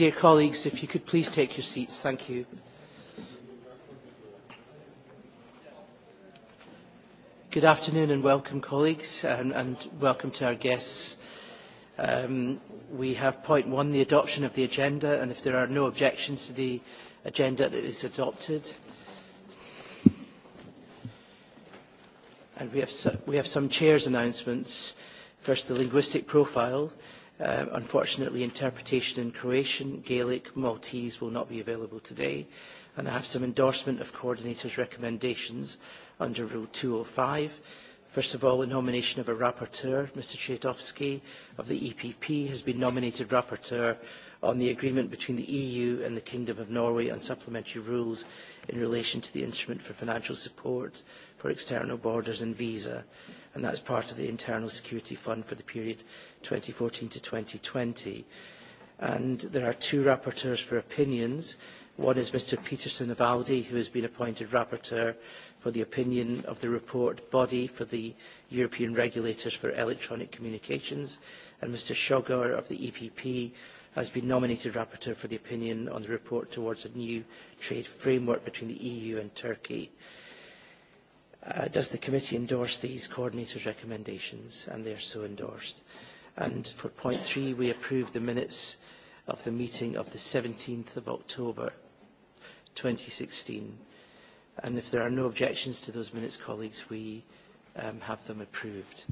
Dear colleagues, if you could please take your seats. Thank you. Good afternoon and welcome, colleagues, and, and welcome to our guests. Um, we have point one, the adoption of the agenda, and if there are no objections to the agenda, it is adopted. And we have, we have some chair's announcements. First, the linguistic profile. Uh, unfortunately, interpretation in Croatian, Gaelic, Maltese will not be available today. And I have some endorsement of coordinators' recommendations under Rule 205. First of all, the nomination of a rapporteur, Mr. Chaitovsky of the EPP, has been nominated rapporteur on the agreement between the EU and the Kingdom of Norway on supplementary rules in relation to the instrument for financial support for external borders and visa. Mm and that is part of the Internal Security Fund for the period 2014 to 2020. And there are two rapporteurs for opinions. One is Mr Peterson of Aldi, who has been appointed rapporteur for the opinion of the report body for the European Regulators for Electronic Communications, and Mr Shogar of the EPP has been nominated rapporteur for the opinion on the report towards a new trade framework between the EU and Turkey. Uh, does the committee endorse these coordinators' recommendations? And they are so endorsed. And for point three, we approve the minutes of the meeting of the 17th of October 2016. And if there are no objections to those minutes, colleagues, we um, have them approved.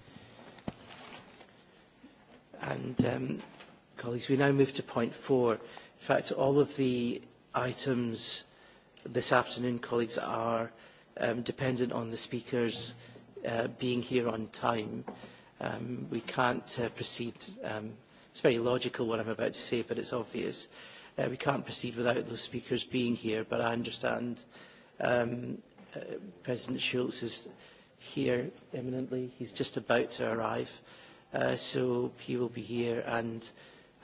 And um, colleagues, we now move to point four. In fact, all of the items this afternoon, colleagues, are um, dependent on the speakers uh, being here on time. Um, we can't uh, proceed. Um, it's very logical what I'm about to say, but it's obvious. Uh, we can't proceed without those speakers being here, but I understand um, uh, President Schulz is here imminently. He's just about to arrive, uh, so he will be here, and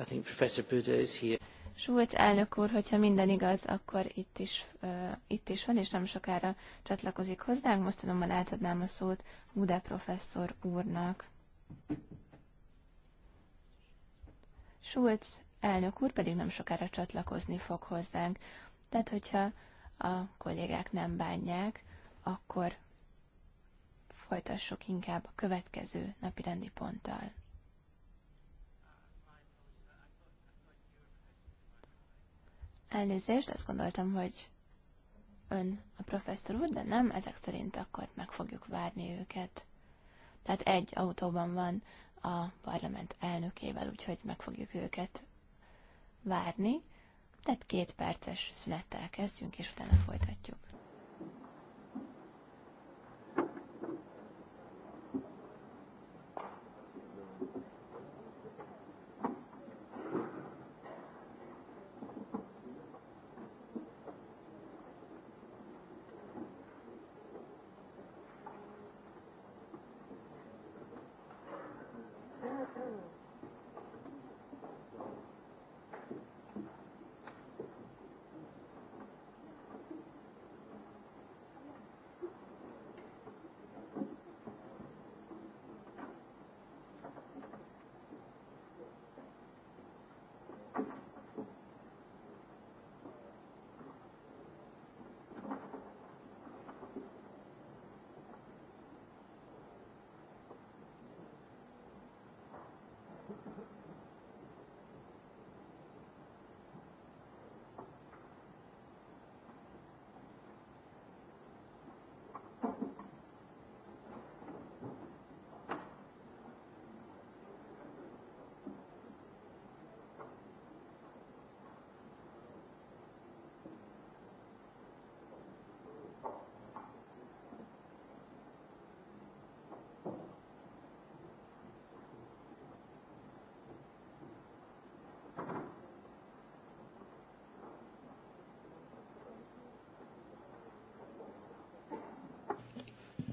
I think Professor Buda is here. Schulz elnök úr, hogyha minden igaz, akkor itt is, uh, itt is van, és nem sokára csatlakozik hozzánk. Most azonban átadnám a szót Ude professzor úrnak. Schulz elnök úr pedig nem sokára csatlakozni fog hozzánk. Tehát, hogyha a kollégák nem bánják, akkor folytassuk inkább a következő napi rendi ponttal. Elnézést, azt gondoltam, hogy ön a professzor úr, de nem, ezek szerint akkor meg fogjuk várni őket. Tehát egy autóban van a parlament elnökével, úgyhogy meg fogjuk őket várni. Tehát két perces szünettel kezdjünk, és utána folytatjuk.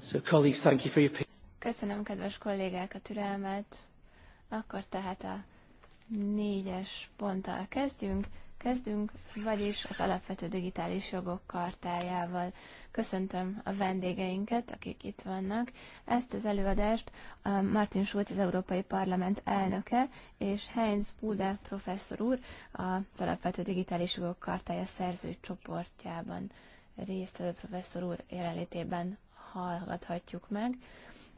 So, colleagues, thank you for your... Köszönöm, kedves kollégák, a türelmet. Akkor tehát a négyes ponttal kezdjünk. Kezdünk, vagyis az alapvető digitális jogok kartájával. Köszöntöm a vendégeinket, akik itt vannak. Ezt az előadást a Martin Schulz, az Európai Parlament elnöke, és Heinz Bude professzor úr az alapvető digitális jogok kartája szerzői csoportjában résztvevő professzor úr jelenlétében hallgathatjuk meg.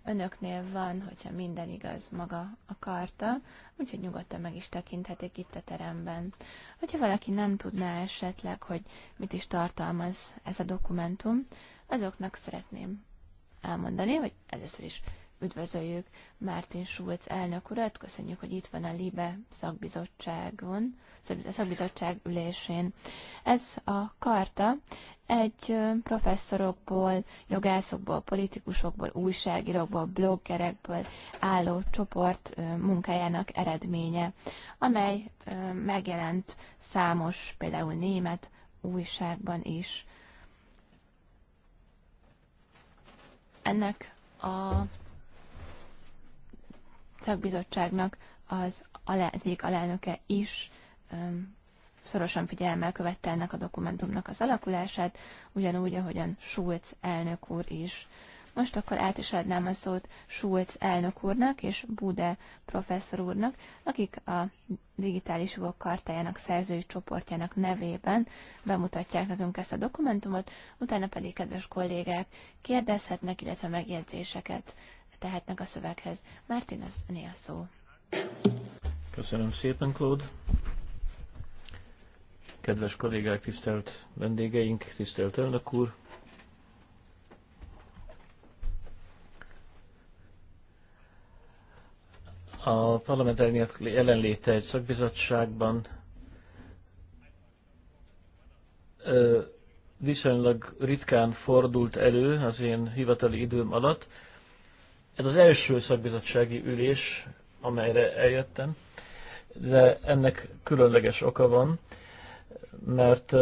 Önöknél van, hogyha minden igaz, maga a karta, úgyhogy nyugodtan meg is tekinthetik itt a teremben. Hogyha valaki nem tudná esetleg, hogy mit is tartalmaz ez a dokumentum, azoknak szeretném elmondani, hogy először is Üdvözöljük Mártin Schulz elnök urat, köszönjük, hogy itt van a LIBE szakbizottságon, szakbizottság ülésén. Ez a karta egy professzorokból, jogászokból, politikusokból, újságírókból, bloggerekből álló csoport munkájának eredménye, amely megjelent számos, például német újságban is. Ennek a szakbizottságnak az alá, egyik alelnöke is um, szorosan figyelemmel követte ennek a dokumentumnak az alakulását, ugyanúgy, ahogyan Schulz elnök úr is. Most akkor át is adnám a szót Schulz elnök úrnak és Bude professzor úrnak, akik a digitális jogok kartájának szerzői csoportjának nevében bemutatják nekünk ezt a dokumentumot, utána pedig kedves kollégák kérdezhetnek, illetve megjegyzéseket tehetnek a szöveghez. Mártin, az öné a szó. Köszönöm szépen, Claude. Kedves kollégák, tisztelt vendégeink, tisztelt elnök úr. A parlament jelenléte egy szakbizottságban viszonylag ritkán fordult elő az én hivatali időm alatt, ez az első szakbizottsági ülés, amelyre eljöttem, de ennek különleges oka van, mert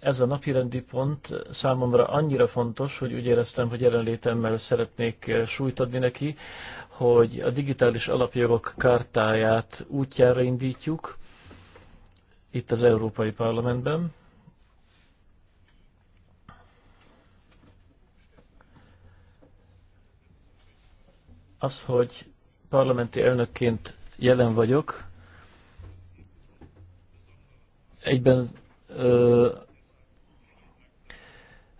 ez a napirendi pont számomra annyira fontos, hogy úgy éreztem, hogy jelenlétemmel szeretnék súlyt adni neki, hogy a digitális alapjogok kártáját útjára indítjuk itt az Európai Parlamentben, Az, hogy parlamenti elnökként jelen vagyok, egyben ö,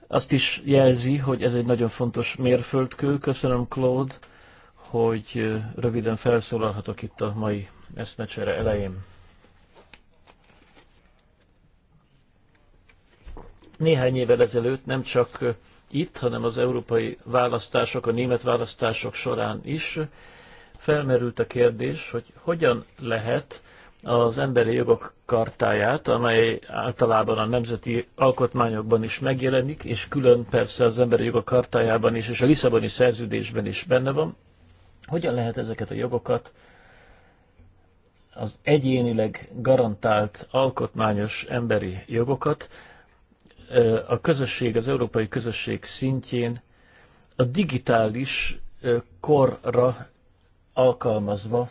azt is jelzi, hogy ez egy nagyon fontos mérföldkő. Köszönöm, Claude, hogy röviden felszólalhatok itt a mai eszmecsere elején. Néhány évvel ezelőtt nem csak itt, hanem az európai választások, a német választások során is felmerült a kérdés, hogy hogyan lehet az emberi jogok kartáját, amely általában a nemzeti alkotmányokban is megjelenik, és külön persze az emberi jogok kartájában is, és a Lisszaboni szerződésben is benne van, hogyan lehet ezeket a jogokat az egyénileg garantált alkotmányos emberi jogokat a közösség, az európai közösség szintjén a digitális korra alkalmazva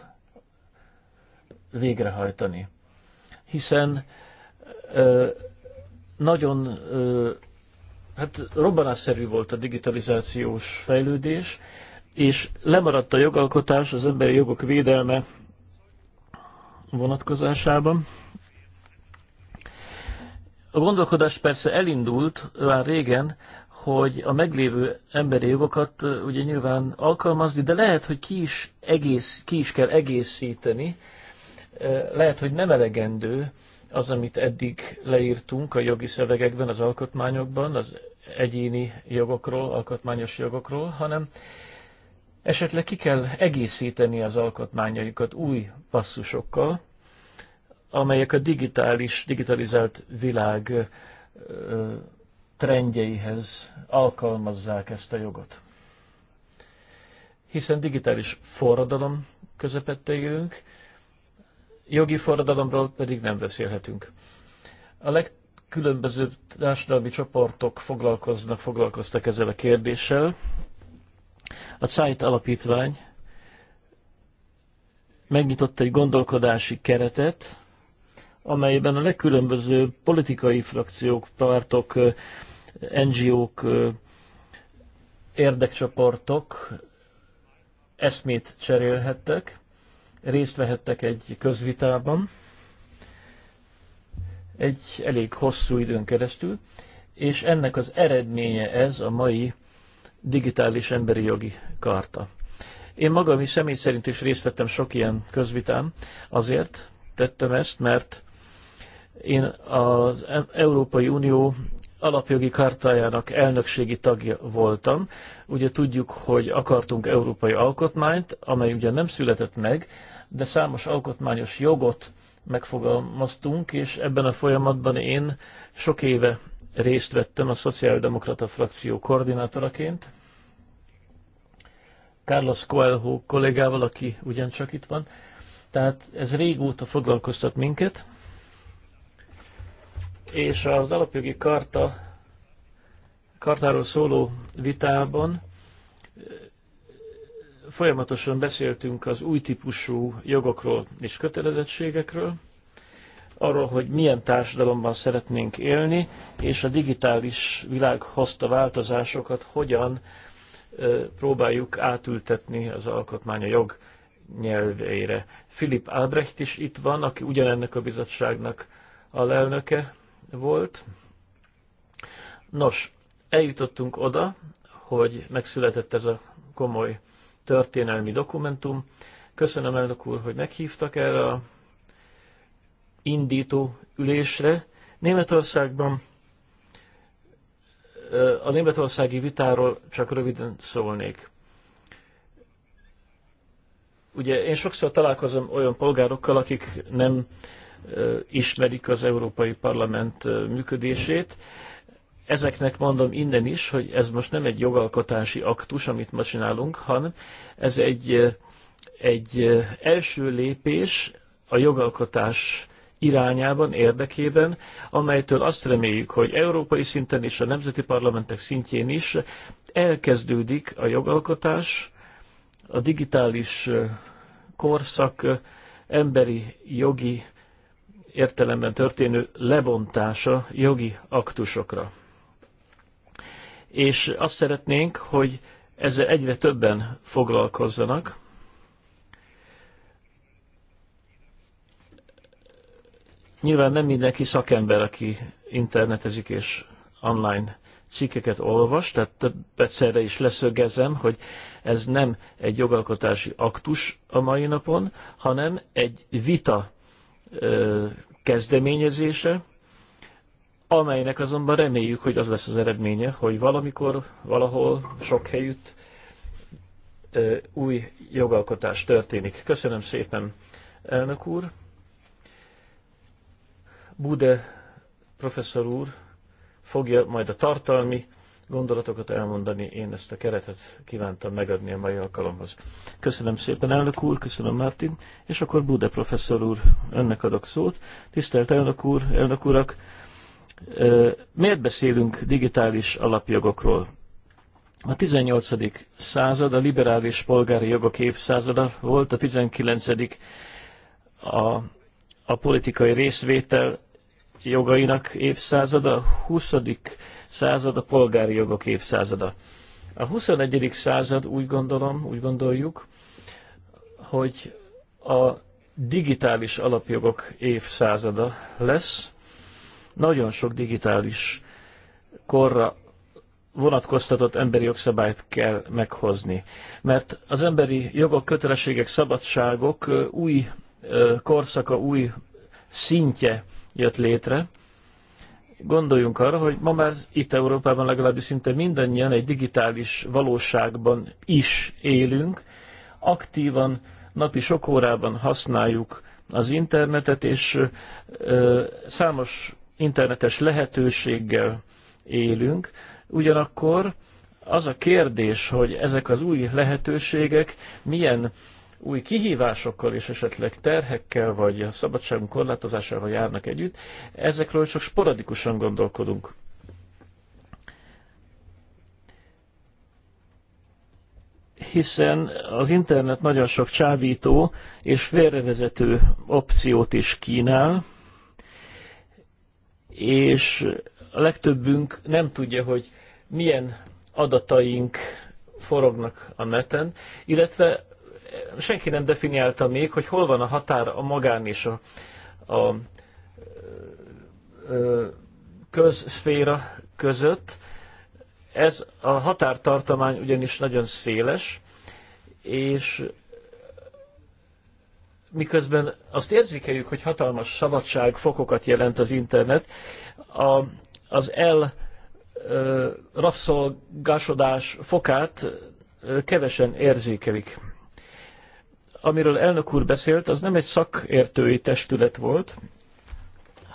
végrehajtani. Hiszen nagyon hát robbanásszerű volt a digitalizációs fejlődés, és lemaradt a jogalkotás az emberi jogok védelme vonatkozásában. A gondolkodás persze elindult már régen, hogy a meglévő emberi jogokat ugye nyilván alkalmazni, de lehet, hogy ki is, egész, ki is kell egészíteni, lehet, hogy nem elegendő az, amit eddig leírtunk a jogi szövegekben, az alkotmányokban, az egyéni jogokról, alkotmányos jogokról, hanem esetleg ki kell egészíteni az alkotmányaikat új passzusokkal, amelyek a digitális, digitalizált világ trendjeihez alkalmazzák ezt a jogot. Hiszen digitális forradalom közepette élünk, jogi forradalomról pedig nem beszélhetünk. A legkülönbözőbb társadalmi csoportok foglalkoznak, foglalkoztak ezzel a kérdéssel. A CITE alapítvány megnyitott egy gondolkodási keretet, amelyben a legkülönbözőbb politikai frakciók, pártok, NGO-k, érdekcsoportok eszmét cserélhettek, részt vehettek egy közvitában, egy elég hosszú időn keresztül, és ennek az eredménye ez a mai digitális emberi jogi karta. Én magam is személy szerint is részt vettem sok ilyen közvitán, azért tettem ezt, mert én az e- Európai Unió alapjogi kartájának elnökségi tagja voltam. Ugye tudjuk, hogy akartunk európai alkotmányt, amely ugye nem született meg, de számos alkotmányos jogot megfogalmaztunk, és ebben a folyamatban én sok éve részt vettem a Szociáldemokrata frakció koordinátoraként. Carlos Coelho kollégával, aki ugyancsak itt van. Tehát ez régóta foglalkoztat minket, és az alapjogi karta, kartáról szóló vitában eh, folyamatosan beszéltünk az új típusú jogokról és kötelezettségekről, arról, hogy milyen társadalomban szeretnénk élni, és a digitális világ hozta változásokat hogyan eh, próbáljuk átültetni az alkotmány a jog nyelvére. Filip Albrecht is itt van, aki ugyanennek a bizottságnak a lelnöke volt. Nos, eljutottunk oda, hogy megszületett ez a komoly történelmi dokumentum. Köszönöm elnök úr, hogy meghívtak erre a indító ülésre. Németországban a németországi vitáról csak röviden szólnék. Ugye én sokszor találkozom olyan polgárokkal, akik nem ismerik az Európai Parlament működését. Ezeknek mondom innen is, hogy ez most nem egy jogalkotási aktus, amit ma csinálunk, hanem ez egy, egy első lépés a jogalkotás irányában, érdekében, amelytől azt reméljük, hogy európai szinten és a nemzeti parlamentek szintjén is elkezdődik a jogalkotás, a digitális korszak emberi jogi értelemben történő lebontása jogi aktusokra. És azt szeretnénk, hogy ezzel egyre többen foglalkozzanak. Nyilván nem mindenki szakember, aki internetezik és online cikkeket olvas, tehát több egyszerre is leszögezem, hogy ez nem egy jogalkotási aktus a mai napon, hanem egy vita kezdeményezése, amelynek azonban reméljük, hogy az lesz az eredménye, hogy valamikor, valahol, sok helyütt új jogalkotás történik. Köszönöm szépen, elnök úr. Bude professzor úr fogja majd a tartalmi gondolatokat elmondani. Én ezt a keretet kívántam megadni a mai alkalomhoz. Köszönöm szépen, elnök úr, köszönöm Martin, és akkor Bude professzor úr, önnek adok szót. Tisztelt elnök úr, elnök urak, miért beszélünk digitális alapjogokról? A 18. század a liberális polgári jogok évszázada volt, a 19. a, a politikai részvétel jogainak évszázada, a 20 század a polgári jogok évszázada. A 21. század úgy gondolom, úgy gondoljuk, hogy a digitális alapjogok évszázada lesz. Nagyon sok digitális korra vonatkoztatott emberi jogszabályt kell meghozni. Mert az emberi jogok, kötelességek, szabadságok új korszaka, új szintje jött létre, Gondoljunk arra, hogy ma már itt Európában legalábbis szinte mindannyian egy digitális valóságban is élünk, aktívan napi sok órában használjuk az internetet, és ö, számos internetes lehetőséggel élünk. Ugyanakkor az a kérdés, hogy ezek az új lehetőségek milyen új kihívásokkal és esetleg terhekkel, vagy a szabadságunk korlátozásával járnak együtt, ezekről csak sporadikusan gondolkodunk. hiszen az internet nagyon sok csábító és félrevezető opciót is kínál, és a legtöbbünk nem tudja, hogy milyen adataink forognak a neten, illetve senki nem definiálta még, hogy hol van a határ a magán és a, a közszféra között. Ez a határtartomány ugyanis nagyon széles, és miközben azt érzékeljük, hogy hatalmas szabadságfokokat jelent az internet, a, az el rabszolgásodás fokát kevesen érzékelik amiről elnök úr beszélt, az nem egy szakértői testület volt,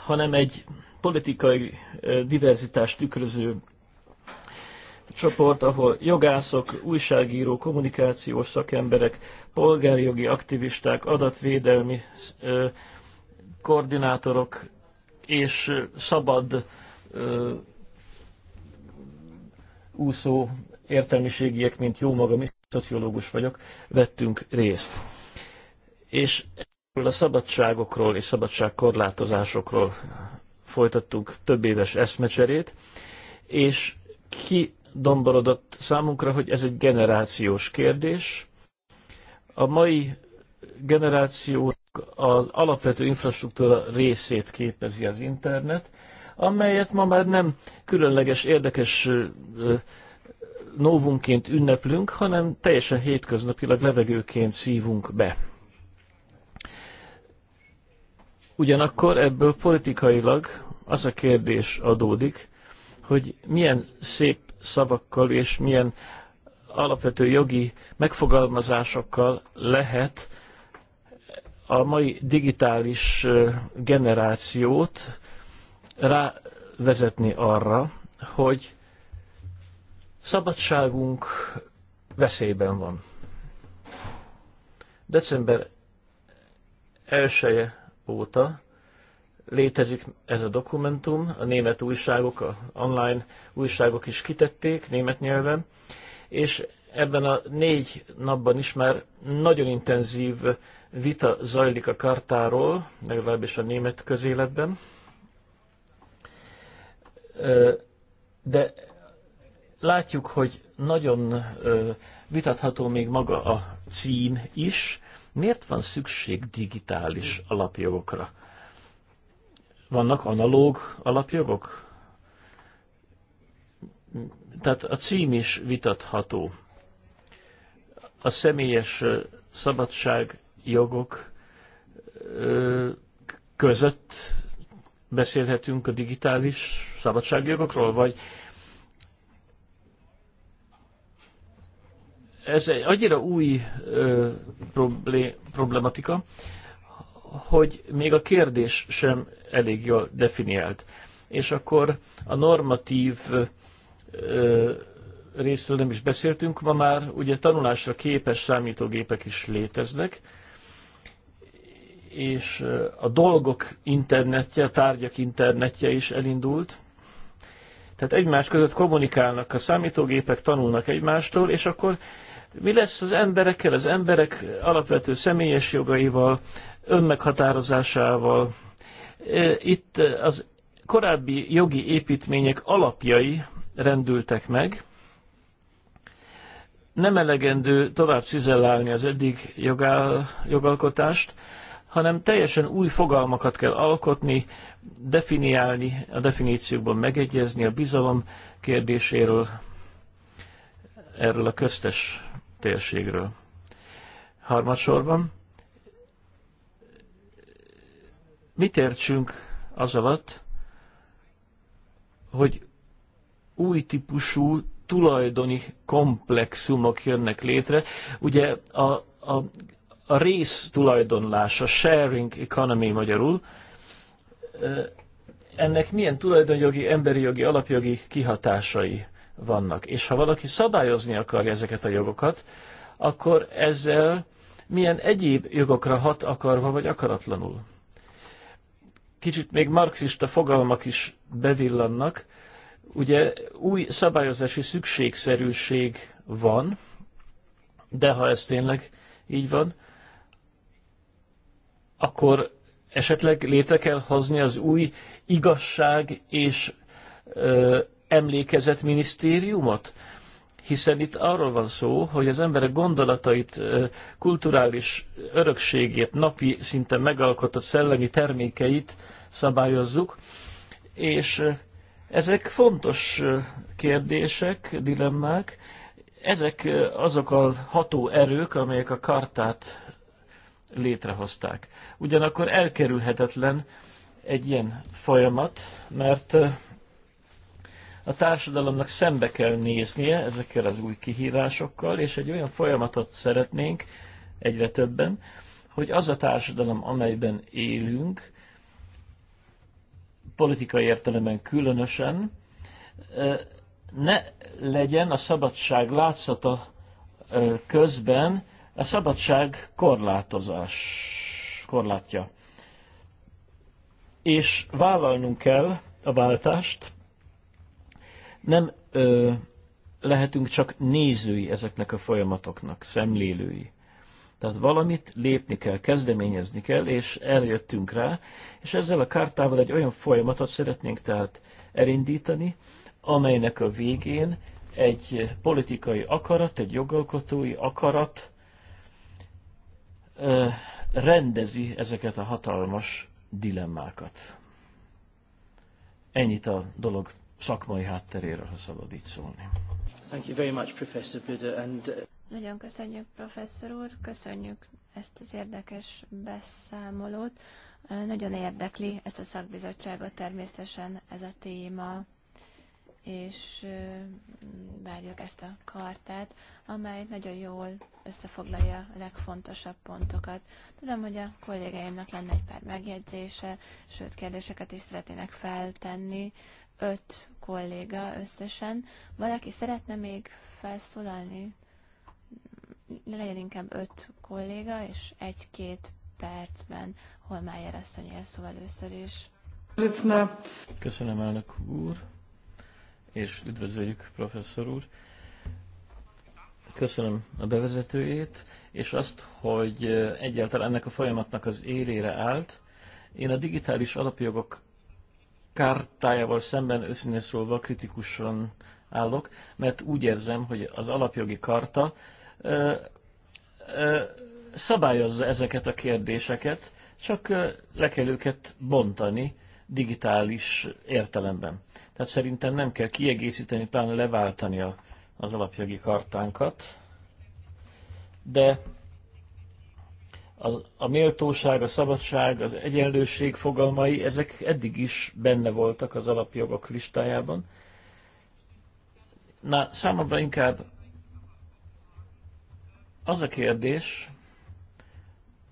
hanem egy politikai diverzitást tükröző csoport, ahol jogászok, újságíró, kommunikációs szakemberek, polgári jogi aktivisták, adatvédelmi koordinátorok és szabad úszó értelmiségiek, mint jó magam is szociológus vagyok, vettünk részt. És a szabadságokról és szabadságkorlátozásokról folytattunk több éves eszmecserét, és kidomborodott számunkra, hogy ez egy generációs kérdés. A mai generációk az alapvető infrastruktúra részét képezi az internet, amelyet ma már nem különleges, érdekes novumként ünneplünk, hanem teljesen hétköznapilag levegőként szívunk be. Ugyanakkor ebből politikailag az a kérdés adódik, hogy milyen szép szavakkal és milyen alapvető jogi megfogalmazásokkal lehet a mai digitális generációt rávezetni arra, hogy Szabadságunk veszélyben van. December 1 -e óta létezik ez a dokumentum, a német újságok, a online újságok is kitették német nyelven, és ebben a négy napban is már nagyon intenzív vita zajlik a kartáról, legalábbis a német közéletben. De Látjuk, hogy nagyon vitatható még maga a cím is. Miért van szükség digitális alapjogokra? Vannak analóg alapjogok? Tehát a cím is vitatható. A személyes szabadság jogok között beszélhetünk a digitális szabadságjogokról, vagy ez egy annyira új ö, problé, problematika, hogy még a kérdés sem elég jól definiált. És akkor a normatív ö, részről nem is beszéltünk, ma már ugye tanulásra képes számítógépek is léteznek, és a dolgok internetje, a tárgyak internetje is elindult. Tehát egymás között kommunikálnak a számítógépek, tanulnak egymástól, és akkor mi lesz az emberekkel, az emberek alapvető személyes jogaival, önmeghatározásával? E, itt az korábbi jogi építmények alapjai rendültek meg. Nem elegendő tovább cizellálni az eddig jogál, jogalkotást, hanem teljesen új fogalmakat kell alkotni, definiálni, a definíciókban megegyezni a bizalom kérdéséről, erről a köztes térségről. Harmadsorban, mit értsünk az alatt, hogy új típusú tulajdoni komplexumok jönnek létre. Ugye a, a, a rész tulajdonlás, a sharing economy magyarul, ennek milyen tulajdonjogi, emberi jogi, alapjogi kihatásai vannak. És ha valaki szabályozni akarja ezeket a jogokat, akkor ezzel milyen egyéb jogokra hat akarva vagy akaratlanul. Kicsit még marxista fogalmak is bevillannak. Ugye új szabályozási szükségszerűség van, de ha ez tényleg így van, akkor esetleg létre kell hozni az új igazság és ö, emlékezett minisztériumot? Hiszen itt arról van szó, hogy az emberek gondolatait, kulturális örökségét, napi szinten megalkotott szellemi termékeit szabályozzuk, és ezek fontos kérdések, dilemmák, ezek azok a ható erők, amelyek a kartát létrehozták. Ugyanakkor elkerülhetetlen egy ilyen folyamat, mert a társadalomnak szembe kell néznie ezekkel az új kihívásokkal, és egy olyan folyamatot szeretnénk egyre többen, hogy az a társadalom, amelyben élünk, politikai értelemben különösen, ne legyen a szabadság látszata közben a szabadság korlátozás korlátja. És vállalnunk kell a váltást, nem ö, lehetünk csak nézői ezeknek a folyamatoknak, szemlélői. Tehát valamit lépni kell, kezdeményezni kell, és eljöttünk rá, és ezzel a kártával egy olyan folyamatot szeretnénk tehát elindítani, amelynek a végén egy politikai akarat, egy jogalkotói akarat ö, rendezi ezeket a hatalmas dilemmákat. Ennyit a dolog szakmai hátteréről, ha szabad így szólni. Thank you very much, Professor Buda, and... Uh, nagyon köszönjük, professzor úr, köszönjük ezt az érdekes beszámolót. Nagyon érdekli ezt a szakbizottságot természetesen ez a téma, és várjuk ezt a kartát, amely nagyon jól összefoglalja a legfontosabb pontokat. Tudom, hogy a kollégáimnak lenne egy pár megjegyzése, sőt kérdéseket is szeretnének feltenni, öt kolléga összesen. Valaki szeretne még felszólalni? Legyen inkább öt kolléga, és egy-két percben Holmájer asszony él szó szóval először is. Köszönöm elnök úr, és üdvözöljük professzor úr. Köszönöm a bevezetőjét, és azt, hogy eh, egyáltalán ennek a folyamatnak az élére állt. Én a digitális alapjogok kártájával szemben őszintén szólva kritikusan állok, mert úgy érzem, hogy az alapjogi karta ö, ö, szabályozza ezeket a kérdéseket, csak le kell őket bontani digitális értelemben. Tehát szerintem nem kell kiegészíteni, pláne leváltani a, az alapjogi kartánkat, de a, a méltóság, a szabadság, az egyenlőség fogalmai, ezek eddig is benne voltak az alapjogok listájában. Na, számomra inkább az a kérdés,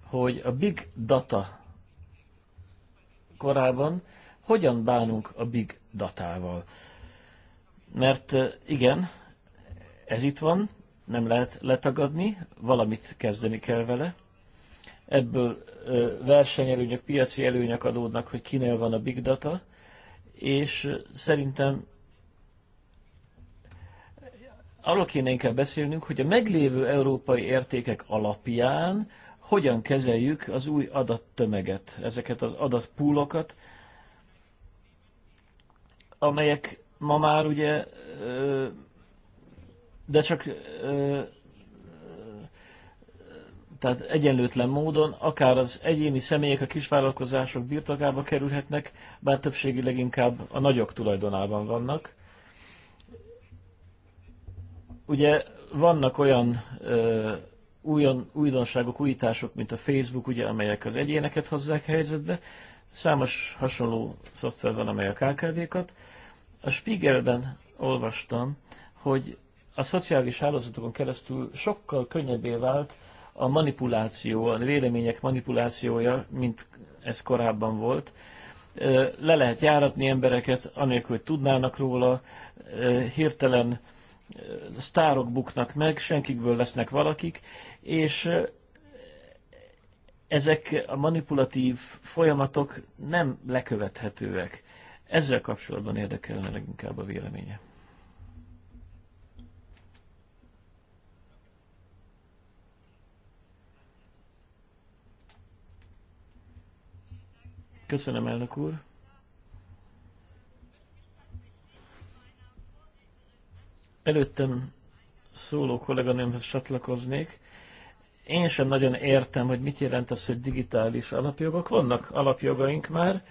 hogy a big data korában hogyan bánunk a big datával. Mert eh, igen, ez itt van, nem lehet letagadni, valamit kezdeni kell vele, ebből versenyelőnyök, piaci előnyök adódnak, hogy kinél van a big data, és szerintem arról kéne inkább beszélnünk, hogy a meglévő európai értékek alapján hogyan kezeljük az új adattömeget, ezeket az adatpúlokat, amelyek ma már ugye, de csak tehát egyenlőtlen módon akár az egyéni személyek, a kisvállalkozások birtokába kerülhetnek, bár többségileg inkább a nagyok tulajdonában vannak. Ugye vannak olyan ö, újon, újdonságok, újítások, mint a Facebook, ugye, amelyek az egyéneket hozzák helyzetbe, számos hasonló szoftver van, amely a KKV-kat. A Spiegelben olvastam, hogy a szociális hálózatokon keresztül sokkal könnyebbé vált a manipuláció, a vélemények manipulációja, mint ez korábban volt, le lehet járatni embereket, anélkül, hogy tudnának róla, hirtelen sztárok buknak meg, senkikből lesznek valakik, és ezek a manipulatív folyamatok nem lekövethetőek. Ezzel kapcsolatban érdekelne leginkább a véleménye. Köszönöm, elnök úr. Előttem szóló Kolléganőmhez csatlakoznék. Én sem nagyon értem, hogy mit jelent az, hogy digitális alapjogok. Vannak alapjogaink már,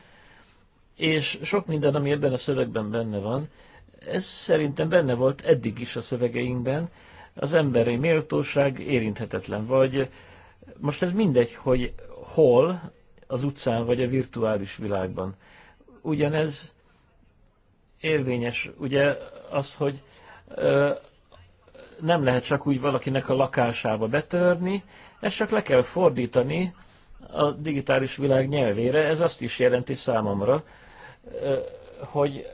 és sok minden, ami ebben a szövegben benne van, ez szerintem benne volt eddig is a szövegeinkben, az emberi méltóság érinthetetlen, vagy most ez mindegy, hogy hol az utcán vagy a virtuális világban. Ugyanez érvényes, ugye az, hogy ö, nem lehet csak úgy valakinek a lakásába betörni, ezt csak le kell fordítani a digitális világ nyelvére. Ez azt is jelenti számomra, ö, hogy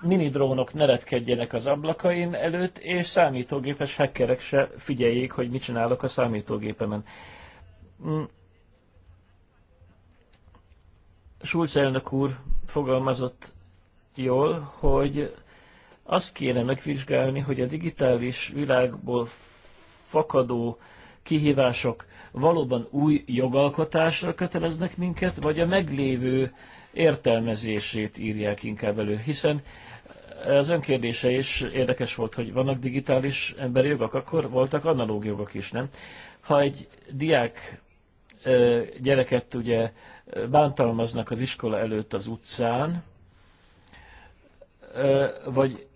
mini drónok ne repkedjenek az ablakaim előtt, és számítógépes hackerek se figyeljék, hogy mit csinálok a számítógépemen. Mm, Schulz elnök úr fogalmazott jól, hogy azt kéne megvizsgálni, hogy a digitális világból fakadó kihívások valóban új jogalkotásra köteleznek minket, vagy a meglévő értelmezését írják inkább elő. Hiszen az önkérdése is érdekes volt, hogy vannak digitális emberi jogok, akkor voltak analóg jogok is, nem? Ha egy diák gyereket ugye bántalmaznak az iskola előtt az utcán, vagy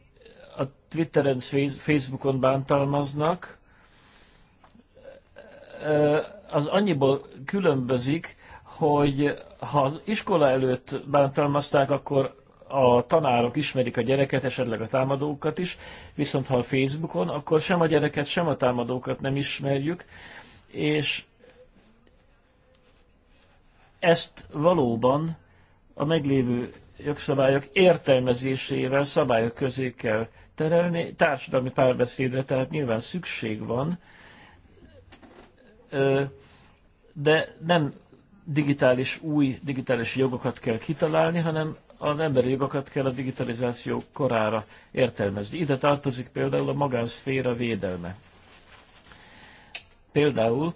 a Twitteren, Facebookon bántalmaznak, az annyiból különbözik, hogy ha az iskola előtt bántalmazták, akkor a tanárok ismerik a gyereket, esetleg a támadókat is, viszont ha a Facebookon, akkor sem a gyereket, sem a támadókat nem ismerjük, és ezt valóban a meglévő jogszabályok értelmezésével szabályok közé kell terelni, társadalmi párbeszédre, tehát nyilván szükség van, de nem digitális, új digitális jogokat kell kitalálni, hanem az emberi jogokat kell a digitalizáció korára értelmezni. Ide tartozik például a magánszféra védelme. Például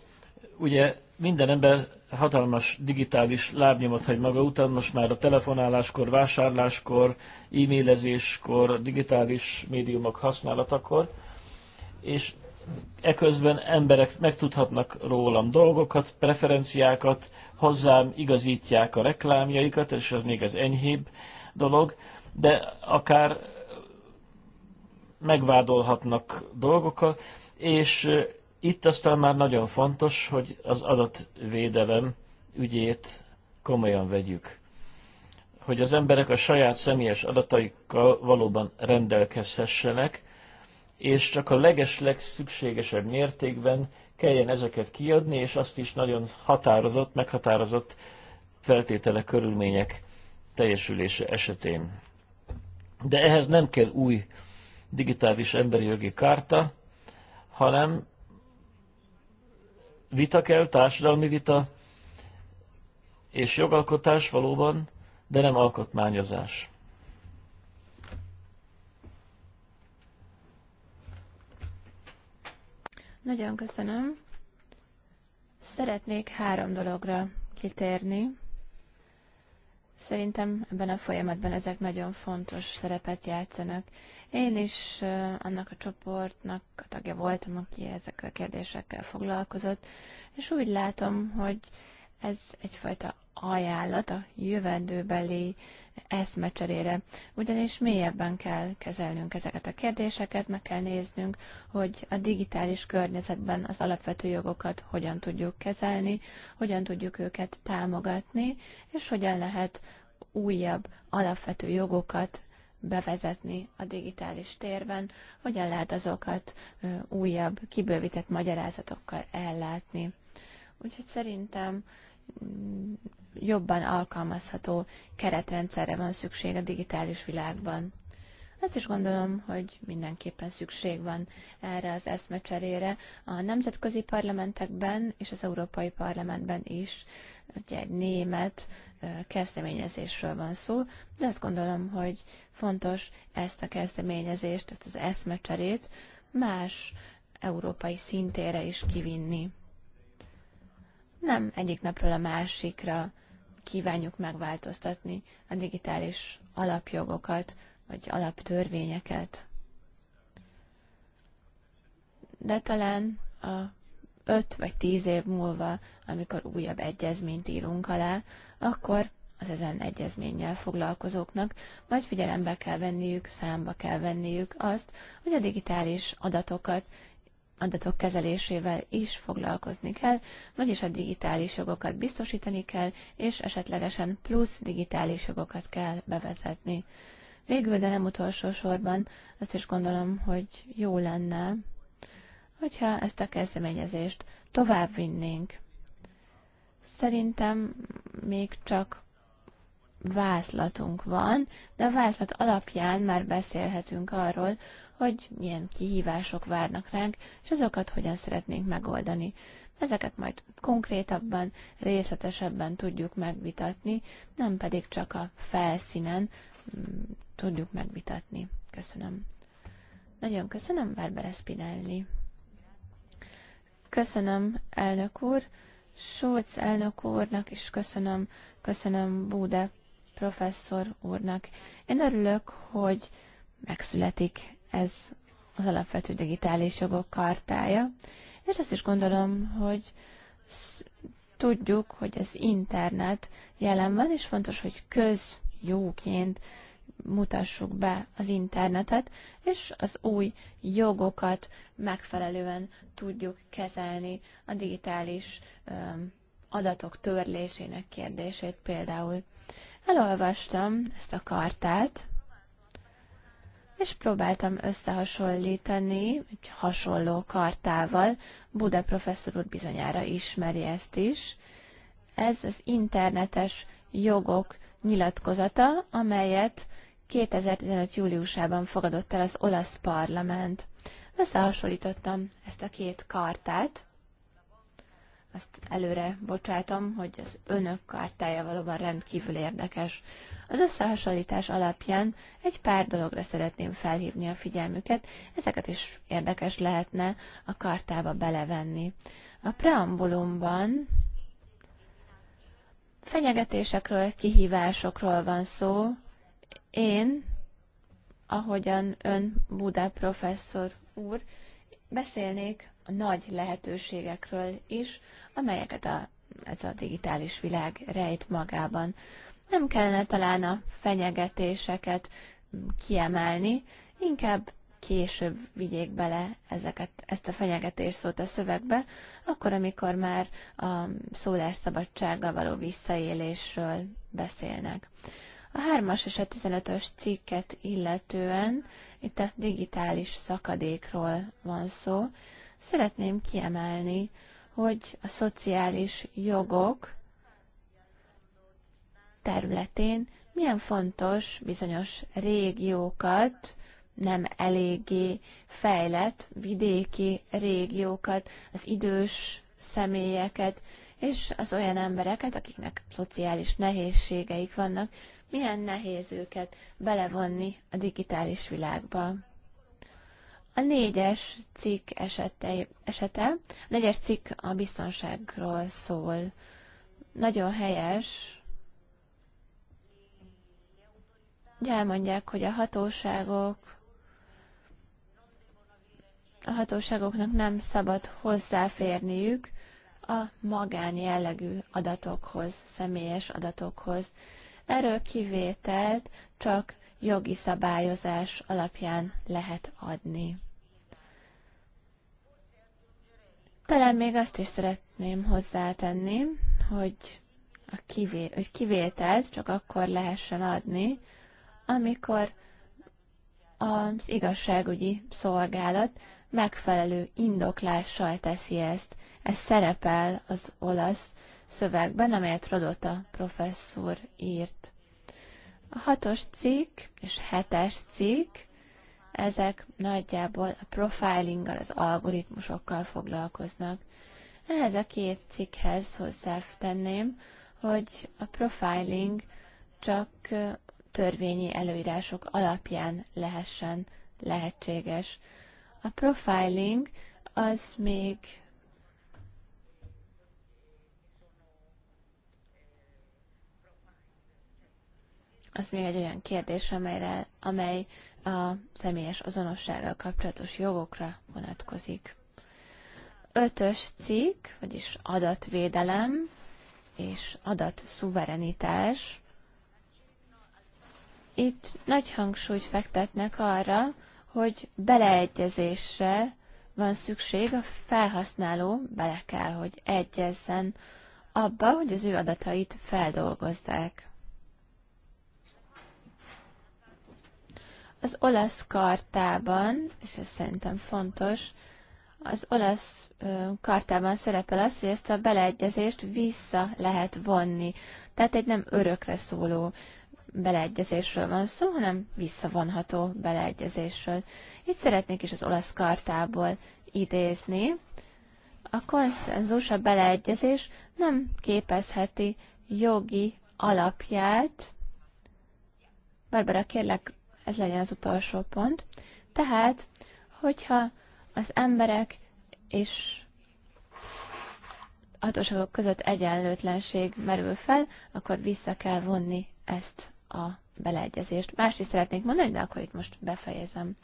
ugye minden ember hatalmas digitális lábnyomot hagy maga után, most már a telefonáláskor, vásárláskor, e-mailezéskor, digitális médiumok használatakor, és eközben emberek megtudhatnak rólam dolgokat, preferenciákat, hozzám igazítják a reklámjaikat, és ez még az enyhébb dolog, de akár megvádolhatnak dolgokkal, és itt aztán már nagyon fontos, hogy az adatvédelem ügyét komolyan vegyük. Hogy az emberek a saját személyes adataikkal valóban rendelkezhessenek, és csak a legesleg legszükségesebb mértékben kelljen ezeket kiadni, és azt is nagyon határozott, meghatározott feltétele körülmények teljesülése esetén. De ehhez nem kell új digitális emberi jogi kárta, hanem vita kell, társadalmi vita, és jogalkotás valóban, de nem alkotmányozás. Nagyon köszönöm. Szeretnék három dologra kitérni. Szerintem ebben a folyamatban ezek nagyon fontos szerepet játszanak. Én is annak a csoportnak a tagja voltam, aki ezekkel a kérdésekkel foglalkozott, és úgy látom, hogy ez egyfajta ajánlat a jövendőbeli eszmecserére, ugyanis mélyebben kell kezelnünk ezeket a kérdéseket, meg kell néznünk, hogy a digitális környezetben az alapvető jogokat hogyan tudjuk kezelni, hogyan tudjuk őket támogatni, és hogyan lehet újabb alapvető jogokat bevezetni a digitális térben, hogyan lehet azokat újabb, kibővített magyarázatokkal ellátni. Úgyhogy szerintem mm, jobban alkalmazható keretrendszerre van szükség a digitális világban. Azt is gondolom, hogy mindenképpen szükség van erre az eszmecserére a nemzetközi parlamentekben és az Európai Parlamentben is. Ugye egy német kezdeményezésről van szó, de azt gondolom, hogy fontos ezt a kezdeményezést, ezt az eszmecserét más európai szintére is kivinni. Nem egyik napról a másikra kívánjuk megváltoztatni a digitális alapjogokat, vagy alaptörvényeket. De talán a 5 vagy 10 év múlva, amikor újabb egyezményt írunk alá, akkor az ezen egyezménnyel foglalkozóknak, majd figyelembe kell venniük, számba kell venniük azt, hogy a digitális adatokat adatok kezelésével is foglalkozni kell, vagyis a digitális jogokat biztosítani kell, és esetlegesen plusz digitális jogokat kell bevezetni. Végül, de nem utolsó sorban, azt is gondolom, hogy jó lenne, hogyha ezt a kezdeményezést tovább vinnénk. Szerintem még csak vázlatunk van, de a vázlat alapján már beszélhetünk arról, hogy milyen kihívások várnak ránk, és azokat hogyan szeretnénk megoldani. Ezeket majd konkrétabban, részletesebben tudjuk megvitatni, nem pedig csak a felszínen mm, tudjuk megvitatni. Köszönöm. Nagyon köszönöm, Barbara Spinelli. Köszönöm, elnök úr. Schulz elnök úrnak is köszönöm, köszönöm Búde professzor úrnak. Én örülök, hogy megszületik ez az alapvető digitális jogok kartája, és azt is gondolom, hogy tudjuk, hogy az internet jelen van, és fontos, hogy közjóként mutassuk be az internetet, és az új jogokat megfelelően tudjuk kezelni a digitális adatok törlésének kérdését például. Elolvastam ezt a kartát, és próbáltam összehasonlítani egy hasonló kartával. Buda professzor úr bizonyára ismeri ezt is. Ez az internetes jogok nyilatkozata, amelyet 2015. júliusában fogadott el az olasz parlament. Összehasonlítottam ezt a két kartát, azt előre bocsátom, hogy az önök kartája valóban rendkívül érdekes. Az összehasonlítás alapján egy pár dologra szeretném felhívni a figyelmüket, ezeket is érdekes lehetne a kartába belevenni. A preambulumban fenyegetésekről, kihívásokról van szó, én, ahogyan ön Budá professzor úr, beszélnék a nagy lehetőségekről is, amelyeket a, ez a digitális világ rejt magában. Nem kellene talán a fenyegetéseket kiemelni, inkább később vigyék bele ezeket, ezt a fenyegetés szót a szövegbe, akkor, amikor már a szólásszabadsággal való visszaélésről beszélnek. A 3-as és a 15-ös cikket illetően, itt a digitális szakadékról van szó, szeretném kiemelni, hogy a szociális jogok területén milyen fontos bizonyos régiókat, nem eléggé fejlett vidéki régiókat, az idős személyeket, és az olyan embereket, akiknek szociális nehézségeik vannak, milyen nehéz őket belevonni a digitális világba. A négyes cikk esete, esete, a négyes cikk a biztonságról szól. Nagyon helyes, hogy elmondják, hogy a hatóságok a hatóságoknak nem szabad hozzáférniük a magán jellegű adatokhoz, személyes adatokhoz. Erről kivételt csak jogi szabályozás alapján lehet adni. Talán még azt is szeretném hozzátenni, hogy a kivé, hogy kivételt csak akkor lehessen adni, amikor az igazságügyi szolgálat megfelelő indoklással teszi ezt. Ez szerepel az olasz szövegben, amelyet Rodota professzor írt. A hatos cikk és hetes cikk, ezek nagyjából a profilinggal, az algoritmusokkal foglalkoznak. Ehhez a két cikkhez hozzátenném, hogy a profiling csak törvényi előírások alapján lehessen lehetséges. A profiling az még az még egy olyan kérdés, amelyre, amely a személyes azonossággal kapcsolatos jogokra vonatkozik. Ötös cikk, vagyis adatvédelem és adatszuverenitás. Itt nagy hangsúlyt fektetnek arra, hogy beleegyezésre van szükség, a felhasználó bele kell, hogy egyezzen abba, hogy az ő adatait feldolgozzák. Az olasz kartában, és ez szerintem fontos, az olasz kartában szerepel az, hogy ezt a beleegyezést vissza lehet vonni. Tehát egy nem örökre szóló beleegyezésről van szó, hanem visszavonható beleegyezésről. Itt szeretnék is az olasz kartából idézni. A konszenzus, a beleegyezés nem képezheti jogi alapját. Barbara, kérlek, ez legyen az utolsó pont. Tehát, hogyha az emberek és hatóságok között egyenlőtlenség merül fel, akkor vissza kell vonni ezt a beleegyezést. Mást is szeretnék mondani, de akkor itt most befejezem.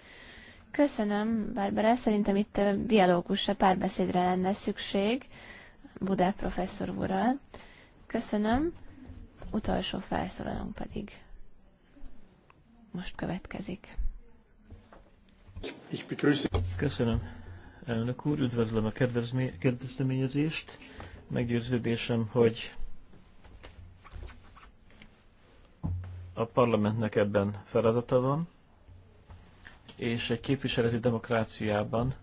Köszönöm, Barbara. Szerintem itt dialógusra, párbeszédre lenne szükség Budá professzor úrral. Köszönöm. Utolsó felszólalunk pedig most következik. Köszönöm, elnök úr, üdvözlöm a kedvezményezést. Meggyőződésem, hogy a parlamentnek ebben feladata van, és egy képviseleti demokráciában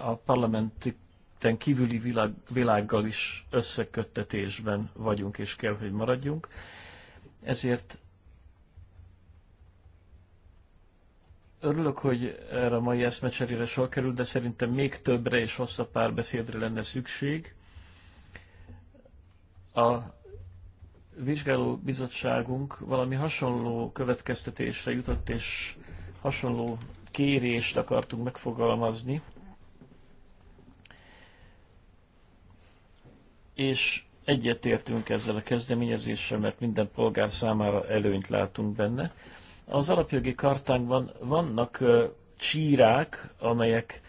a parlamenten kívüli világ, világgal is összeköttetésben vagyunk és kell, hogy maradjunk. Ezért Örülök, hogy erre a mai eszmecserére sor került, de szerintem még többre és hosszabb párbeszédre lenne szükség. A vizsgáló bizottságunk valami hasonló következtetésre jutott, és hasonló kérést akartunk megfogalmazni. És egyetértünk ezzel a kezdeményezéssel, mert minden polgár számára előnyt látunk benne. Az alapjogi kartánkban vannak csírák, amelyek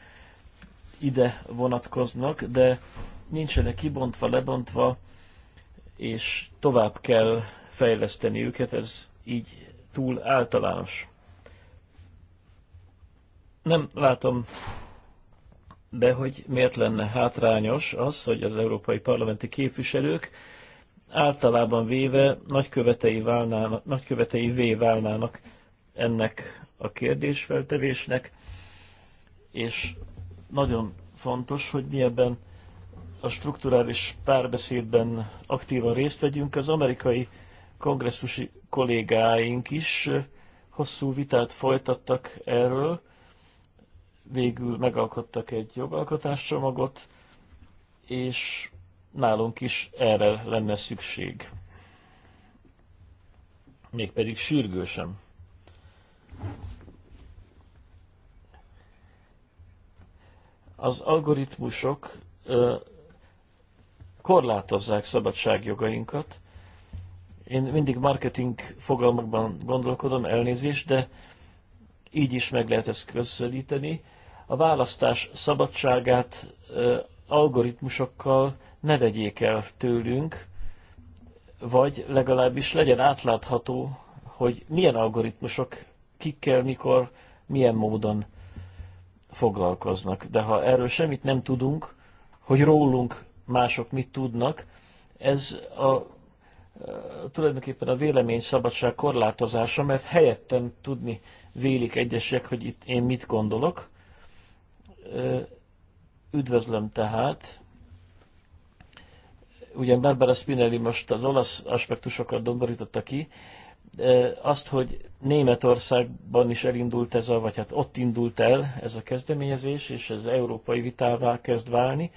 ide vonatkoznak, de nincsenek kibontva, lebontva, és tovább kell fejleszteni őket, ez így túl általános. Nem látom be, hogy miért lenne hátrányos az, hogy az európai parlamenti képviselők általában véve nagykövetei válnának, vé válnának ennek a kérdésfeltevésnek, és nagyon fontos, hogy mi ebben a strukturális párbeszédben aktívan részt vegyünk. Az amerikai kongresszusi kollégáink is hosszú vitát folytattak erről, végül megalkottak egy jogalkotáscsomagot, és nálunk is erre lenne szükség. Mégpedig sürgősen. Az algoritmusok korlátozzák szabadságjogainkat. Én mindig marketing fogalmakban gondolkodom, elnézést, de így is meg lehet ezt közelíteni. A választás szabadságát algoritmusokkal ne vegyék el tőlünk, vagy legalábbis legyen átlátható, hogy milyen algoritmusok kikkel, mikor, milyen módon foglalkoznak. De ha erről semmit nem tudunk, hogy rólunk mások mit tudnak, ez a eh, tulajdonképpen a vélemény szabadság korlátozása, mert helyetten tudni vélik egyesek, hogy itt én mit gondolok. Eh, üdvözlöm tehát ugye Barbara Spinelli most az olasz aspektusokat domborította ki, azt, hogy Németországban is elindult ez a, vagy hát ott indult el ez a kezdeményezés, és ez európai vitává kezd válni.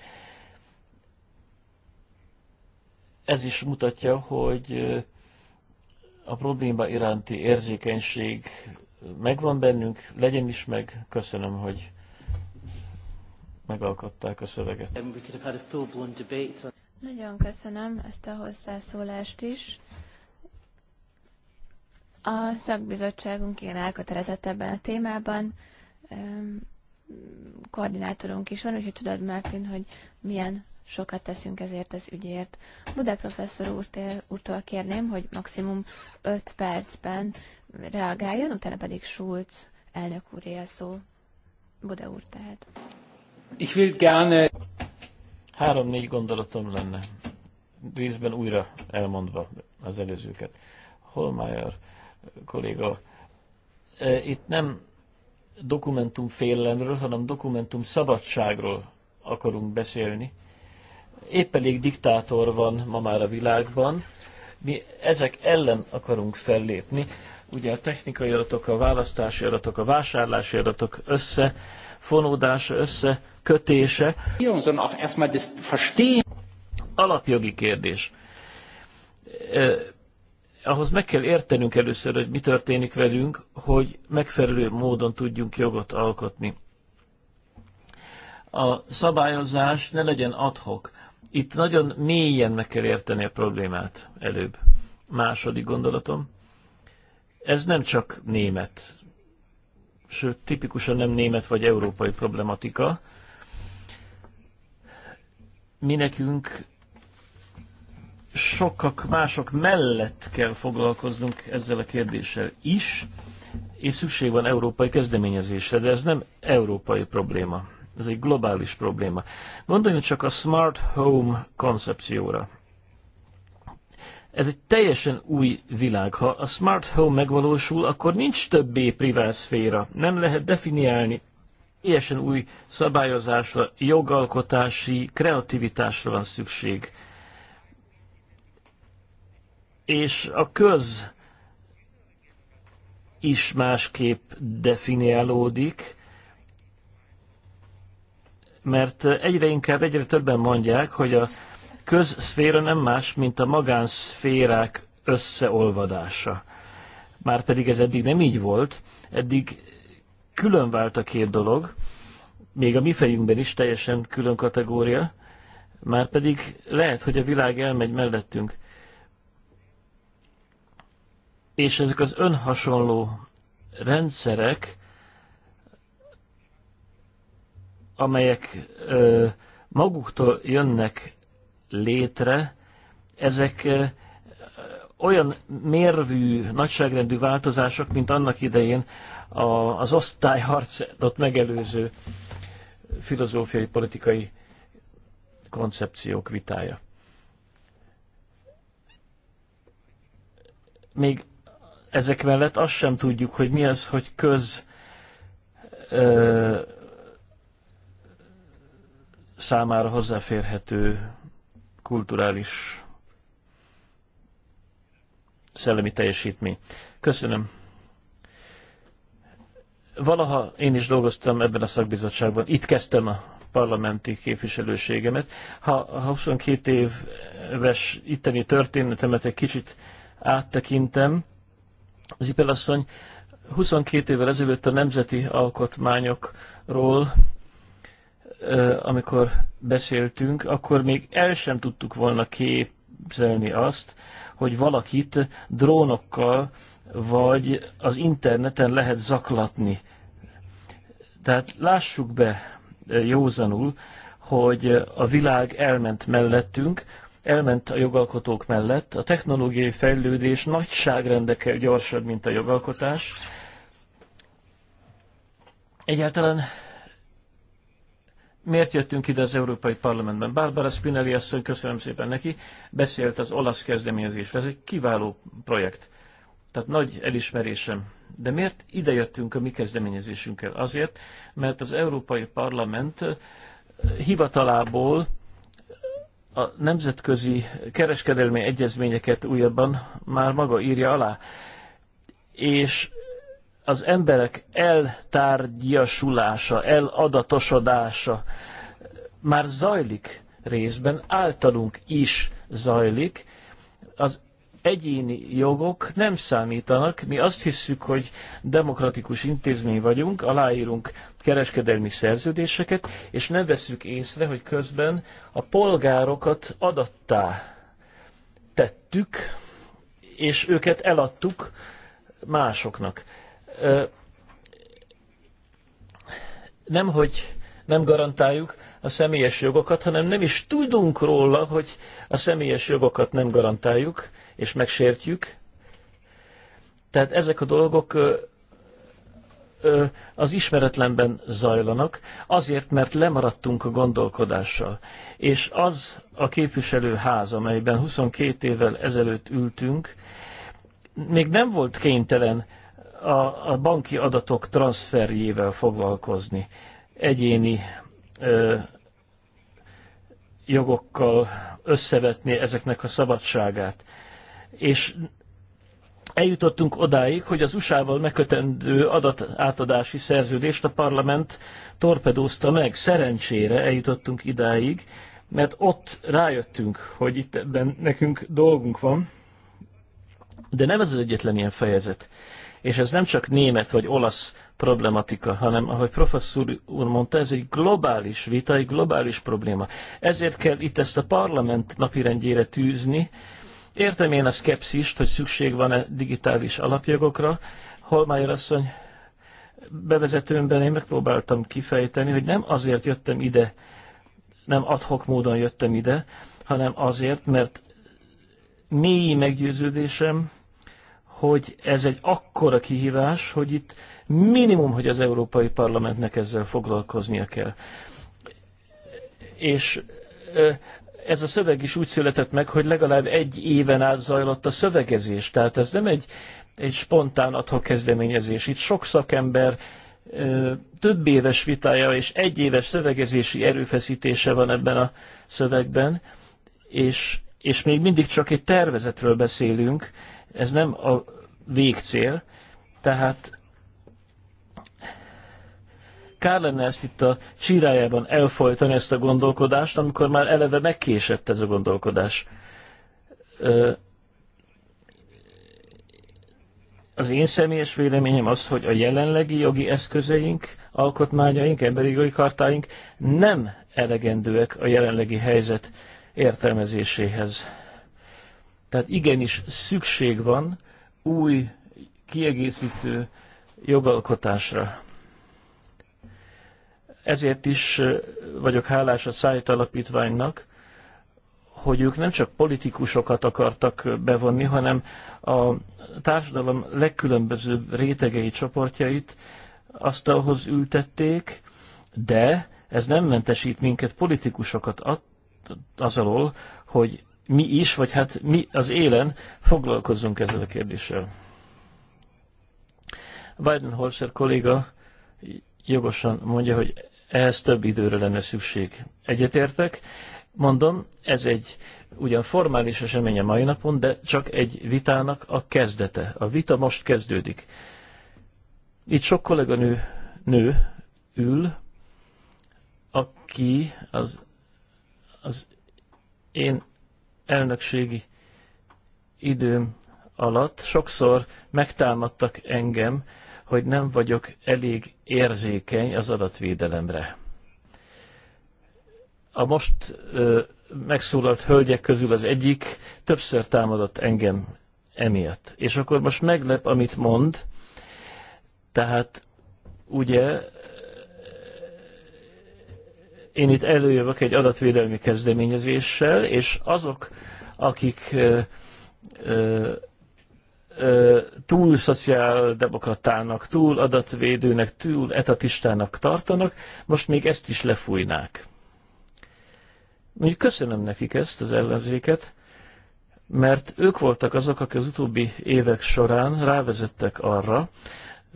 Ez is mutatja, hogy a probléma iránti érzékenység megvan bennünk, legyen is meg. Köszönöm, hogy megalkották a szöveget. Um, nagyon köszönöm ezt a hozzászólást is. A szakbizottságunk igen elkötelezett ebben a témában. Koordinátorunk is van, úgyhogy tudod, Mártin, hogy milyen sokat teszünk ezért az ügyért. Budá professzor úrtél, úrtól kérném, hogy maximum 5 percben reagáljon, utána pedig Schulz elnök úré a szó. Buda úr tehát. Ich will gerne Három-négy gondolatom lenne, részben újra elmondva az előzőket. Holmeyer kolléga, e, itt nem dokumentum félelemről, hanem dokumentum szabadságról akarunk beszélni. Épp elég diktátor van ma már a világban, mi ezek ellen akarunk fellépni. Ugye a technikai adatok, a választási adatok, a vásárlási adatok össze fonódása, összekötése. Alapjogi kérdés. Eh, ahhoz meg kell értenünk először, hogy mi történik velünk, hogy megfelelő módon tudjunk jogot alkotni. A szabályozás ne legyen adhok. Itt nagyon mélyen meg kell érteni a problémát előbb. Második gondolatom. Ez nem csak német sőt tipikusan nem német vagy európai problematika. Mi nekünk sokak mások mellett kell foglalkoznunk ezzel a kérdéssel is, és szükség van európai kezdeményezésre, de ez nem európai probléma. Ez egy globális probléma. Gondoljunk csak a smart home koncepcióra. Ez egy teljesen új világ. Ha a smart home megvalósul, akkor nincs többé privát szféra. Nem lehet definiálni. Ilyesen új szabályozásra, jogalkotási kreativitásra van szükség. És a köz is másképp definiálódik, mert egyre inkább, egyre többen mondják, hogy a közszféra nem más, mint a magánszférák összeolvadása. Márpedig ez eddig nem így volt, eddig külön vált a két dolog, még a mi fejünkben is teljesen külön kategória, már pedig lehet, hogy a világ elmegy mellettünk. És ezek az önhasonló rendszerek, amelyek ö, maguktól jönnek létre, ezek olyan mérvű, nagyságrendű változások, mint annak idején az osztályharcot megelőző filozófiai, politikai koncepciók vitája. Még ezek mellett azt sem tudjuk, hogy mi az, hogy köz ö, számára hozzáférhető kulturális szellemi teljesítmény. Köszönöm. Valaha én is dolgoztam ebben a szakbizottságban, itt kezdtem a parlamenti képviselőségemet. Ha a 22 éves itteni történetemet egy kicsit áttekintem, Zipel asszony, 22 évvel ezelőtt a nemzeti alkotmányokról amikor beszéltünk, akkor még el sem tudtuk volna képzelni azt, hogy valakit drónokkal vagy az interneten lehet zaklatni. Tehát lássuk be józanul, hogy a világ elment mellettünk, elment a jogalkotók mellett. A technológiai fejlődés nagyságrendekkel gyorsabb, mint a jogalkotás. Egyáltalán miért jöttünk ide az Európai Parlamentben. Barbara Spinelli asszony, köszönöm szépen neki, beszélt az olasz kezdeményezésről. Ez egy kiváló projekt. Tehát nagy elismerésem. De miért ide jöttünk a mi kezdeményezésünkkel? Azért, mert az Európai Parlament eh, hivatalából a nemzetközi kereskedelmi egyezményeket újabban már maga írja alá. És az emberek eltárgyasulása, eladatosodása már zajlik részben, általunk is zajlik. Az egyéni jogok nem számítanak. Mi azt hiszük, hogy demokratikus intézmény vagyunk, aláírunk kereskedelmi szerződéseket, és nem veszük észre, hogy közben a polgárokat adattá tettük, és őket eladtuk másoknak nem, hogy nem garantáljuk a személyes jogokat, hanem nem is tudunk róla, hogy a személyes jogokat nem garantáljuk és megsértjük. Tehát ezek a dolgok az ismeretlenben zajlanak, azért, mert lemaradtunk a gondolkodással. És az a képviselőház, amelyben 22 évvel ezelőtt ültünk, még nem volt kénytelen a, a banki adatok transferjével foglalkozni, egyéni ö, jogokkal összevetni ezeknek a szabadságát. És eljutottunk odáig, hogy az USA-val megkötendő adatátadási szerződést a parlament torpedózta meg. Szerencsére eljutottunk idáig, mert ott rájöttünk, hogy itt ebben nekünk dolgunk van, de nem ez az egyetlen ilyen fejezet. És ez nem csak német vagy olasz problematika, hanem ahogy professzor úr mondta, ez egy globális vita, egy globális probléma. Ezért kell itt ezt a parlament napirendjére tűzni. Értem én a szkepszist, hogy szükség van-e digitális alapjogokra. Holmájer asszony bevezetőmben én megpróbáltam kifejteni, hogy nem azért jöttem ide, nem adhok módon jöttem ide, hanem azért, mert mély meggyőződésem, hogy ez egy akkora kihívás, hogy itt minimum, hogy az Európai Parlamentnek ezzel foglalkoznia kell. És ez a szöveg is úgy született meg, hogy legalább egy éven át zajlott a szövegezés. Tehát ez nem egy, egy spontán adhok kezdeményezés. Itt sok szakember több éves vitája és egy éves szövegezési erőfeszítése van ebben a szövegben, és, és még mindig csak egy tervezetről beszélünk, ez nem a végcél, tehát kár lenne ezt itt a csírájában elfolytani ezt a gondolkodást, amikor már eleve megkésett ez a gondolkodás. Az én személyes véleményem az, hogy a jelenlegi jogi eszközeink, alkotmányaink, emberi jogi kartáink nem elegendőek a jelenlegi helyzet értelmezéséhez. Tehát igenis szükség van új kiegészítő jogalkotásra. Ezért is vagyok hálás a Szájt Alapítványnak, hogy ők nem csak politikusokat akartak bevonni, hanem a társadalom legkülönbözőbb rétegei csoportjait asztalhoz ültették, de ez nem mentesít minket politikusokat az alól, hogy mi is, vagy hát mi az élen foglalkozzunk ezzel a kérdéssel. Weidenholzer kolléga jogosan mondja, hogy ehhez több időre lenne szükség. Egyetértek, mondom, ez egy ugyan formális esemény a mai napon, de csak egy vitának a kezdete. A vita most kezdődik. Itt sok kolléganő nő ül, aki az, az én elnökségi időm alatt sokszor megtámadtak engem, hogy nem vagyok elég érzékeny az adatvédelemre. A most ö, megszólalt hölgyek közül az egyik többször támadott engem emiatt. És akkor most meglep, amit mond. Tehát ugye én itt előjövök egy adatvédelmi kezdeményezéssel, és azok, akik ö, ö, túl szociáldemokratának, túl adatvédőnek, túl etatistának tartanak, most még ezt is lefújnák. Mondjuk köszönöm nekik ezt, az ellenzéket, mert ők voltak azok, akik az utóbbi évek során rávezettek arra,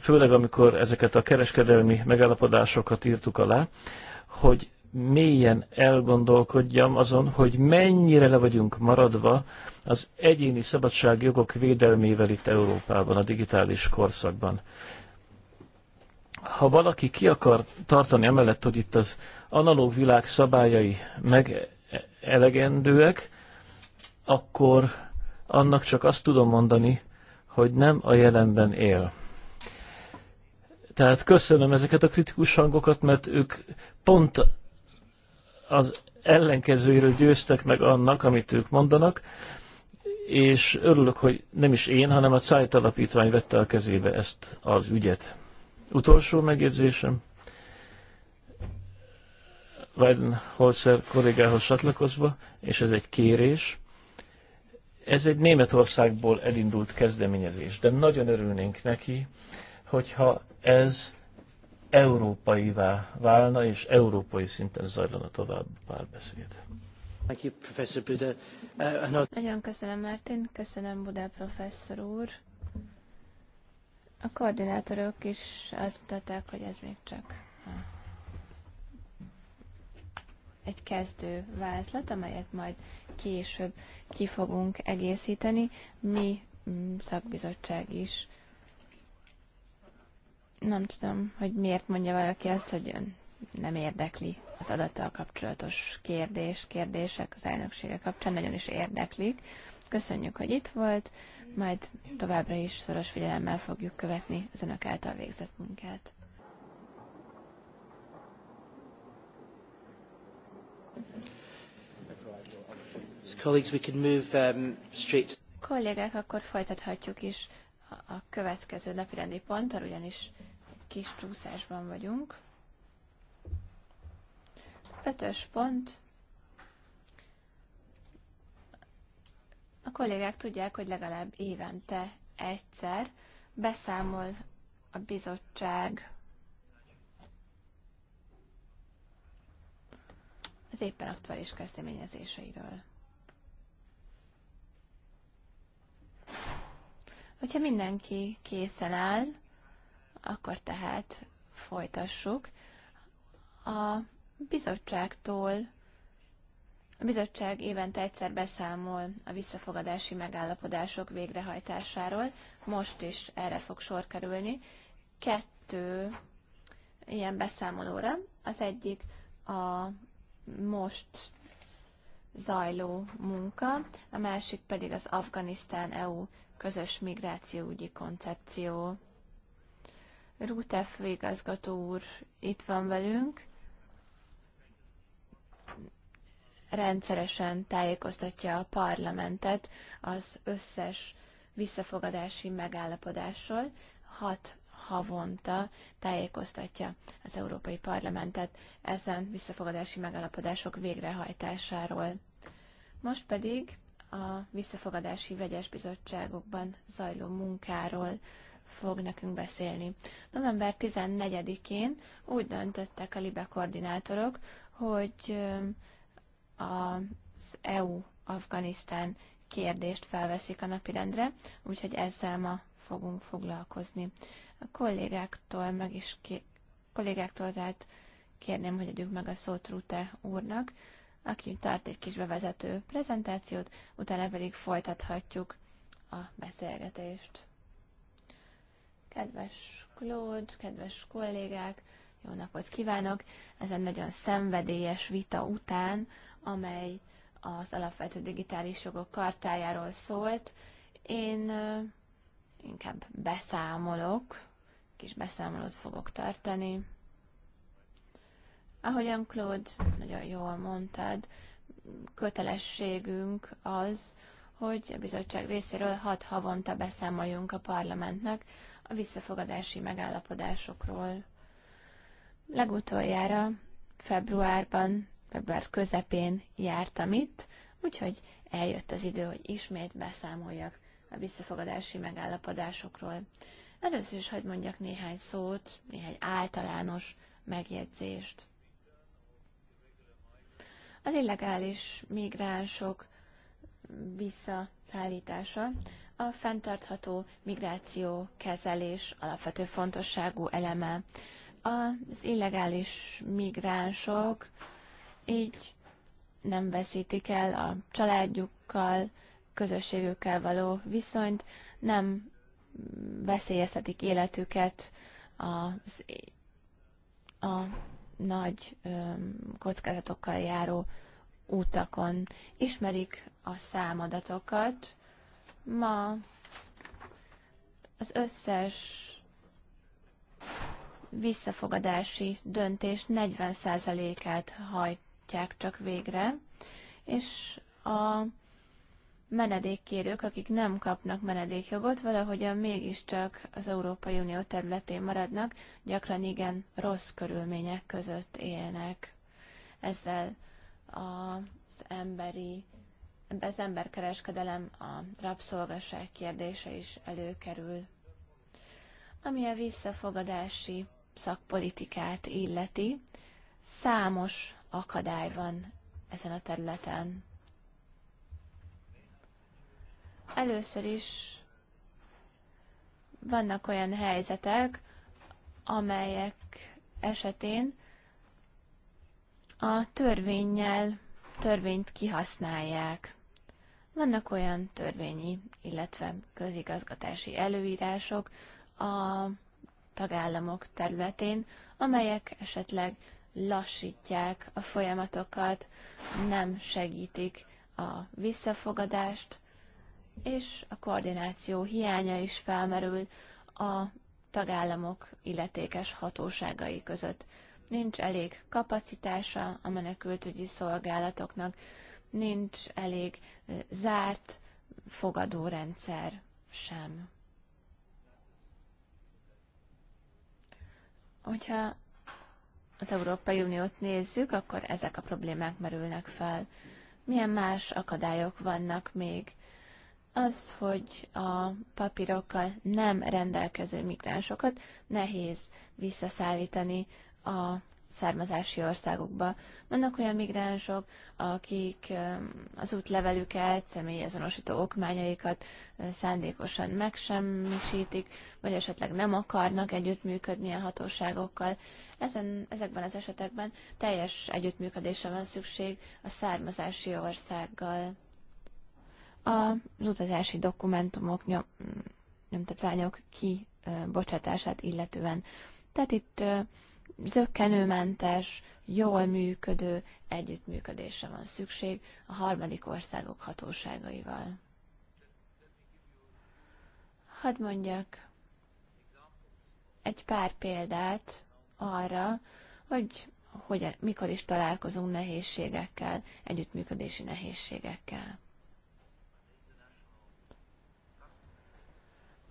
főleg amikor ezeket a kereskedelmi megállapodásokat írtuk alá, hogy mélyen elgondolkodjam azon, hogy mennyire le vagyunk maradva az egyéni szabadságjogok védelmével itt Európában, a digitális korszakban. Ha valaki ki akar tartani emellett, hogy itt az analóg világ szabályai meg elegendőek, akkor annak csak azt tudom mondani, hogy nem a jelenben él. Tehát köszönöm ezeket a kritikus hangokat, mert ők pont az ellenkezőjéről győztek meg annak, amit ők mondanak, és örülök, hogy nem is én, hanem a Zeit alapítvány vette a kezébe ezt az ügyet. Utolsó megjegyzésem. Weidenholzer kollégához csatlakozva, és ez egy kérés. Ez egy Németországból elindult kezdeményezés, de nagyon örülnénk neki, hogyha ez európaivá válna, és európai szinten zajlana tovább párbeszéd. Uh, Nagyon köszönöm, Martin, köszönöm, Budá professzor úr. A koordinátorok is azt mutatták, hogy ez még csak egy kezdő vázlat, amelyet majd később ki fogunk egészíteni. Mi mm, szakbizottság is nem tudom, hogy miért mondja valaki azt, hogy ön nem érdekli az adattal kapcsolatos kérdés, kérdések az elnöksége kapcsán nagyon is érdeklik. Köszönjük, hogy itt volt, majd továbbra is szoros figyelemmel fogjuk követni az önök által végzett munkát. Colleagues, we can move um, straight. Kollégák, akkor folytathatjuk is a következő napirendi ponttal, ugyanis egy kis csúszásban vagyunk. Ötös pont. A kollégák tudják, hogy legalább évente egyszer beszámol a bizottság az éppen aktuális kezdeményezéseiről. Hogyha mindenki készen áll, akkor tehát folytassuk. A bizottságtól a bizottság évente egyszer beszámol a visszafogadási megállapodások végrehajtásáról, most is erre fog sor kerülni. Kettő ilyen beszámolóra. Az egyik a most zajló munka, a másik pedig az Afganisztán EU közös migrációügyi koncepció. Rútef végazgató úr itt van velünk, rendszeresen tájékoztatja a parlamentet az összes visszafogadási megállapodásról, hat havonta tájékoztatja az Európai Parlamentet ezen visszafogadási megállapodások végrehajtásáról. Most pedig a visszafogadási vegyes bizottságokban zajló munkáról fog nekünk beszélni. November 14-én úgy döntöttek a LIBE koordinátorok, hogy az EU-Afganisztán kérdést felveszik a napirendre, úgyhogy ezzel ma fogunk foglalkozni. A kollégáktól meg is ké- kollégáktól tehát kérném, hogy adjuk meg a szót Rute úrnak, aki tart egy kis bevezető prezentációt, utána pedig folytathatjuk a beszélgetést. Kedves Claude, kedves kollégák, jó napot kívánok! Ezen nagyon szenvedélyes vita után, amely az alapvető digitális jogok kartájáról szólt, én inkább beszámolok, kis beszámolót fogok tartani. Ahogyan Claude nagyon jól mondtad, kötelességünk az, hogy a bizottság részéről hat havonta beszámoljunk a parlamentnek a visszafogadási megállapodásokról. Legutoljára februárban, február közepén jártam itt, úgyhogy eljött az idő, hogy ismét beszámoljak a visszafogadási megállapodásokról. Először is hagyd mondjak néhány szót, néhány általános megjegyzést az illegális migránsok visszaszállítása a fenntartható migráció kezelés alapvető fontosságú eleme. Az illegális migránsok így nem veszítik el a családjukkal, közösségükkel való viszonyt, nem veszélyeztetik életüket az, a nagy kockázatokkal járó utakon. Ismerik a számadatokat. Ma az összes visszafogadási döntés 40%-át hajtják csak végre, és a menedékkérők, akik nem kapnak menedékjogot, valahogyan mégiscsak az Európai Unió területén maradnak, gyakran igen rossz körülmények között élnek. Ezzel az emberi az emberkereskedelem, a rabszolgaság kérdése is előkerül. Ami a visszafogadási szakpolitikát illeti, számos akadály van ezen a területen. Először is vannak olyan helyzetek, amelyek esetén a törvényel törvényt kihasználják. Vannak olyan törvényi, illetve közigazgatási előírások a tagállamok területén, amelyek esetleg lassítják a folyamatokat, nem segítik a visszafogadást, és a koordináció hiánya is felmerül a tagállamok illetékes hatóságai között. Nincs elég kapacitása a menekültügyi szolgálatoknak, nincs elég zárt fogadórendszer sem. Hogyha az Európai Uniót nézzük, akkor ezek a problémák merülnek fel. Milyen más akadályok vannak még? az, hogy a papírokkal nem rendelkező migránsokat nehéz visszaszállítani a származási országokba. Vannak olyan migránsok, akik az útlevelüket, személyazonosító okmányaikat szándékosan megsemmisítik, vagy esetleg nem akarnak együttműködni a hatóságokkal. Ezen, ezekben az esetekben teljes együttműködésre van szükség a származási országgal az utazási dokumentumok nyom, nyomtatványok kibocsátását illetően. Tehát itt zöggenőmentes, jól működő együttműködésre van szükség a harmadik országok hatóságaival. Hadd mondjak egy pár példát arra, hogy hogyan, mikor is találkozunk nehézségekkel, együttműködési nehézségekkel.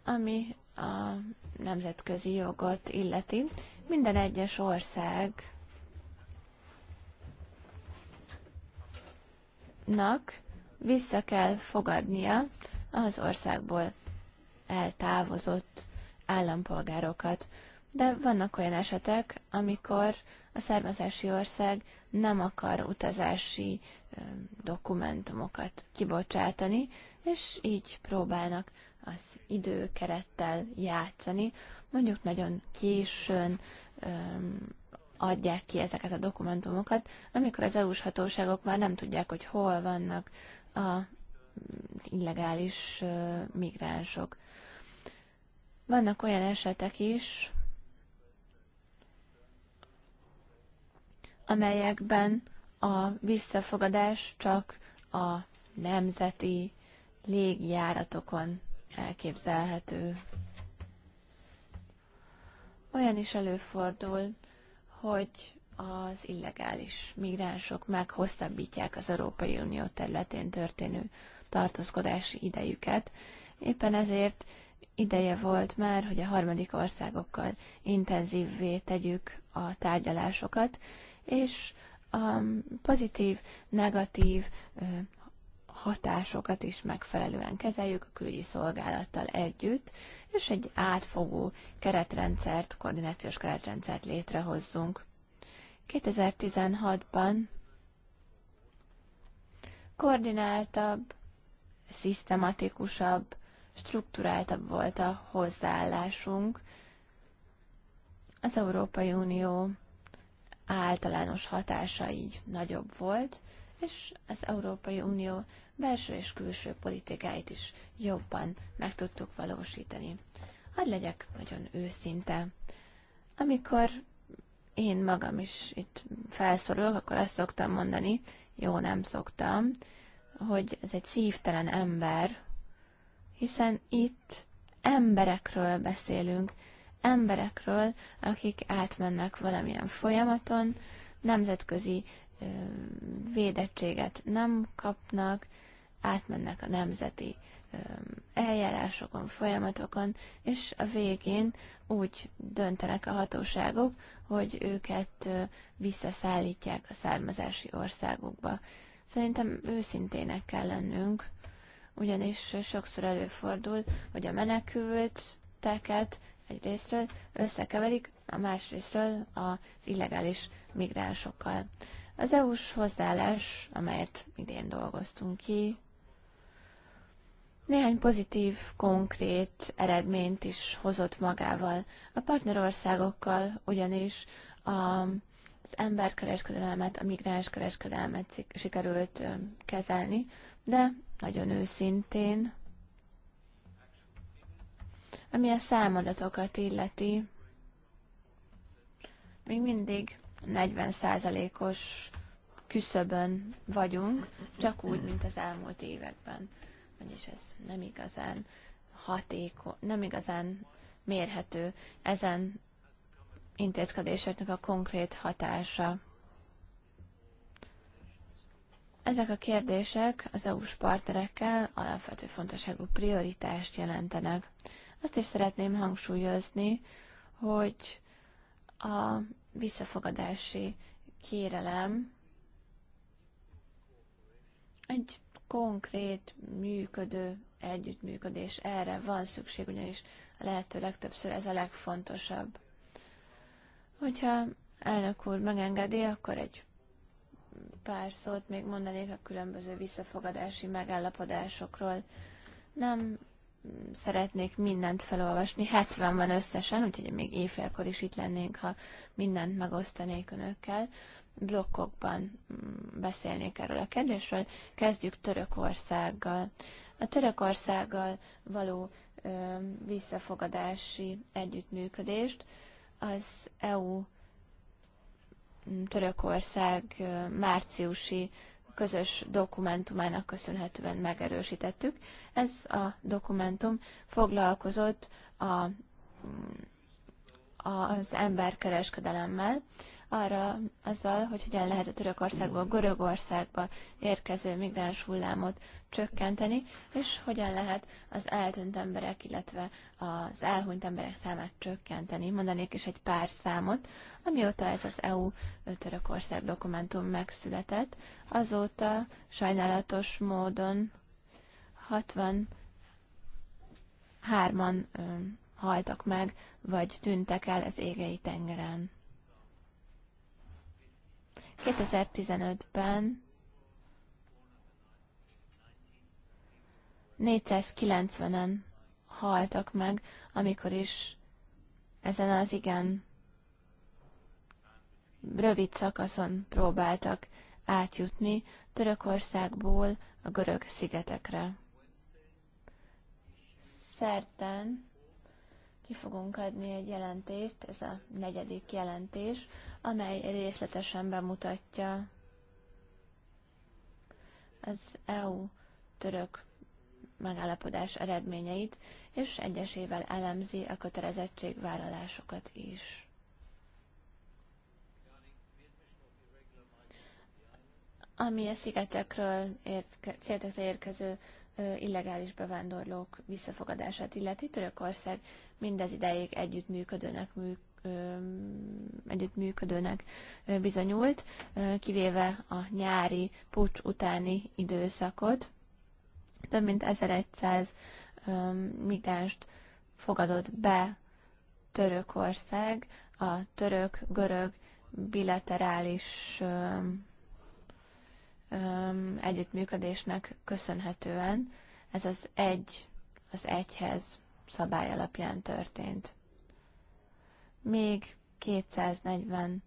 ami a nemzetközi jogot illeti. Minden egyes ország nak vissza kell fogadnia az országból eltávozott állampolgárokat. De vannak olyan esetek, amikor a származási ország nem akar utazási dokumentumokat kibocsátani, és így próbálnak az időkerettel játszani. Mondjuk nagyon későn öm, adják ki ezeket a dokumentumokat, amikor az EU-s hatóságok már nem tudják, hogy hol vannak a illegális ö, migránsok. Vannak olyan esetek is, amelyekben a visszafogadás csak a nemzeti légjáratokon elképzelhető. Olyan is előfordul, hogy az illegális migránsok meghosszabbítják az Európai Unió területén történő tartózkodási idejüket. Éppen ezért ideje volt már, hogy a harmadik országokkal intenzívvé tegyük a tárgyalásokat, és a pozitív, negatív hatásokat is megfelelően kezeljük a külügyi szolgálattal együtt, és egy átfogó keretrendszert, koordinációs keretrendszert létrehozzunk. 2016-ban koordináltabb, szisztematikusabb, struktúráltabb volt a hozzáállásunk az Európai Unió általános hatása így nagyobb volt, és az Európai Unió belső és külső politikáit is jobban meg tudtuk valósítani. Hadd legyek nagyon őszinte. Amikor én magam is itt felszorulok, akkor azt szoktam mondani, jó nem szoktam, hogy ez egy szívtelen ember, hiszen itt emberekről beszélünk, emberekről, akik átmennek valamilyen folyamaton, nemzetközi védettséget nem kapnak, átmennek a nemzeti eljárásokon, folyamatokon, és a végén úgy döntenek a hatóságok, hogy őket visszaszállítják a származási országukba. Szerintem őszintének kell lennünk, ugyanis sokszor előfordul, hogy a menekülteket egyrésztről összekeverik, a másrésztről az illegális migránsokkal. Az EU-s hozzáállás, amelyet idén dolgoztunk ki, néhány pozitív, konkrét eredményt is hozott magával. A partnerországokkal ugyanis a, az emberkereskedelmet, a migránskereskedelmet sikerült kezelni, de nagyon őszintén, ami a számadatokat illeti, még mindig 40%-os küszöbön vagyunk, csak úgy, mint az elmúlt években vagyis ez nem igazán hatékony, nem igazán mérhető ezen intézkedéseknek a konkrét hatása. Ezek a kérdések az EU-s partnerekkel alapvető fontosságú prioritást jelentenek. Azt is szeretném hangsúlyozni, hogy a visszafogadási kérelem egy konkrét, működő együttműködés. Erre van szükség, ugyanis a lehető legtöbbször ez a legfontosabb. Hogyha elnök úr megengedi, akkor egy pár szót még mondanék a különböző visszafogadási megállapodásokról. Nem szeretnék mindent felolvasni, 70 van összesen, úgyhogy még éjfélkor is itt lennénk, ha mindent megosztanék önökkel blokkokban mm, beszélnék erről a kérdésről. Kezdjük Törökországgal. A Törökországgal való ö, visszafogadási együttműködést az EU mm, Törökország márciusi közös dokumentumának köszönhetően megerősítettük. Ez a dokumentum foglalkozott a mm, az emberkereskedelemmel, arra azzal, hogy hogyan lehet a Törökországból Görögországba érkező migráns hullámot csökkenteni, és hogyan lehet az eltűnt emberek, illetve az elhunyt emberek számát csökkenteni. Mondanék is egy pár számot. Amióta ez az EU-Törökország dokumentum megszületett, azóta sajnálatos módon 63-an haltak meg, vagy tűntek el az égei tengeren. 2015-ben 490-en haltak meg, amikor is ezen az igen rövid szakaszon próbáltak átjutni Törökországból a görög szigetekre. Szerdán ki fogunk adni egy jelentést, ez a negyedik jelentés, amely részletesen bemutatja az EU-török megállapodás eredményeit, és egyesével elemzi a kötelezettségvállalásokat is. Ami a szigetekről, érke, szigetekre érkező illegális bevándorlók visszafogadását illeti. Törökország mindez ideig együttműködőnek műk, együttműködőnek bizonyult, kivéve a nyári pucs utáni időszakot. Több mint 1100 migránst fogadott be Törökország a török-görög bilaterális együttműködésnek köszönhetően ez az egy, az egyhez szabály alapján történt. Még 240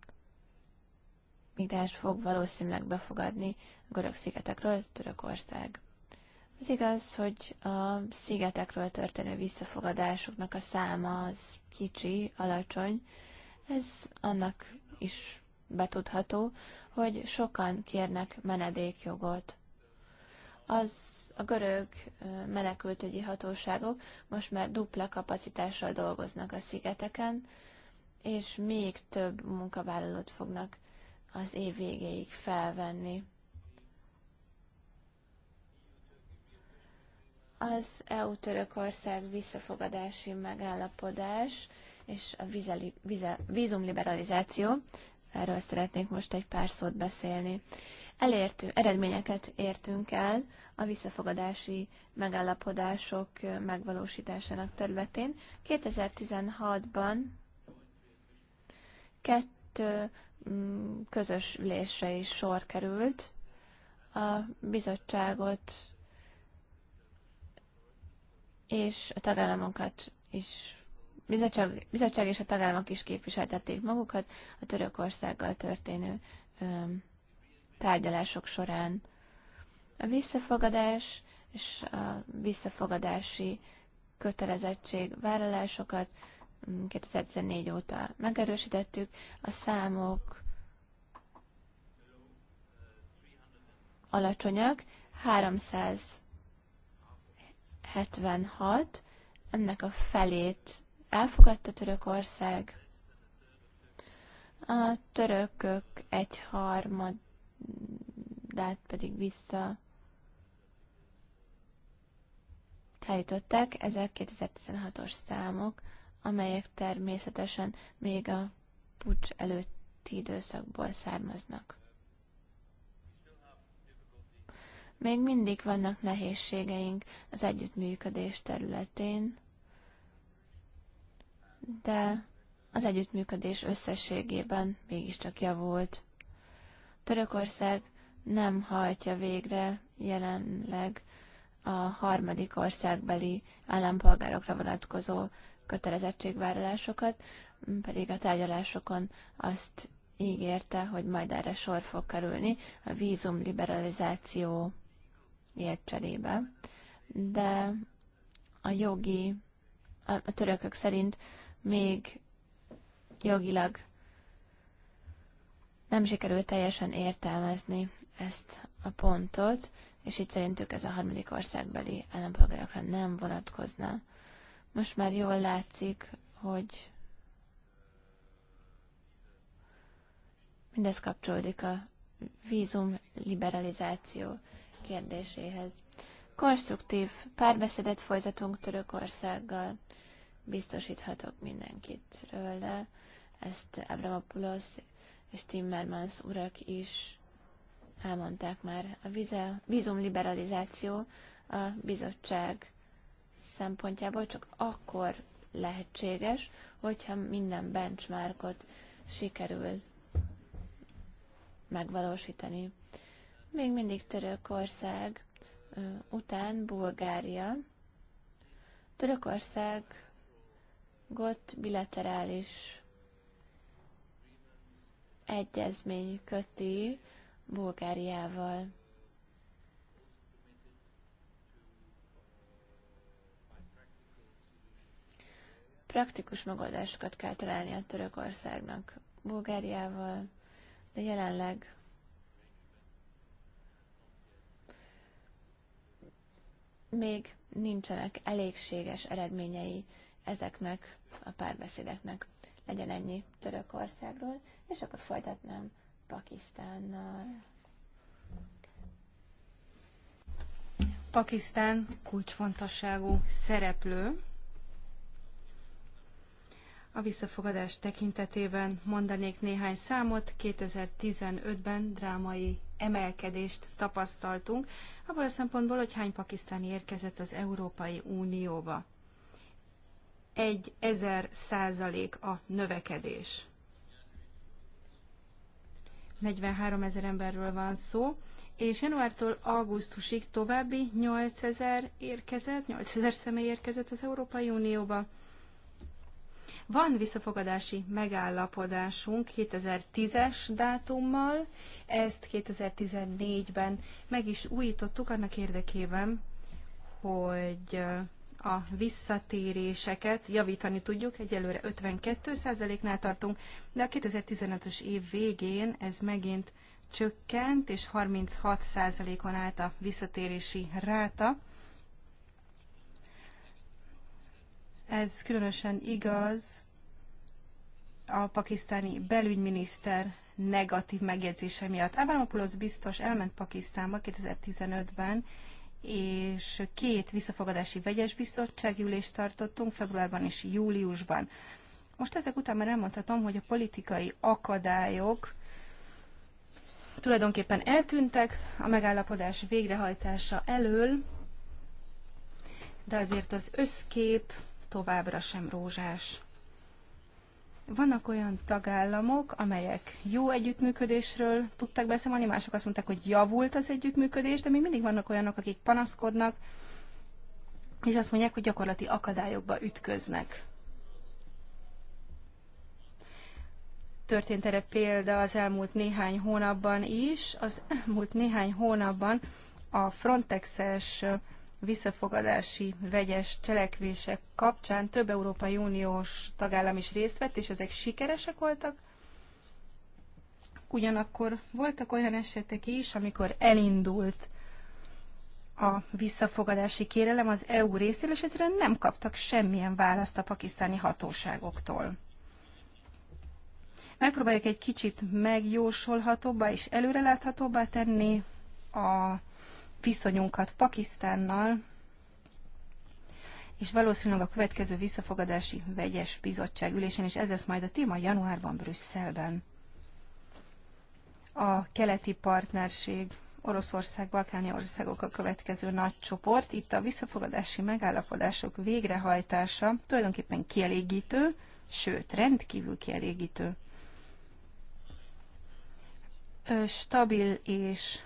migráns fog valószínűleg befogadni a görög szigetekről Törökország. Az igaz, hogy a szigetekről történő visszafogadásoknak a száma az kicsi, alacsony. Ez annak is betudható, hogy sokan kérnek menedékjogot. Az a görög menekültügyi hatóságok most már dupla kapacitással dolgoznak a szigeteken, és még több munkavállalót fognak az év végéig felvenni. Az EU-Törökország visszafogadási megállapodás és a vízumliberalizáció erről szeretnék most egy pár szót beszélni. Elértünk, eredményeket értünk el a visszafogadási megállapodások megvalósításának területén. 2016-ban kettő mm, közös ülésre is sor került. A bizottságot és a tagállamokat is bizottság, bizottság és a tagállamok is képviseltették magukat a Törökországgal történő tárgyalások során. A visszafogadás és a visszafogadási kötelezettség vállalásokat 2014 mm, óta megerősítettük. A számok alacsonyak, 376, ennek a felét elfogadta Törökország. A törökök egy hát pedig vissza állították, ezek 2016-os számok, amelyek természetesen még a pucs előtti időszakból származnak. Még mindig vannak nehézségeink az együttműködés területén, de az együttműködés összességében mégiscsak javult. Törökország nem hajtja végre jelenleg a harmadik országbeli állampolgárokra vonatkozó kötelezettségvállalásokat, pedig a tárgyalásokon azt ígérte, hogy majd erre sor fog kerülni a vízum liberalizáció cserébe. De a jogi, a törökök szerint még jogilag nem sikerült teljesen értelmezni ezt a pontot, és itt szerintük ez a harmadik országbeli állampolgárokra nem vonatkozna. Most már jól látszik, hogy mindez kapcsolódik a vízum liberalizáció kérdéséhez. Konstruktív párbeszédet folytatunk Törökországgal biztosíthatok mindenkit róla, ezt Abramopulos és Timmermans urak is elmondták már. A vízumliberalizáció a bizottság szempontjából csak akkor lehetséges, hogyha minden benchmarkot sikerül megvalósítani. Még mindig Törökország után Bulgária. Törökország gott bilaterális egyezmény köti Bulgáriával. Praktikus megoldásokat kell találni a Törökországnak Bulgáriával, de jelenleg még nincsenek elégséges eredményei ezeknek a párbeszédeknek. Legyen ennyi Törökországról, és akkor folytatnám Pakisztánnal. Pakisztán kulcsfontosságú szereplő. A visszafogadás tekintetében mondanék néhány számot. 2015-ben drámai emelkedést tapasztaltunk, abból a szempontból, hogy hány pakisztáni érkezett az Európai Unióba egy ezer százalék a növekedés. 43 ezer emberről van szó, és januártól augusztusig további ezer érkezett, ezer személy érkezett az Európai Unióba. Van visszafogadási megállapodásunk 2010-es dátummal, ezt 2014-ben meg is újítottuk annak érdekében, hogy a visszatéréseket javítani tudjuk, egyelőre 52%-nál tartunk, de a 2015-ös év végén ez megint csökkent, és 36%-on állt a visszatérési ráta. Ez különösen igaz a pakisztáni belügyminiszter negatív megjegyzése miatt. Avramopoulos biztos elment Pakisztánba 2015-ben, és két visszafogadási vegyes bizottságülést tartottunk februárban és júliusban. Most ezek után már elmondhatom, hogy a politikai akadályok tulajdonképpen eltűntek a megállapodás végrehajtása elől, de azért az összkép továbbra sem rózsás. Vannak olyan tagállamok, amelyek jó együttműködésről tudtak beszélni, mások azt mondták, hogy javult az együttműködés, de még mindig vannak olyanok, akik panaszkodnak, és azt mondják, hogy gyakorlati akadályokba ütköznek. Történt erre példa az elmúlt néhány hónapban is. Az elmúlt néhány hónapban a Frontexes es visszafogadási vegyes cselekvések kapcsán több Európai Uniós tagállam is részt vett, és ezek sikeresek voltak. Ugyanakkor voltak olyan esetek is, amikor elindult a visszafogadási kérelem az EU részéről, és egyszerűen nem kaptak semmilyen választ a pakisztáni hatóságoktól. Megpróbáljuk egy kicsit megjósolhatóbbá és előreláthatóbbá tenni a viszonyunkat Pakisztánnal, és valószínűleg a következő visszafogadási vegyes bizottság ülésén, és ez lesz majd a téma januárban Brüsszelben. A keleti partnerség Oroszország, Balkáni országok a következő nagy csoport. Itt a visszafogadási megállapodások végrehajtása tulajdonképpen kielégítő, sőt, rendkívül kielégítő. Stabil és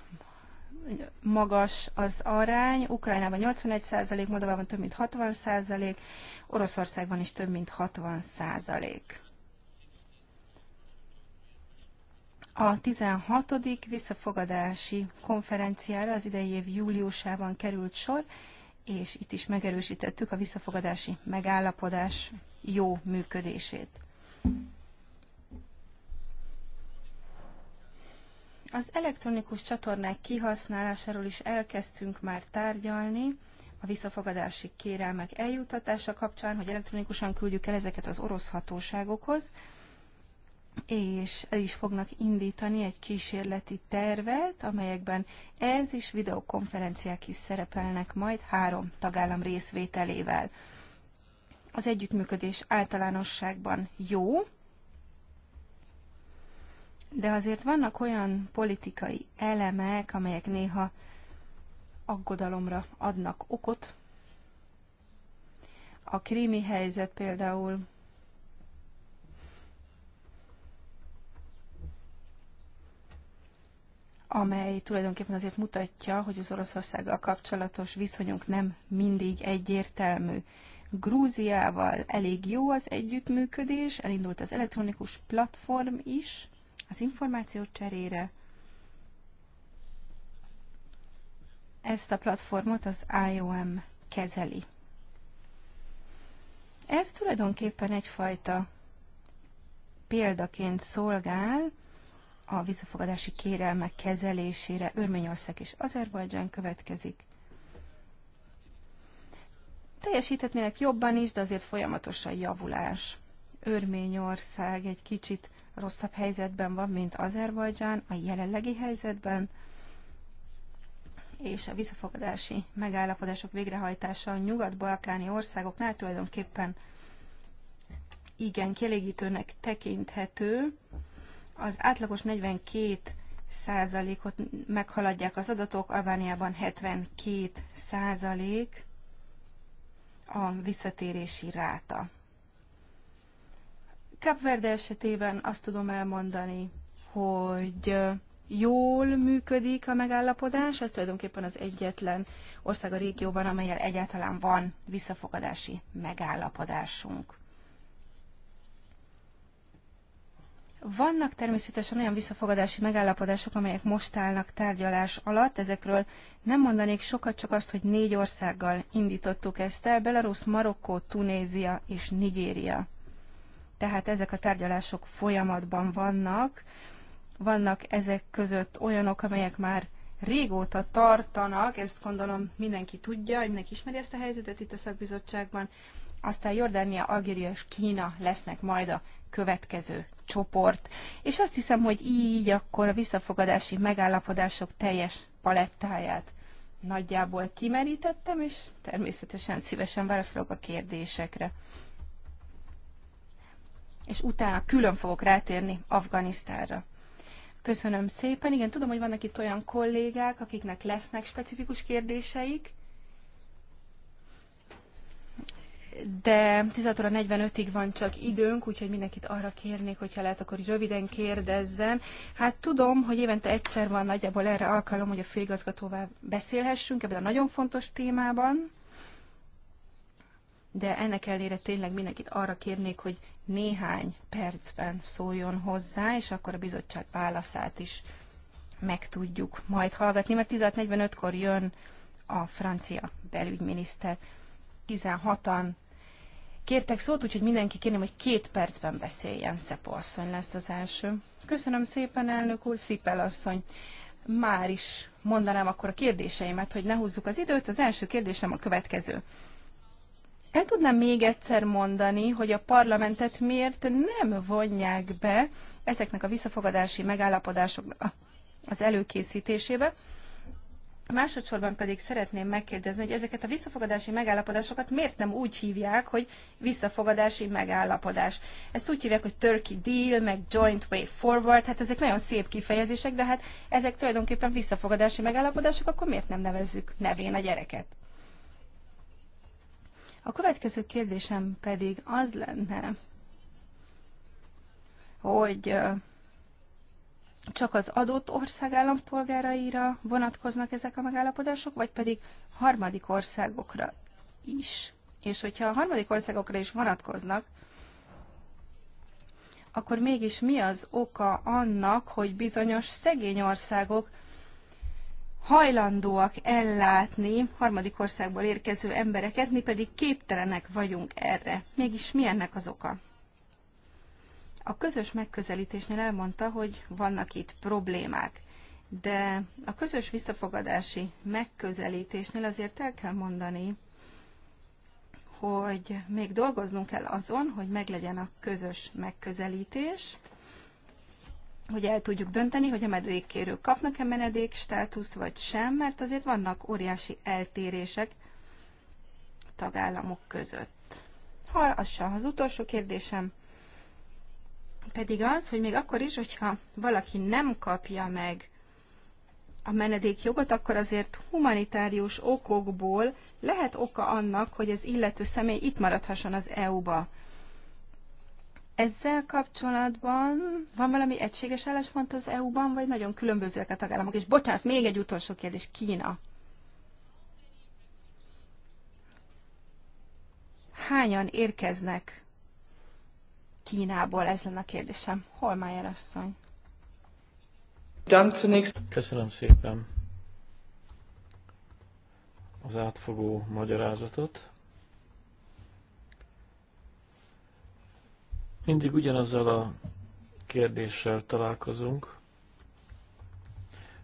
magas az arány, Ukrajnában 81%, százalék, Moldovában több mint 60%, százalék, Oroszországban is több mint 60%. százalék. A 16. visszafogadási konferenciára az idei év júliusában került sor, és itt is megerősítettük a visszafogadási megállapodás jó működését. Az elektronikus csatornák kihasználásáról is elkezdtünk már tárgyalni a visszafogadási kérelmek eljutatása kapcsán, hogy elektronikusan küldjük el ezeket az orosz hatóságokhoz, és el is fognak indítani egy kísérleti tervet, amelyekben ez is videokonferenciák is szerepelnek majd három tagállam részvételével. Az együttműködés általánosságban jó, de azért vannak olyan politikai elemek, amelyek néha aggodalomra adnak okot. A krími helyzet például amely tulajdonképpen azért mutatja, hogy az Oroszországgal kapcsolatos viszonyunk nem mindig egyértelmű. Grúziával elég jó az együttműködés, elindult az elektronikus platform is, az információ cserére. Ezt a platformot az IOM kezeli. Ez tulajdonképpen egyfajta példaként szolgál a visszafogadási kérelmek kezelésére. Örményország és Azerbajdzsán következik. Teljesíthetnének jobban is, de azért folyamatos a javulás. Örményország egy kicsit rosszabb helyzetben van, mint Azerbajdzsán a jelenlegi helyzetben, és a visszafogadási megállapodások végrehajtása a nyugat-balkáni országoknál tulajdonképpen igen kielégítőnek tekinthető. Az átlagos 42 százalékot meghaladják az adatok, Albániában 72 százalék a visszatérési ráta. Kapverde esetében azt tudom elmondani, hogy jól működik a megállapodás, ez tulajdonképpen az egyetlen ország a régióban, amelyel egyáltalán van visszafogadási megállapodásunk. Vannak természetesen olyan visszafogadási megállapodások, amelyek most állnak tárgyalás alatt. Ezekről nem mondanék sokat, csak azt, hogy négy országgal indítottuk ezt el. Belarus, Marokkó, Tunézia és Nigéria. Tehát ezek a tárgyalások folyamatban vannak. Vannak ezek között olyanok, amelyek már régóta tartanak, ezt gondolom mindenki tudja, mindenki ismeri ezt a helyzetet itt a szakbizottságban. Aztán Jordánia, Algéria és Kína lesznek majd a következő csoport. És azt hiszem, hogy így akkor a visszafogadási megállapodások teljes palettáját nagyjából kimerítettem, és természetesen szívesen válaszolok a kérdésekre és utána külön fogok rátérni Afganisztánra. Köszönöm szépen. Igen, tudom, hogy vannak itt olyan kollégák, akiknek lesznek specifikus kérdéseik, de 16 óra 45-ig van csak időnk, úgyhogy mindenkit arra kérnék, hogyha lehet, akkor röviden kérdezzen. Hát tudom, hogy évente egyszer van nagyjából erre alkalom, hogy a főigazgatóval beszélhessünk ebben a nagyon fontos témában, de ennek ellenére tényleg mindenkit arra kérnék, hogy néhány percben szóljon hozzá, és akkor a bizottság válaszát is meg tudjuk majd hallgatni, mert 16.45-kor jön a francia belügyminiszter. 16-an kértek szót, úgyhogy mindenki kérném, hogy két percben beszéljen. asszony lesz az első. Köszönöm szépen, elnök úr, Szipel asszony. Már is mondanám akkor a kérdéseimet, hogy ne húzzuk az időt. Az első kérdésem a következő. El tudnám még egyszer mondani, hogy a parlamentet miért nem vonják be ezeknek a visszafogadási megállapodásoknak az előkészítésébe, Másodszorban pedig szeretném megkérdezni, hogy ezeket a visszafogadási megállapodásokat miért nem úgy hívják, hogy visszafogadási megállapodás. Ezt úgy hívják, hogy Turkey Deal, meg Joint Way Forward, hát ezek nagyon szép kifejezések, de hát ezek tulajdonképpen visszafogadási megállapodások, akkor miért nem nevezzük nevén a gyereket? A következő kérdésem pedig az lenne, hogy csak az adott ország állampolgáraira vonatkoznak ezek a megállapodások, vagy pedig harmadik országokra is. És hogyha a harmadik országokra is vonatkoznak, akkor mégis mi az oka annak, hogy bizonyos szegény országok hajlandóak ellátni harmadik országból érkező embereket, mi pedig képtelenek vagyunk erre. Mégis mi ennek az oka? A közös megközelítésnél elmondta, hogy vannak itt problémák, de a közös visszafogadási megközelítésnél azért el kell mondani, hogy még dolgoznunk kell azon, hogy meglegyen a közös megközelítés, hogy el tudjuk dönteni, hogy a menedékkérők kapnak-e menedék státuszt, vagy sem, mert azért vannak óriási eltérések tagállamok között. Ha az, az utolsó kérdésem pedig az, hogy még akkor is, hogyha valaki nem kapja meg a menedékjogot, akkor azért humanitárius okokból lehet oka annak, hogy az illető személy itt maradhasson az EU-ba. Ezzel kapcsolatban van valami egységes álláspont az EU-ban, vagy nagyon különbözőek a tagállamok? És bocsánat, még egy utolsó kérdés, Kína. Hányan érkeznek Kínából? Ez lenne a kérdésem. Holmájer asszony. Köszönöm szépen az átfogó magyarázatot. Mindig ugyanazzal a kérdéssel találkozunk,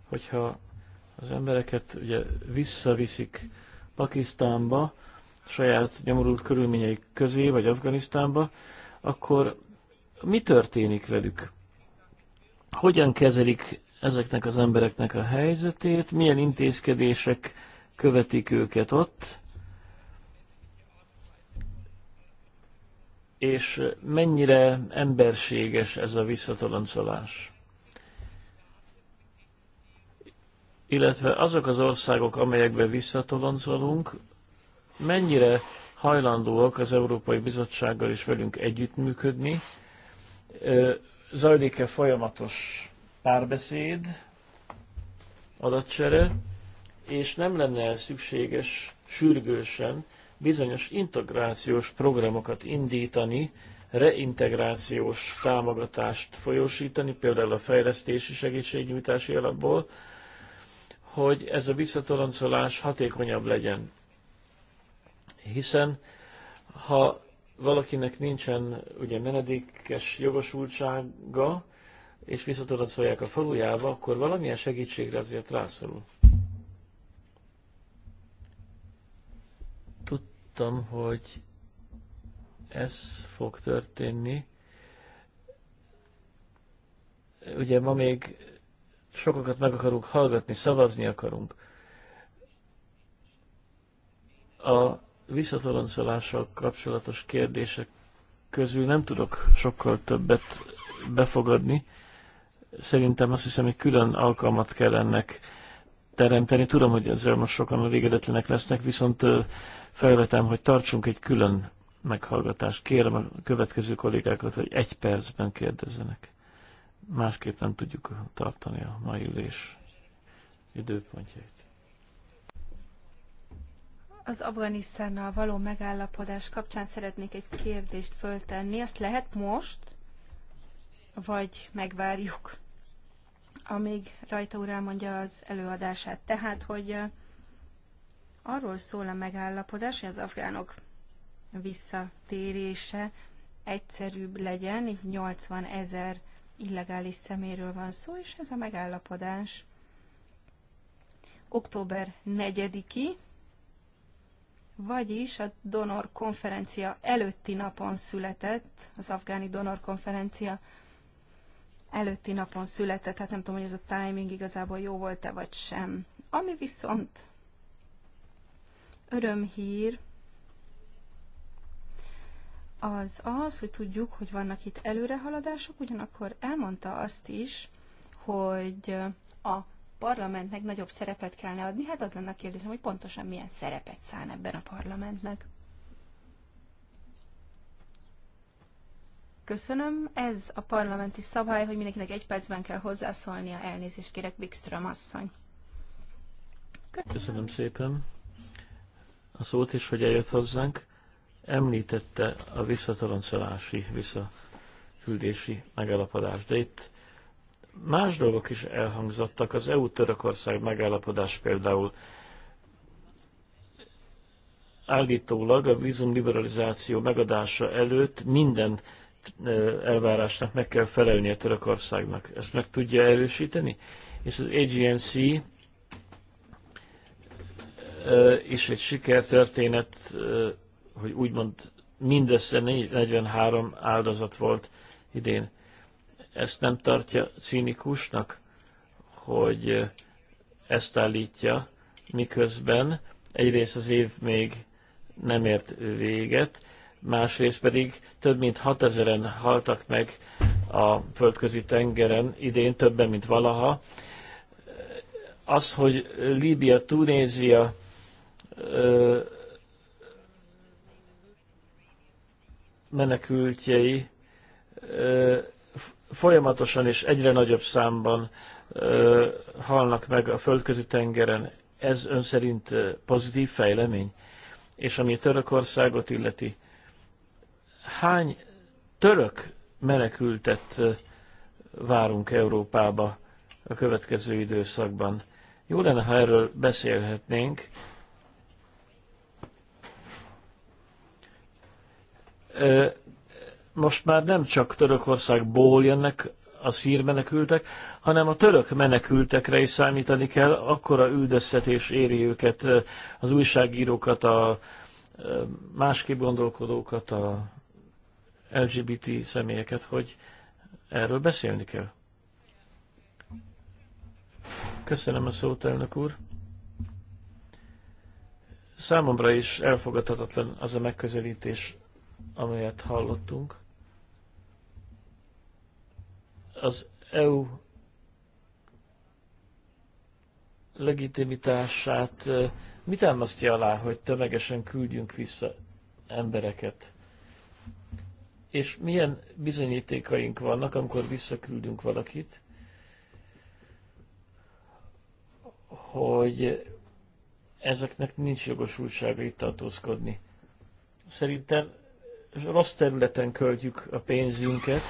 hogyha az embereket ugye visszaviszik Pakisztánba, saját nyomorult körülményeik közé, vagy Afganisztánba, akkor mi történik velük? Hogyan kezelik ezeknek az embereknek a helyzetét? Milyen intézkedések követik őket ott? és mennyire emberséges ez a visszatoloncolás. Illetve azok az országok, amelyekbe visszatoloncolunk, mennyire hajlandóak az Európai Bizottsággal is velünk együttműködni, zajlik-e folyamatos párbeszéd, adatcsere, és nem lenne szükséges sürgősen bizonyos integrációs programokat indítani, reintegrációs támogatást folyósítani, például a fejlesztési segítségnyújtási alapból, hogy ez a visszatoloncolás hatékonyabb legyen. Hiszen ha valakinek nincsen ugye menedékes jogosultsága, és visszatoloncolják a falujába, akkor valamilyen segítségre azért rászorul. tudtam, hogy ez fog történni. Ugye ma még sokakat meg akarunk hallgatni, szavazni akarunk. A visszatoloncolással kapcsolatos kérdések közül nem tudok sokkal többet befogadni. Szerintem azt hiszem, hogy külön alkalmat kell ennek teremteni. Tudom, hogy ezzel most sokan elégedetlenek lesznek, viszont felvetem, hogy tartsunk egy külön meghallgatást. Kérem a következő kollégákat, hogy egy percben kérdezzenek. Másképp nem tudjuk tartani a mai ülés időpontjait. Az Afganisztánnal való megállapodás kapcsán szeretnék egy kérdést föltenni. Azt lehet most, vagy megvárjuk, amíg rajta úr mondja az előadását. Tehát, hogy Arról szól a megállapodás, hogy az afgánok visszatérése egyszerűbb legyen, itt 80 ezer illegális szeméről van szó, és ez a megállapodás október 4-i, vagyis a donor konferencia előtti napon született, az afgáni donor konferencia előtti napon született, hát nem tudom, hogy ez a timing igazából jó volt-e vagy sem. Ami viszont Örömhír az az, hogy tudjuk, hogy vannak itt előrehaladások, ugyanakkor elmondta azt is, hogy a parlamentnek nagyobb szerepet kellene adni. Hát az lenne a kérdésem, hogy pontosan milyen szerepet szán ebben a parlamentnek. Köszönöm. Ez a parlamenti szabály, hogy mindenkinek egy percben kell hozzászólnia. Elnézést kérek, Wikström asszony. Köszönöm, Köszönöm szépen a szót is, hogy eljött hozzánk. Említette a visszatoloncolási, visszaküldési megállapodást, de itt más dolgok is elhangzottak. Az EU-Törökország megállapodás például állítólag a vízum liberalizáció megadása előtt minden elvárásnak meg kell felelnie Törökországnak. Ezt meg tudja erősíteni? És az AGNC és egy sikertörténet, hogy úgymond mindössze 43 áldozat volt idén. Ezt nem tartja cínikusnak, hogy ezt állítja, miközben egyrészt az év még nem ért véget, másrészt pedig több mint 6000-en haltak meg a földközi tengeren idén, többen, mint valaha. Az, hogy Líbia, Tunézia, menekültjei folyamatosan és egyre nagyobb számban halnak meg a földközi tengeren. Ez ön szerint pozitív fejlemény? És ami Törökországot illeti, hány török menekültet várunk Európába a következő időszakban? Jó lenne, ha erről beszélhetnénk, most már nem csak Törökországból jönnek a szír menekültek, hanem a török menekültekre is számítani kell, akkora üldöztetés éri őket, az újságírókat, a másképp gondolkodókat, a LGBT személyeket, hogy erről beszélni kell. Köszönöm a szót, elnök úr. Számomra is elfogadhatatlan az a megközelítés, amelyet hallottunk, az EU legitimitását mit elmasztja alá, hogy tömegesen küldjünk vissza embereket? És milyen bizonyítékaink vannak, amikor visszaküldünk valakit, hogy ezeknek nincs jogosultsága itt tartózkodni? Szerintem rossz területen költjük a pénzünket,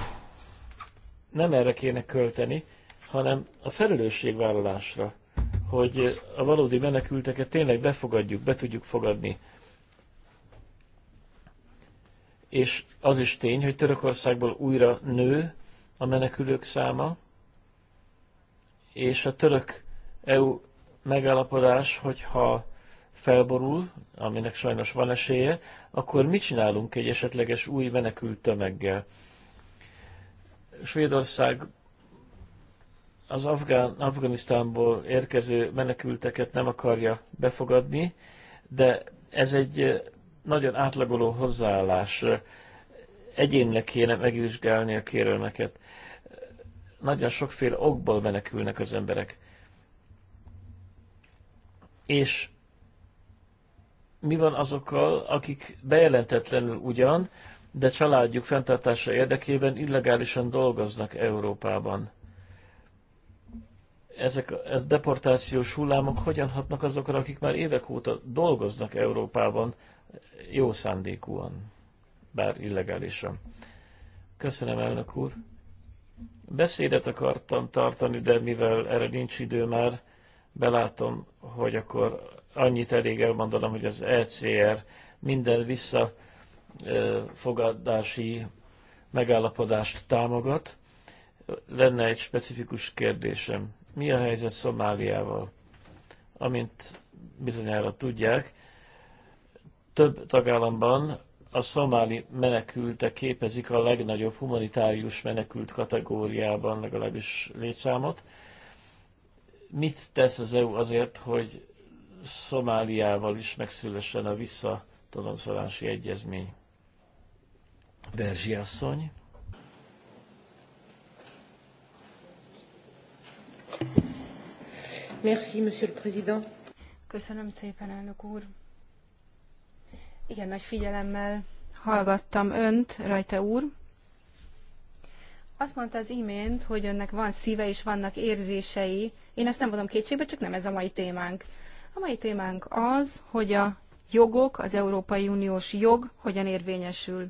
nem erre kéne költeni, hanem a felelősségvállalásra, hogy a valódi menekülteket tényleg befogadjuk, be tudjuk fogadni. És az is tény, hogy Törökországból újra nő a menekülők száma, és a török EU megállapodás, hogyha felborul, aminek sajnos van esélye, akkor mit csinálunk egy esetleges új menekült tömeggel? Svédország az Afgán, Afganisztánból érkező menekülteket nem akarja befogadni, de ez egy eh, nagyon átlagoló hozzáállás. Egyénnek kéne megvizsgálni a kérelmeket. Nagyon sokféle okból menekülnek az emberek. És mi van azokkal, akik bejelentetlenül ugyan, de családjuk fenntartása érdekében illegálisan dolgoznak Európában. Ezek ez deportációs hullámok hogyan hatnak azokra, akik már évek óta dolgoznak Európában jó szándékúan, bár illegálisan. Köszönöm, elnök úr. Beszédet akartam tartani, de mivel erre nincs idő már, belátom, hogy akkor annyit elég elmondanom, hogy az ECR minden visszafogadási megállapodást támogat. Lenne egy specifikus kérdésem. Mi a helyzet Szomáliával? Amint bizonyára tudják, több tagállamban a szomáli menekültek képezik a legnagyobb humanitárius menekült kategóriában legalábbis létszámot. Mit tesz az EU azért, hogy Szomáliával is megszülessen a visszatonozolási egyezmény. Berzsi asszony. Merci, Monsieur le Président. Köszönöm szépen, elnök úr. Igen, nagy figyelemmel hallgattam önt, rajta úr. Azt mondta az imént, hogy önnek van szíve és vannak érzései. Én ezt nem mondom kétségbe, csak nem ez a mai témánk. A mai témánk az, hogy a jogok, az Európai Uniós jog hogyan érvényesül.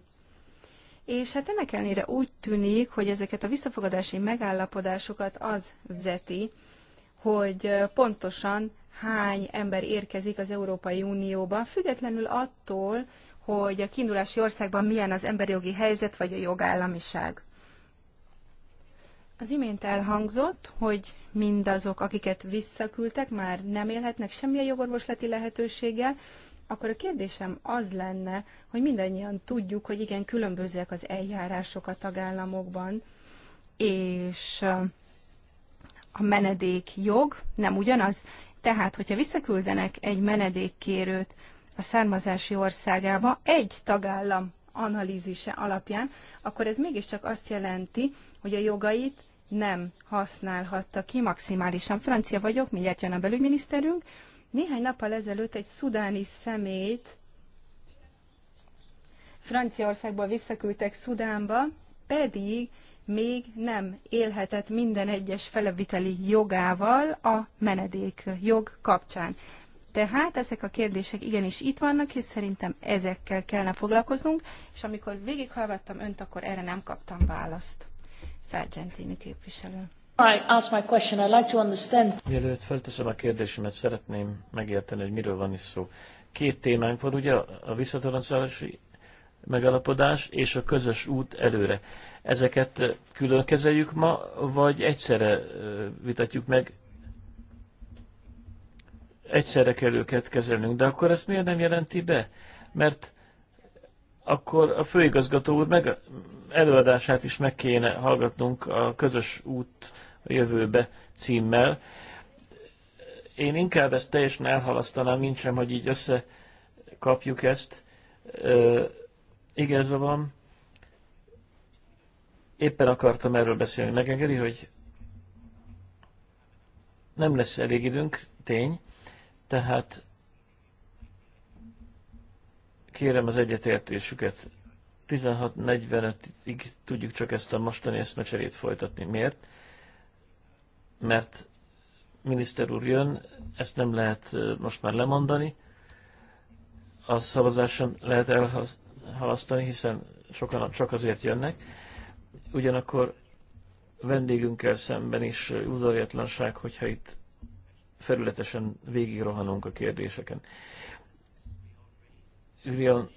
És hát ennek ellenére úgy tűnik, hogy ezeket a visszafogadási megállapodásokat az vezeti, hogy pontosan hány ember érkezik az Európai Unióba, függetlenül attól, hogy a kiindulási országban milyen az emberi jogi helyzet vagy a jogállamiság. Az imént elhangzott, hogy mindazok, akiket visszaküldtek, már nem élhetnek semmilyen jogorvosleti lehetőséggel, akkor a kérdésem az lenne, hogy mindannyian tudjuk, hogy igen, különbözőek az eljárások a tagállamokban, és a menedék jog nem ugyanaz. Tehát, hogyha visszaküldenek egy menedékkérőt a származási országába egy tagállam analízise alapján, akkor ez mégiscsak azt jelenti, hogy a jogait nem használhatta ki maximálisan. Francia vagyok, mindjárt jön a belügyminiszterünk. Néhány nappal ezelőtt egy szudáni szemét Franciaországból visszaküldtek Szudánba, pedig még nem élhetett minden egyes feleviteli jogával a menedék jog kapcsán. Tehát ezek a kérdések igenis itt vannak, és szerintem ezekkel kellene foglalkoznunk, és amikor végighallgattam önt, akkor erre nem kaptam választ. Sargentini képviselő. I my question, I'd like to understand. Mielőtt felteszem a kérdésemet, szeretném megérteni, hogy miről van is szó. Két témánk van, ugye a visszatoloncolási megalapodás és a közös út előre. Ezeket eh, külön kezeljük ma, vagy egyszerre eh, vitatjuk meg? Egyszerre kell őket kezelnünk, de akkor ezt miért nem jelenti be? Mert akkor a főigazgató úr meg, előadását is meg kéne hallgatnunk a közös út a jövőbe címmel. Én inkább ezt teljesen elhalasztanám, nincs sem, hogy így összekapjuk ezt. igaza van. Éppen akartam erről beszélni. Megengedi, hogy nem lesz elég időnk, tény. Tehát Kérem az egyetértésüket. 16.45-ig tudjuk csak ezt a mostani eszmecserét folytatni. Miért? Mert miniszter úr jön, ezt nem lehet most már lemondani. A szavazáson lehet elhalasztani, hiszen sokan csak azért jönnek. Ugyanakkor vendégünkkel szemben is udvariatlanság, hogyha itt felületesen végigrohanunk a kérdéseken. Ürion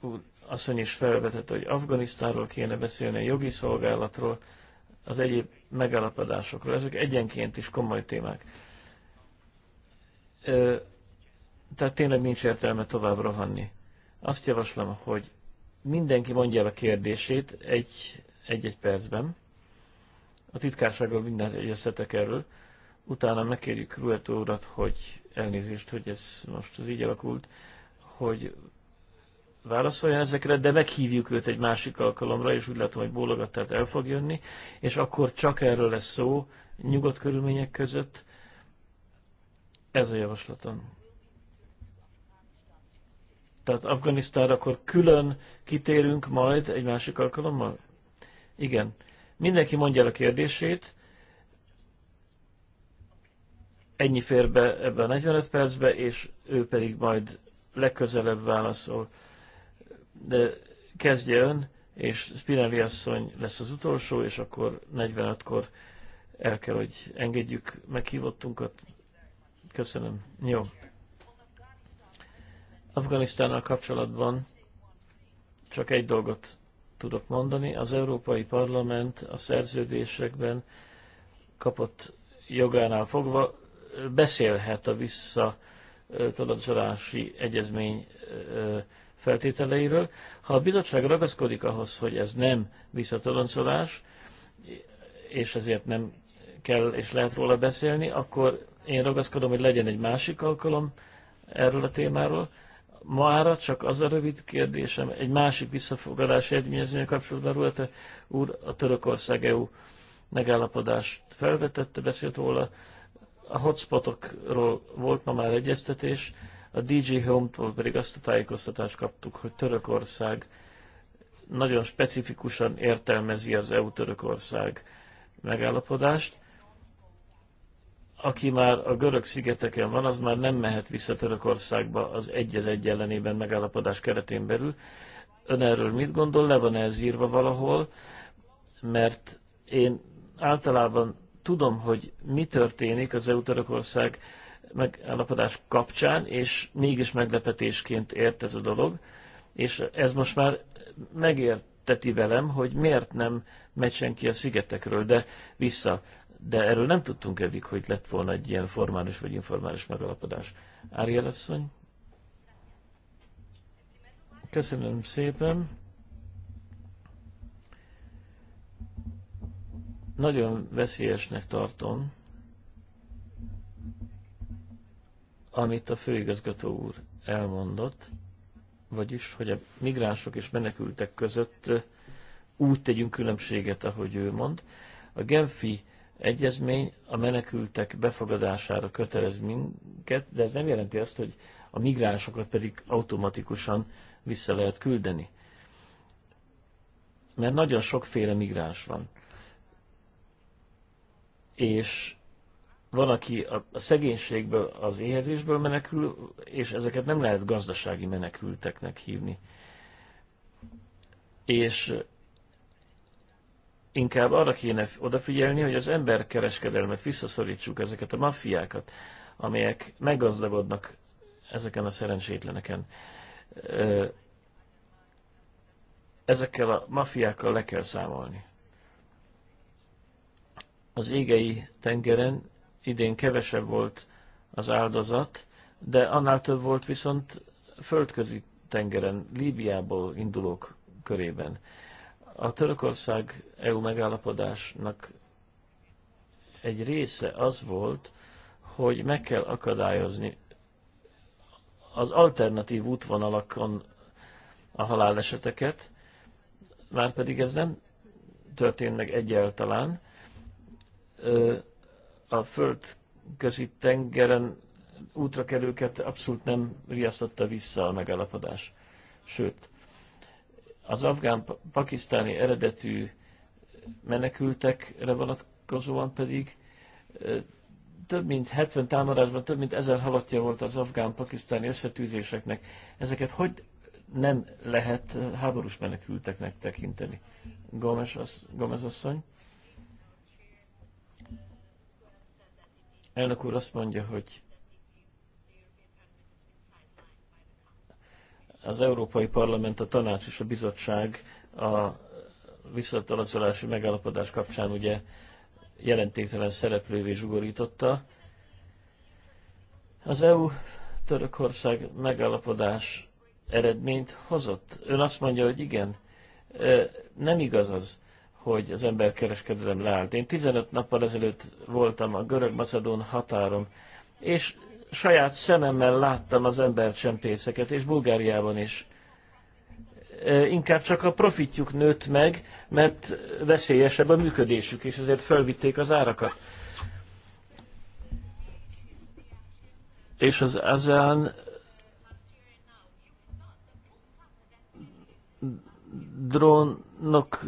úr asszony is felvetett, hogy Afganisztánról kéne beszélni, a jogi szolgálatról, az egyéb megállapodásokról. Ezek egyenként is komoly témák. Ö, tehát tényleg nincs értelme tovább rohanni. Azt javaslom, hogy mindenki mondja el a kérdését egy-egy percben. A titkárságról minden egyeztetek erről. Utána megkérjük Ruetó urat, hogy elnézést, hogy ez most az így alakult hogy válaszoljon ezekre, de meghívjuk őt egy másik alkalomra, és úgy látom, hogy bólogat, tehát el fog jönni, és akkor csak erről lesz szó, nyugodt körülmények között. Ez a javaslatom. Tehát Afganisztánra akkor külön kitérünk majd egy másik alkalommal? Igen. Mindenki mondja el a kérdését. Ennyi fér be ebbe a 45 percbe, és ő pedig majd legközelebb válaszol. De kezdje ön, és Spinelli asszony lesz az utolsó, és akkor 45-kor el kell, hogy engedjük meghívottunkat. Köszönöm. Jó. Afganisztánnal kapcsolatban csak egy dolgot tudok mondani. Az Európai Parlament a szerződésekben kapott jogánál fogva beszélhet a vissza tanácsolási egyezmény feltételeiről. Ha a bizottság ragaszkodik ahhoz, hogy ez nem visszatoloncolás, és ezért nem kell és lehet róla beszélni, akkor én ragaszkodom, hogy legyen egy másik alkalom erről a témáról. Mára csak az a rövid kérdésem, egy másik visszafogadási egyezmény kapcsolatban Ruete úr a Törökország-EU megállapodást felvetette, beszélt róla, a hotspotokról volt ma már egyeztetés, a DJ Home-tól pedig azt a tájékoztatást kaptuk, hogy Törökország nagyon specifikusan értelmezi az EU-Törökország megállapodást. Aki már a görög szigeteken van, az már nem mehet vissza Törökországba az egy az egy ellenében megállapodás keretén belül. Ön erről mit gondol? Le van ez írva valahol? Mert én általában tudom, hogy mi történik az EU-Törökország megállapodás kapcsán, és mégis meglepetésként ért ez a dolog, és ez most már megérteti velem, hogy miért nem megy senki a szigetekről, de vissza. De erről nem tudtunk eddig, hogy lett volna egy ilyen formális vagy informális megalapodás. Áriel asszony? Köszönöm szépen. Nagyon veszélyesnek tartom, amit a főigazgató úr elmondott, vagyis, hogy a migránsok és menekültek között úgy tegyünk különbséget, ahogy ő mond. A Genfi egyezmény a menekültek befogadására kötelez minket, de ez nem jelenti azt, hogy a migránsokat pedig automatikusan vissza lehet küldeni. Mert nagyon sokféle migráns van és van, aki a, szegénységből, az éhezésből menekül, és ezeket nem lehet gazdasági menekülteknek hívni. És inkább arra kéne odafigyelni, hogy az emberkereskedelmet visszaszorítsuk, ezeket a maffiákat, amelyek meggazdagodnak ezeken a szerencsétleneken. Ezekkel a maffiákkal le kell számolni. Az égei tengeren idén kevesebb volt az áldozat, de annál több volt viszont földközi tengeren, Líbiából indulók körében. A Törökország EU megállapodásnak egy része az volt, hogy meg kell akadályozni az alternatív útvonalakon a haláleseteket, már pedig ez nem történnek egyáltalán, a földközi tengeren útra kerülket abszolút nem riasztotta vissza a megállapodás. Sőt, az afgán-pakisztáni eredetű menekültekre vonatkozóan pedig több mint 70 támadásban több mint ezer halottja volt az afgán-pakisztáni összetűzéseknek. Ezeket hogy nem lehet háborús menekülteknek tekinteni? Gomes, az, Gomes asszony? Elnök úr azt mondja, hogy az Európai Parlament, a Tanács és a Bizottság a visszatalacolási megállapodás kapcsán ugye jelentéktelen szereplővé zsugorította. Az EU-Törökország megállapodás eredményt hozott. Ön azt mondja, hogy igen, nem igaz az hogy az emberkereskedelem leállt. Én 15 nappal ezelőtt voltam a görög-macedón határon, és saját szememmel láttam az embercsempészeket, és Bulgáriában is. Inkább csak a profitjuk nőtt meg, mert veszélyesebb a működésük, és ezért fölvitték az árakat. És az ASEAN drónok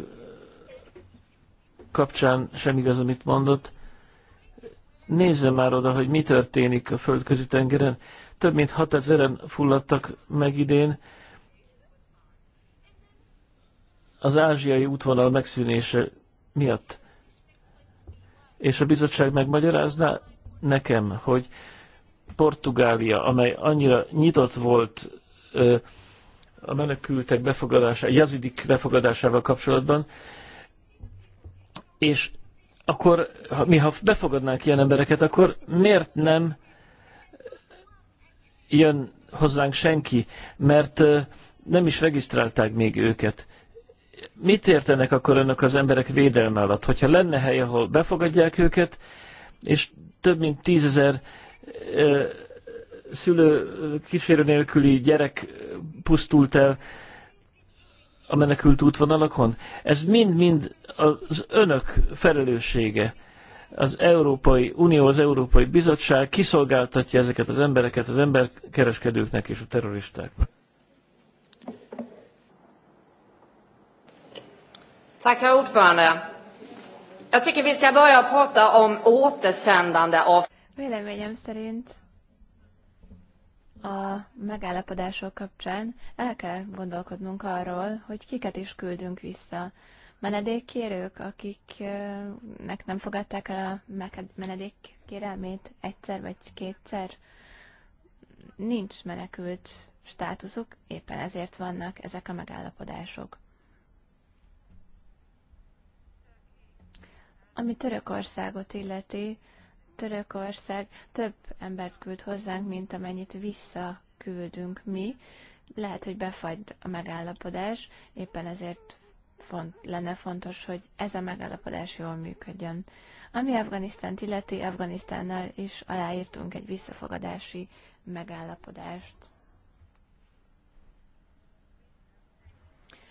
kapcsán sem igaz, amit mondott. Nézze már oda, hogy mi történik a földközi tengeren. Több mint 6000-en fulladtak meg idén. Az ázsiai útvonal megszűnése miatt. És a bizottság megmagyarázná nekem, hogy Portugália, amely annyira nyitott volt ö, a menekültek befogadása, jazidik befogadásával kapcsolatban, és akkor ha, mi, ha befogadnánk ilyen embereket, akkor miért nem jön hozzánk senki? Mert nem is regisztrálták még őket. Mit értenek akkor önök az emberek védelme alatt? Hogyha lenne hely, ahol befogadják őket, és több mint tízezer szülő kísérő nélküli gyerek pusztult el, a menekült útvonalakon. Ez mind-mind az önök felelőssége. Az Európai Unió, az Európai Bizottság kiszolgáltatja ezeket az embereket az emberkereskedőknek és a terroristáknak. Tack, herr ordförande. Jag tycker vi ska börja prata om återsändande av... Véleményem szerint a megállapodások kapcsán el kell gondolkodnunk arról, hogy kiket is küldünk vissza. Menedékkérők, akiknek nem fogadták el a menedékkérelmét egyszer vagy kétszer, nincs menekült státuszuk, éppen ezért vannak ezek a megállapodások. Ami Törökországot illeti, Törökország több embert küld hozzánk, mint amennyit visszaküldünk mi. Lehet, hogy befagy a megállapodás, éppen ezért font, lenne fontos, hogy ez a megállapodás jól működjön. Ami Afganisztánt illeti, Afganisztánnal is aláírtunk egy visszafogadási megállapodást.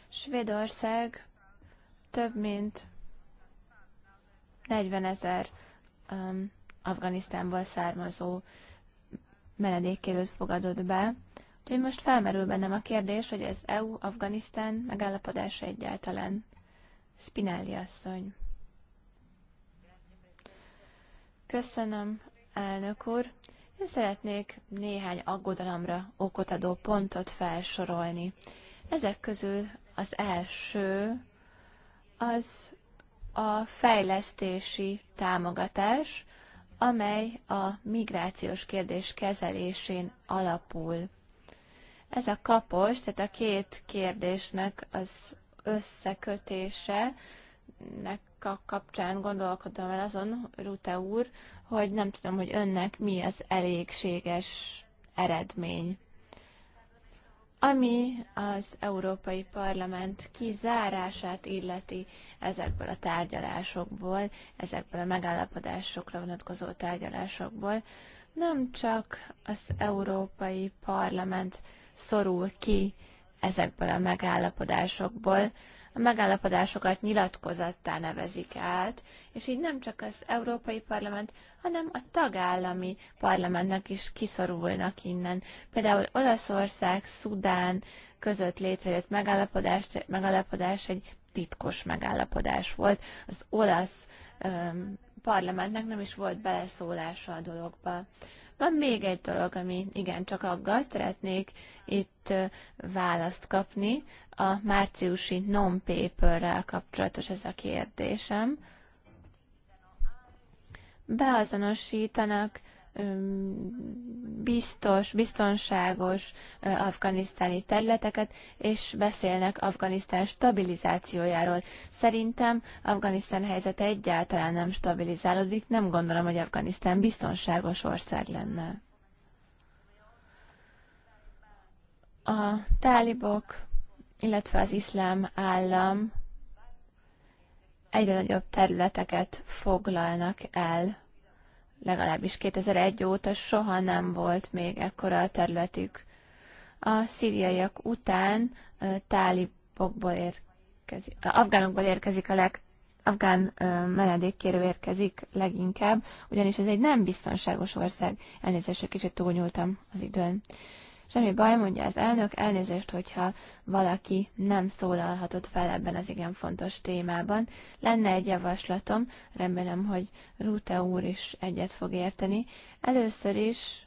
Svédország több mint 40 ezer um, Afganisztánból származó menedékkérőt fogadott be. Úgyhogy most felmerül bennem a kérdés, hogy ez EU-Afganisztán megállapodása egyáltalán. Spinelli asszony. Köszönöm, elnök úr. Én szeretnék néhány aggodalomra okot adó pontot felsorolni. Ezek közül az első az a fejlesztési támogatás, amely a migrációs kérdés kezelésén alapul. Ez a kapos, tehát a két kérdésnek az összekötése, nek a kapcsán gondolkodom el azon, Rute úr, hogy nem tudom, hogy önnek mi az elégséges eredmény ami az Európai Parlament kizárását illeti ezekből a tárgyalásokból, ezekből a megállapodásokra vonatkozó tárgyalásokból, nem csak az Európai Parlament szorul ki ezekből a megállapodásokból, a megállapodásokat nyilatkozattá nevezik át, és így nem csak az Európai Parlament, hanem a tagállami parlamentnek is kiszorulnak innen. Például Olaszország, Szudán között létrejött megállapodás, megállapodás egy titkos megállapodás volt. Az olasz öm, parlamentnek nem is volt beleszólása a dologba. Van még egy dolog, ami igen csak aggaszt, szeretnék itt választ kapni. A márciusi non-paperrel kapcsolatos ez a kérdésem. Beazonosítanak biztos, biztonságos afganisztáni területeket, és beszélnek Afganisztán stabilizációjáról. Szerintem Afganisztán helyzete egyáltalán nem stabilizálódik, nem gondolom, hogy Afganisztán biztonságos ország lenne. A tálibok, illetve az iszlám állam egyre nagyobb területeket foglalnak el legalábbis 2001 óta soha nem volt még ekkora a területük. A szíriaiak után tálibokból érkezik, afgánokból érkezik a leg, afgán menedékkérő érkezik leginkább, ugyanis ez egy nem biztonságos ország. Elnézést, hogy kicsit túlnyúltam az időn. Semmi baj, mondja az elnök, elnézést, hogyha valaki nem szólalhatott fel ebben az igen fontos témában. Lenne egy javaslatom, remélem, hogy Rúte úr is egyet fog érteni. Először is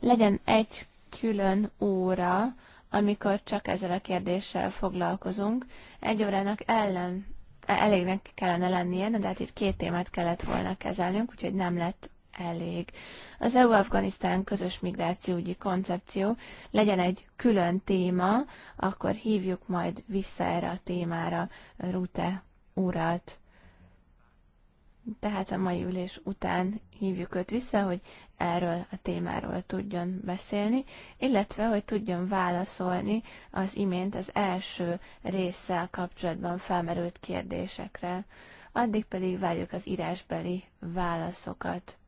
legyen egy külön óra, amikor csak ezzel a kérdéssel foglalkozunk. Egy órának ellen elégnek kellene lennie, de hát itt két témát kellett volna kezelnünk, úgyhogy nem lett elég. Az EU-Afganisztán közös migrációgyi koncepció legyen egy külön téma, akkor hívjuk majd vissza erre a témára Rute urat. Tehát a mai ülés után hívjuk őt vissza, hogy erről a témáról tudjon beszélni, illetve hogy tudjon válaszolni az imént az első résszel kapcsolatban felmerült kérdésekre. Addig pedig várjuk az írásbeli válaszokat.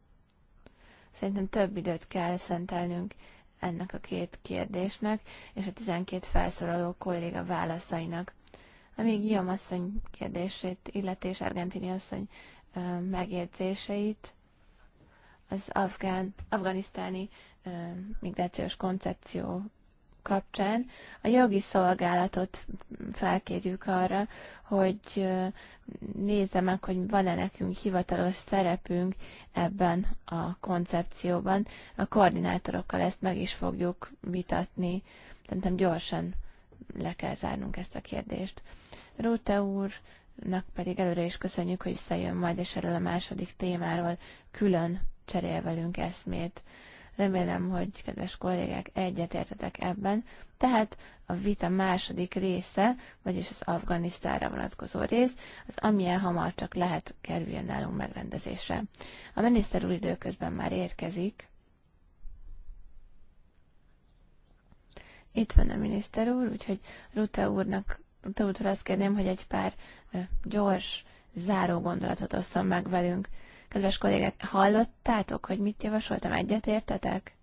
Szerintem több időt kell szentelnünk ennek a két kérdésnek, és a 12 felszólaló kolléga válaszainak. Amíg Jom asszony kérdését illeti, és Argentini asszony megjegyzéseit, az afgán, afganisztáni migrációs koncepció kapcsán a jogi szolgálatot felkérjük arra, hogy nézze meg, hogy van-e nekünk hivatalos szerepünk ebben a koncepcióban. A koordinátorokkal ezt meg is fogjuk vitatni. Szerintem gyorsan le kell zárnunk ezt a kérdést. Róta úrnak pedig előre is köszönjük, hogy szeljön majd, és erről a második témáról külön cserél velünk eszmét. Remélem, hogy kedves kollégák egyetértetek ebben. Tehát a vita második része, vagyis az Afganisztára vonatkozó rész, az amilyen hamar csak lehet kerüljön nálunk megrendezésre. A miniszter úr időközben már érkezik. Itt van a miniszter úr, úgyhogy Ruta úrnak, Ruta úrtól azt kérném, hogy egy pár gyors, záró gondolatot osztom meg velünk. Kedves kollégák, hallottátok, hogy mit javasoltam? Egyetértetek?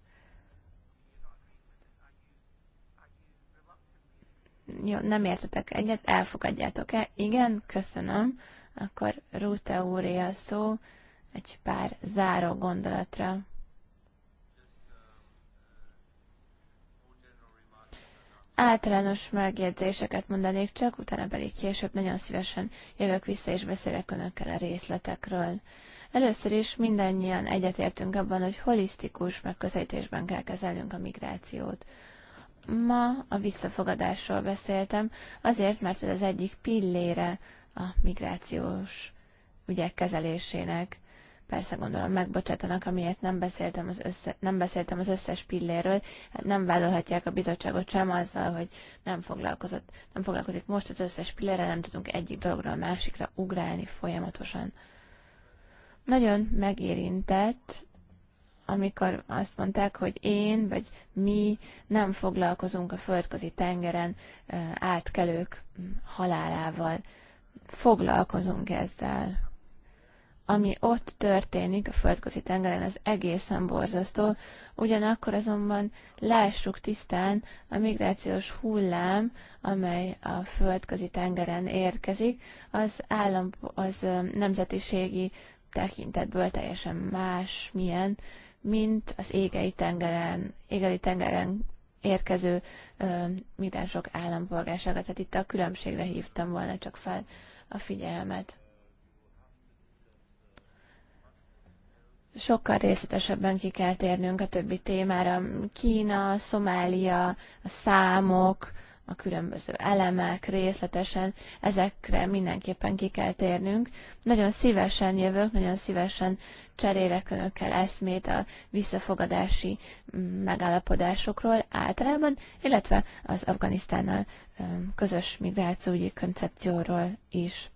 Jó, nem értetek egyet, elfogadjátok-e? Igen, köszönöm. Akkor Rúte úré a szó egy pár záró gondolatra. általános megjegyzéseket mondanék csak, utána pedig később nagyon szívesen jövök vissza és beszélek önökkel a részletekről. Először is mindannyian egyetértünk abban, hogy holisztikus megközelítésben kell kezelnünk a migrációt. Ma a visszafogadásról beszéltem, azért, mert ez az egyik pillére a migrációs ügyek kezelésének. Persze gondolom megbocsátanak, amiért nem beszéltem az, össze, nem beszéltem az összes pilléről, hát nem vállalhatják a bizottságot sem azzal, hogy nem, foglalkozott, nem foglalkozik most az összes pillére, nem tudunk egyik dologról a másikra ugrálni folyamatosan nagyon megérintett, amikor azt mondták, hogy én vagy mi nem foglalkozunk a földközi tengeren átkelők halálával. Foglalkozunk ezzel. Ami ott történik a földközi tengeren, az egészen borzasztó, ugyanakkor azonban lássuk tisztán a migrációs hullám, amely a földközi tengeren érkezik, az, állam, az nemzetiségi tekintetből teljesen más, milyen, mint az égei tengeren, égeli tengeren érkező ö, migránsok állampolgársága. Tehát itt a különbségre hívtam volna csak fel a figyelmet. Sokkal részletesebben ki kell térnünk a többi témára. Kína, Szomália, a számok, a különböző elemek részletesen, ezekre mindenképpen ki kell térnünk. Nagyon szívesen jövök, nagyon szívesen cserélek önökkel eszmét a visszafogadási mm, megállapodásokról általában, illetve az Afganisztánnal közös migrációgyi koncepcióról is.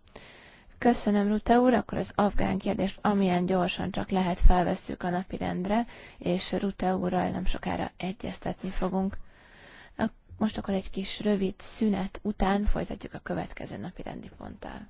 Köszönöm, Ruta úr, akkor az afgán kérdést amilyen gyorsan csak lehet felveszünk a napirendre, és Ruta úrral nem sokára egyeztetni fogunk. Most akkor egy kis rövid szünet után folytatjuk a következő napi rendi ponttal.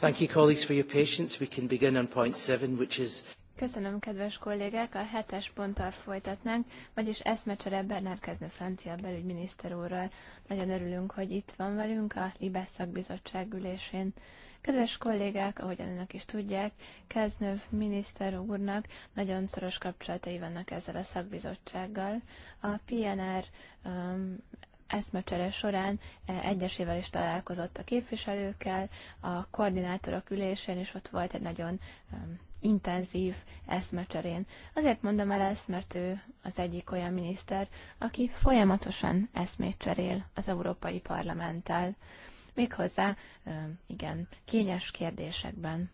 Thank you, colleagues, for your patience. We can begin on point seven, which is Köszönöm, kedves kollégák! A hetes ponttal folytatnánk, vagyis eszmecsere Bernard Kezne francia belügyminiszter úrral. Nagyon örülünk, hogy itt van velünk a Libes szakbizottság ülésén. Kedves kollégák, ahogy önök is tudják, Keznöv miniszter úrnak nagyon szoros kapcsolatai vannak ezzel a szakbizottsággal. A PNR um, eszmecsere során eh, egyesével is találkozott a képviselőkkel, a koordinátorok ülésén is ott volt egy nagyon intenzív eszmecserén. Azért mondom el ezt, mert ő az egyik olyan miniszter, aki folyamatosan eszmét cserél az Európai Parlamenttel, méghozzá, igen, kényes kérdésekben.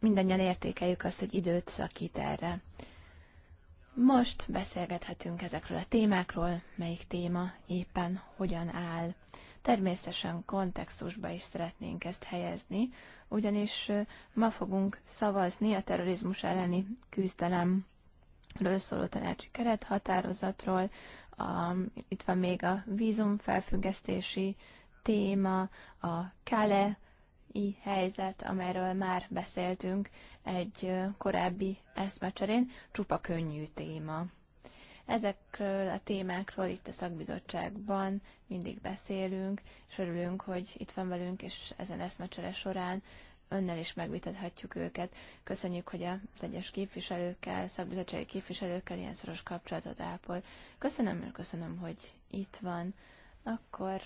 Mindannyian értékeljük azt, hogy időt szakít erre. Most beszélgethetünk ezekről a témákról, melyik téma éppen hogyan áll. Természetesen kontextusba is szeretnénk ezt helyezni, ugyanis ma fogunk szavazni a terrorizmus elleni küzdelemről szóló tanácsi kerethatározatról, a, itt van még a vízum felfüggesztési téma, a KALE i helyzet, amelyről már beszéltünk egy korábbi eszmecserén, csupa könnyű téma. Ezekről a témákról itt a szakbizottságban mindig beszélünk, és örülünk, hogy itt van velünk, és ezen eszmecsere során önnel is megvitathatjuk őket. Köszönjük, hogy az egyes képviselőkkel, szakbizottsági képviselőkkel ilyen szoros kapcsolatot ápol. Köszönöm, köszönöm, hogy itt van. Akkor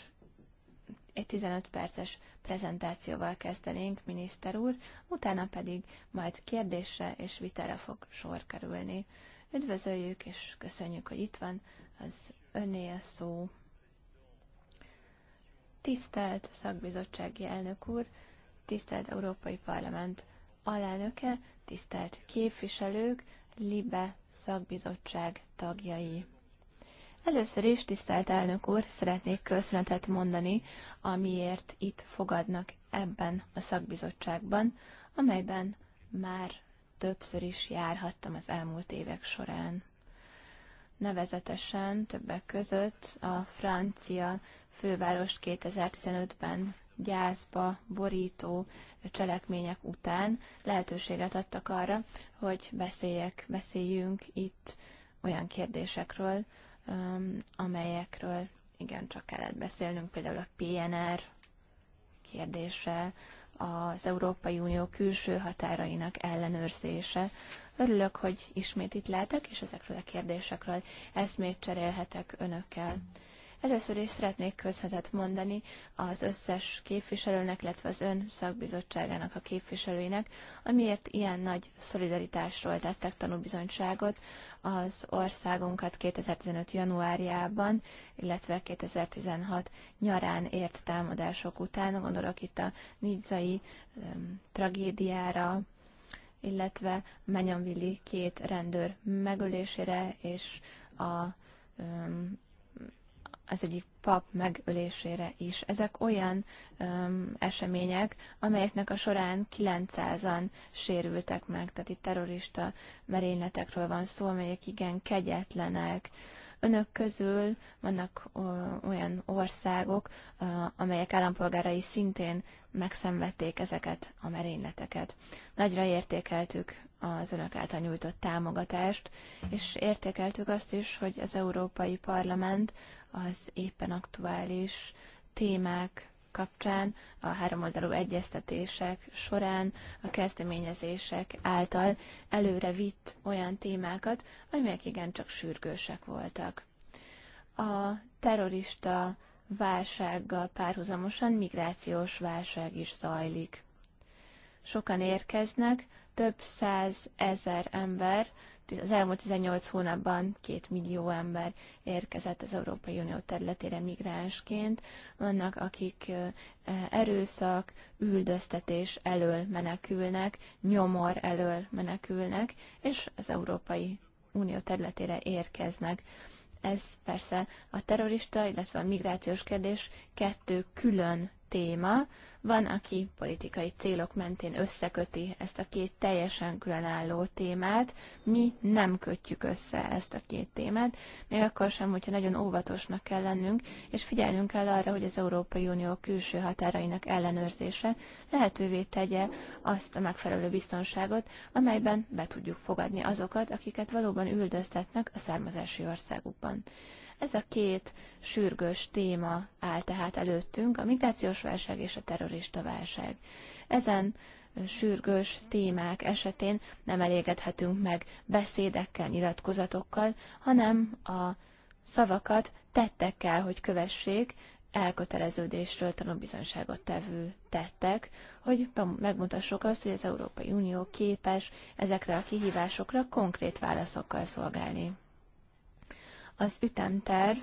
egy 15 perces prezentációval kezdenénk, miniszter úr, utána pedig majd kérdésre és vitára fog sor kerülni. Üdvözöljük és köszönjük, hogy itt van, az önné a szó. Tisztelt szakbizottsági elnök úr, tisztelt Európai Parlament alelnöke, tisztelt képviselők, LIBE szakbizottság tagjai. Először is, tisztelt elnök úr, szeretnék köszönetet mondani, amiért itt fogadnak ebben a szakbizottságban, amelyben már többször is járhattam az elmúlt évek során. Nevezetesen többek között a francia fővárost 2015-ben gyászba borító cselekmények után lehetőséget adtak arra, hogy beszéljek, beszéljünk itt olyan kérdésekről, amelyekről igen, csak kellett beszélnünk, például a PNR kérdése, az Európai Unió külső határainak ellenőrzése. Örülök, hogy ismét itt lehetek, és ezekről a kérdésekről eszmét cserélhetek önökkel. Mm. Először is szeretnék közvetet mondani az összes képviselőnek, illetve az ön szakbizottságának a képviselőinek, amiért ilyen nagy szolidaritásról tettek tanúbizonyságot az országunkat 2015. januárjában, illetve 2016 nyarán ért támadások után. Gondolok itt a nidzai um, tragédiára, illetve Menyonvili két rendőr megölésére és a um, az egyik pap megölésére is. Ezek olyan öm, események, amelyeknek a során 900-an sérültek meg, tehát itt terrorista merényletekről van szó, amelyek igen kegyetlenek. Önök közül vannak olyan országok, amelyek állampolgárai szintén megszenvedték ezeket a merényleteket. Nagyra értékeltük az önök által nyújtott támogatást, és értékeltük azt is, hogy az Európai Parlament az éppen aktuális témák kapcsán, a háromoldalú egyeztetések során, a kezdeményezések által előre vitt olyan témákat, amelyek igencsak sürgősek voltak. A terrorista válsággal párhuzamosan migrációs válság is zajlik. Sokan érkeznek, több száz ezer ember az elmúlt 18 hónapban 2 millió ember érkezett az Európai Unió területére migránsként. Vannak, akik erőszak, üldöztetés elől menekülnek, nyomor elől menekülnek, és az Európai Unió területére érkeznek. Ez persze a terrorista, illetve a migrációs kérdés kettő külön téma. Van, aki politikai célok mentén összeköti ezt a két teljesen különálló témát. Mi nem kötjük össze ezt a két témát, még akkor sem, hogyha nagyon óvatosnak kell lennünk, és figyelnünk kell arra, hogy az Európai Unió külső határainak ellenőrzése lehetővé tegye azt a megfelelő biztonságot, amelyben be tudjuk fogadni azokat, akiket valóban üldöztetnek a származási országukban. Ez a két sürgős téma áll tehát előttünk, a migrációs válság és a terrorista válság. Ezen sürgős témák esetén nem elégedhetünk meg beszédekkel, nyilatkozatokkal, hanem a szavakat tettekkel, hogy kövessék, elköteleződésről tanúbizonyságot tevő tettek, hogy megmutassuk azt, hogy az Európai Unió képes ezekre a kihívásokra konkrét válaszokkal szolgálni az ütemterv,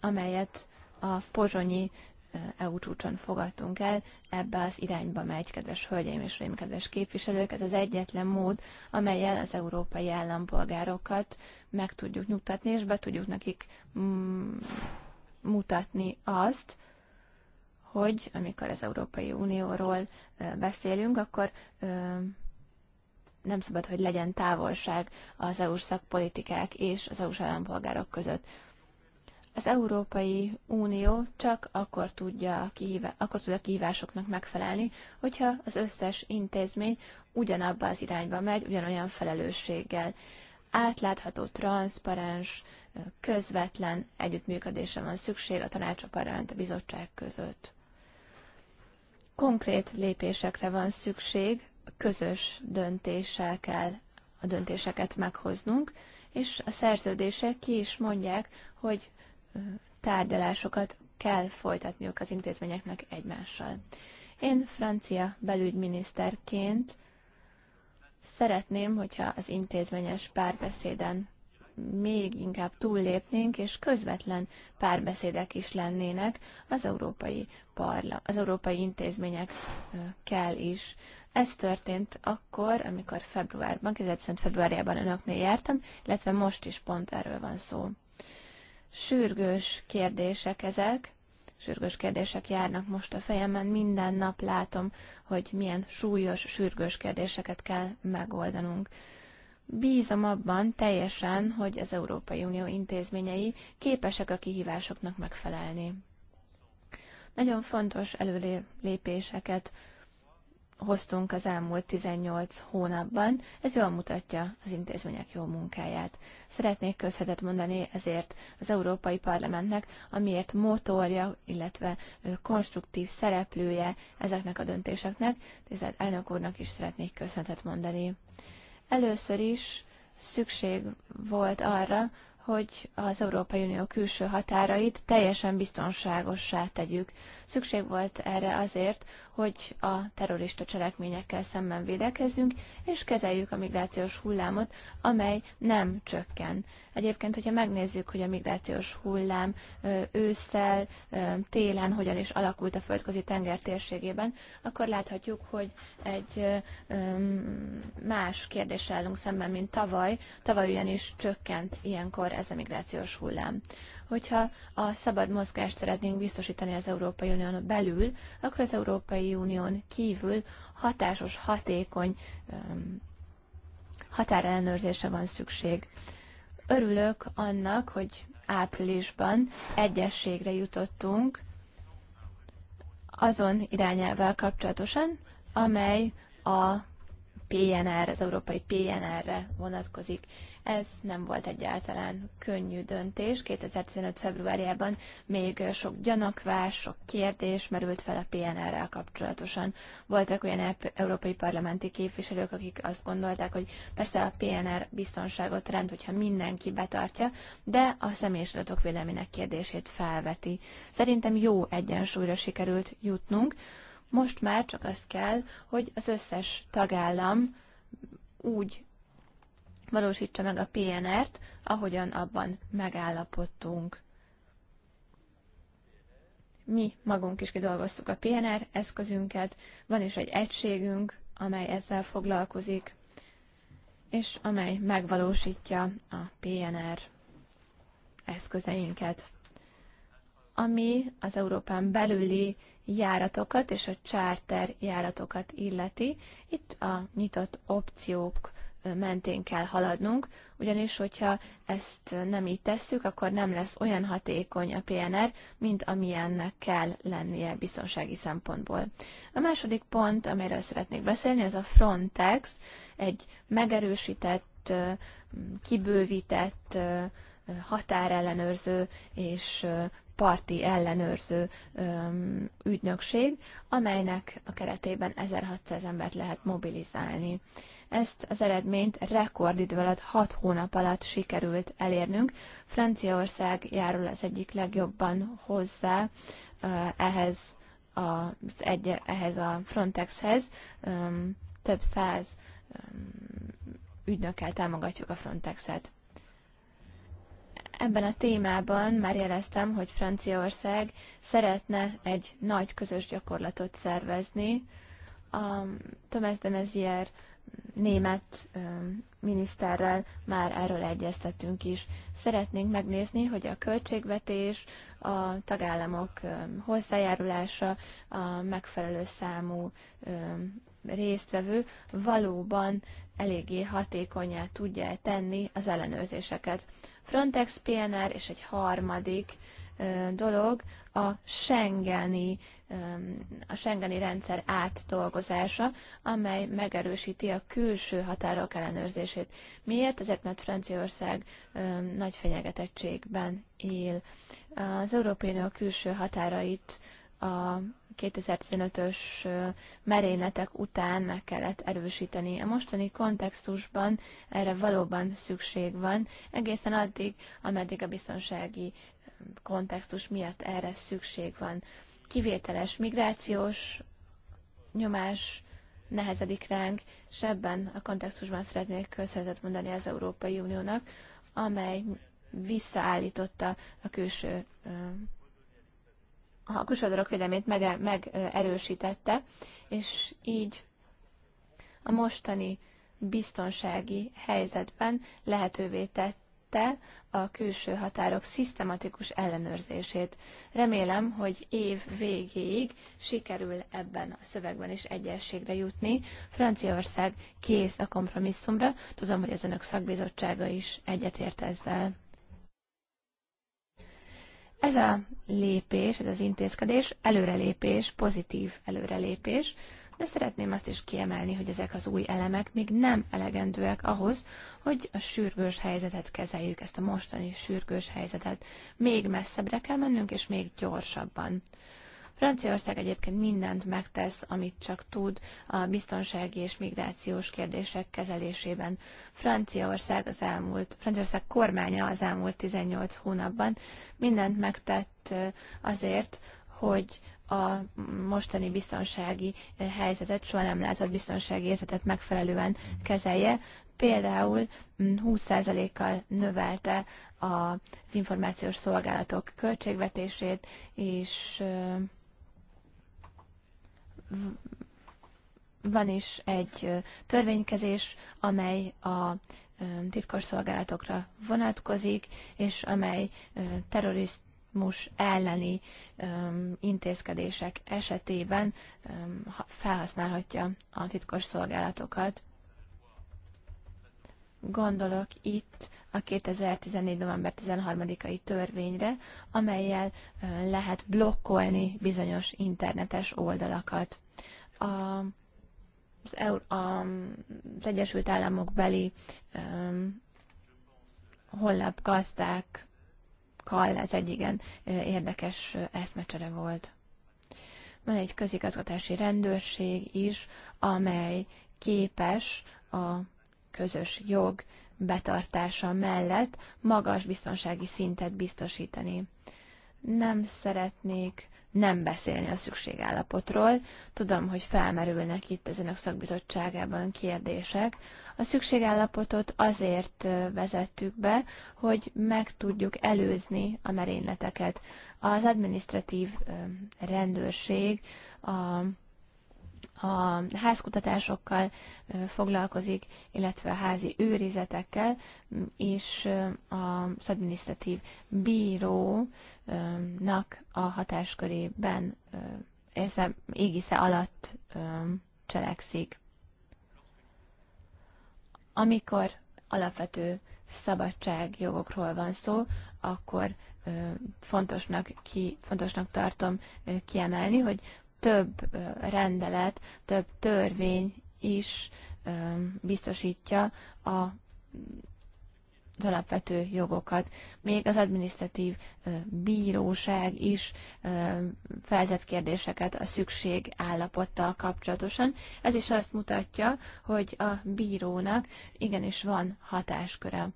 amelyet a pozsonyi EU csúcson fogadtunk el, ebbe az irányba megy, kedves hölgyeim és uraim, kedves képviselők. Ez az egyetlen mód, amelyel az európai állampolgárokat meg tudjuk nyugtatni, és be tudjuk nekik mm, mutatni azt, hogy amikor az Európai Unióról beszélünk, akkor nem szabad, hogy legyen távolság az EU-s szakpolitikák és az EU-s állampolgárok között. Az Európai Unió csak akkor tudja, kihívá- akkor tud a kihívásoknak megfelelni, hogyha az összes intézmény ugyanabba az irányba megy, ugyanolyan felelősséggel. Átlátható, transzparens, közvetlen együttműködésre van szükség a tanács, a parlament, a bizottság között konkrét lépésekre van szükség közös döntéssel kell a döntéseket meghoznunk, és a szerződések ki is mondják, hogy tárgyalásokat kell folytatniuk az intézményeknek egymással. Én francia belügyminiszterként szeretném, hogyha az intézményes párbeszéden még inkább túllépnénk, és közvetlen párbeszédek is lennének az európai, parla, az európai intézményekkel is. Ez történt akkor, amikor februárban, 2015 februárjában önöknél jártam, illetve most is pont erről van szó. Sürgős kérdések ezek, sürgős kérdések járnak most a fejemben, minden nap látom, hogy milyen súlyos, sürgős kérdéseket kell megoldanunk. Bízom abban teljesen, hogy az Európai Unió intézményei képesek a kihívásoknak megfelelni. Nagyon fontos előlépéseket hoztunk az elmúlt 18 hónapban, ez jól mutatja az intézmények jó munkáját. Szeretnék köszönetet mondani ezért az Európai Parlamentnek, amiért motorja, illetve konstruktív szereplője ezeknek a döntéseknek, tisztelt elnök úrnak is szeretnék köszönetet mondani. Először is szükség volt arra, hogy az Európai Unió külső határait teljesen biztonságossá tegyük. Szükség volt erre azért, hogy a terrorista cselekményekkel szemben védekezzünk, és kezeljük a migrációs hullámot, amely nem csökken. Egyébként, hogyha megnézzük, hogy a migrációs hullám ősszel, télen hogyan is alakult a földközi tenger térségében, akkor láthatjuk, hogy egy más kérdésre állunk szemben, mint tavaly. Tavaly ugyanis csökkent ilyenkor ez a migrációs hullám. Hogyha a szabad mozgást szeretnénk biztosítani az Európai Unión belül, akkor az Európai Európai Unión kívül hatásos, hatékony határellenőrzése van szükség. Örülök annak, hogy áprilisban egyességre jutottunk azon irányával kapcsolatosan, amely a PNR, az európai PNR-re vonatkozik. Ez nem volt egyáltalán könnyű döntés. 2015. februárjában még sok gyanakvás, sok kérdés merült fel a PNR-rel kapcsolatosan. Voltak olyan európai parlamenti képviselők, akik azt gondolták, hogy persze a PNR biztonságot rend, hogyha mindenki betartja, de a személyes adatok védelmének kérdését felveti. Szerintem jó egyensúlyra sikerült jutnunk, most már csak azt kell, hogy az összes tagállam úgy valósítsa meg a PNR-t, ahogyan abban megállapodtunk. Mi magunk is kidolgoztuk a PNR eszközünket, van is egy egységünk, amely ezzel foglalkozik, és amely megvalósítja a PNR eszközeinket ami az Európán belüli járatokat és a charter járatokat illeti. Itt a nyitott opciók mentén kell haladnunk, ugyanis hogyha ezt nem így tesszük, akkor nem lesz olyan hatékony a PNR, mint amilyennek kell lennie biztonsági szempontból. A második pont, amiről szeretnék beszélni, ez a Frontex, egy megerősített, kibővített határellenőrző és parti ellenőrző ügynökség, amelynek a keretében 1600 embert lehet mobilizálni. Ezt az eredményt rekordidő alatt, 6 hónap alatt sikerült elérnünk. Franciaország járul az egyik legjobban hozzá ehhez, az egy, ehhez a Frontexhez. Több száz ügynökkel támogatjuk a Frontexet. Ebben a témában már jeleztem, hogy Franciaország szeretne egy nagy közös gyakorlatot szervezni. A Thomas de Maizière német miniszterrel már erről egyeztetünk is. Szeretnénk megnézni, hogy a költségvetés, a tagállamok hozzájárulása, a megfelelő számú résztvevő valóban eléggé hatékonyá tudja tenni az ellenőrzéseket. Frontex, PNR és egy harmadik dolog a Schengeni, a Schengeni rendszer átdolgozása, amely megerősíti a külső határok ellenőrzését. Miért? Azért, mert Franciaország nagy fenyegetettségben él. Az Európai Unió külső határait a 2015-ös merényletek után meg kellett erősíteni. A mostani kontextusban erre valóban szükség van, egészen addig, ameddig a biztonsági kontextus miatt erre szükség van. Kivételes migrációs nyomás nehezedik ránk, és ebben a kontextusban szeretnék köszönetet mondani az Európai Uniónak, amely visszaállította a külső a kusodorok véleményét meg, megerősítette, és így a mostani biztonsági helyzetben lehetővé tette a külső határok szisztematikus ellenőrzését. Remélem, hogy év végéig sikerül ebben a szövegben is egyességre jutni. Franciaország kész a kompromisszumra, tudom, hogy az önök szakbizottsága is egyetért ezzel. Ez a lépés, ez az intézkedés előrelépés, pozitív előrelépés, de szeretném azt is kiemelni, hogy ezek az új elemek még nem elegendőek ahhoz, hogy a sürgős helyzetet kezeljük, ezt a mostani sürgős helyzetet. Még messzebbre kell mennünk, és még gyorsabban. Franciaország egyébként mindent megtesz, amit csak tud a biztonsági és migrációs kérdések kezelésében. Franciaország az elmúlt, Franciaország kormánya az elmúlt 18 hónapban mindent megtett azért, hogy a mostani biztonsági helyzetet, soha nem látott biztonsági helyzetet megfelelően kezelje. Például 20%-kal mm, növelte az információs szolgálatok költségvetését, és van is egy törvénykezés, amely a titkosszolgálatokra vonatkozik, és amely terrorizmus elleni intézkedések esetében felhasználhatja a titkosszolgálatokat Gondolok itt a 2014. november 13-ai törvényre, amelyel lehet blokkolni bizonyos internetes oldalakat. A, az, EU, a, az Egyesült Államok beli um, hollap ez egy igen érdekes eszmecsere volt. Van egy közigazgatási rendőrség is, amely képes a közös jog betartása mellett magas biztonsági szintet biztosítani. Nem szeretnék nem beszélni a szükségállapotról. Tudom, hogy felmerülnek itt az önök szakbizottságában kérdések. A szükségállapotot azért vezettük be, hogy meg tudjuk előzni a merényleteket. Az administratív rendőrség, a a házkutatásokkal foglalkozik, illetve a házi őrizetekkel, és az adminisztratív bírónak a hatáskörében, illetve égisze alatt cselekszik. Amikor alapvető szabadságjogokról van szó, akkor fontosnak, ki, fontosnak tartom kiemelni, hogy több rendelet, több törvény is biztosítja a az alapvető jogokat. Még az adminisztratív bíróság is feltett kérdéseket a szükség állapottal kapcsolatosan. Ez is azt mutatja, hogy a bírónak igenis van hatásköre.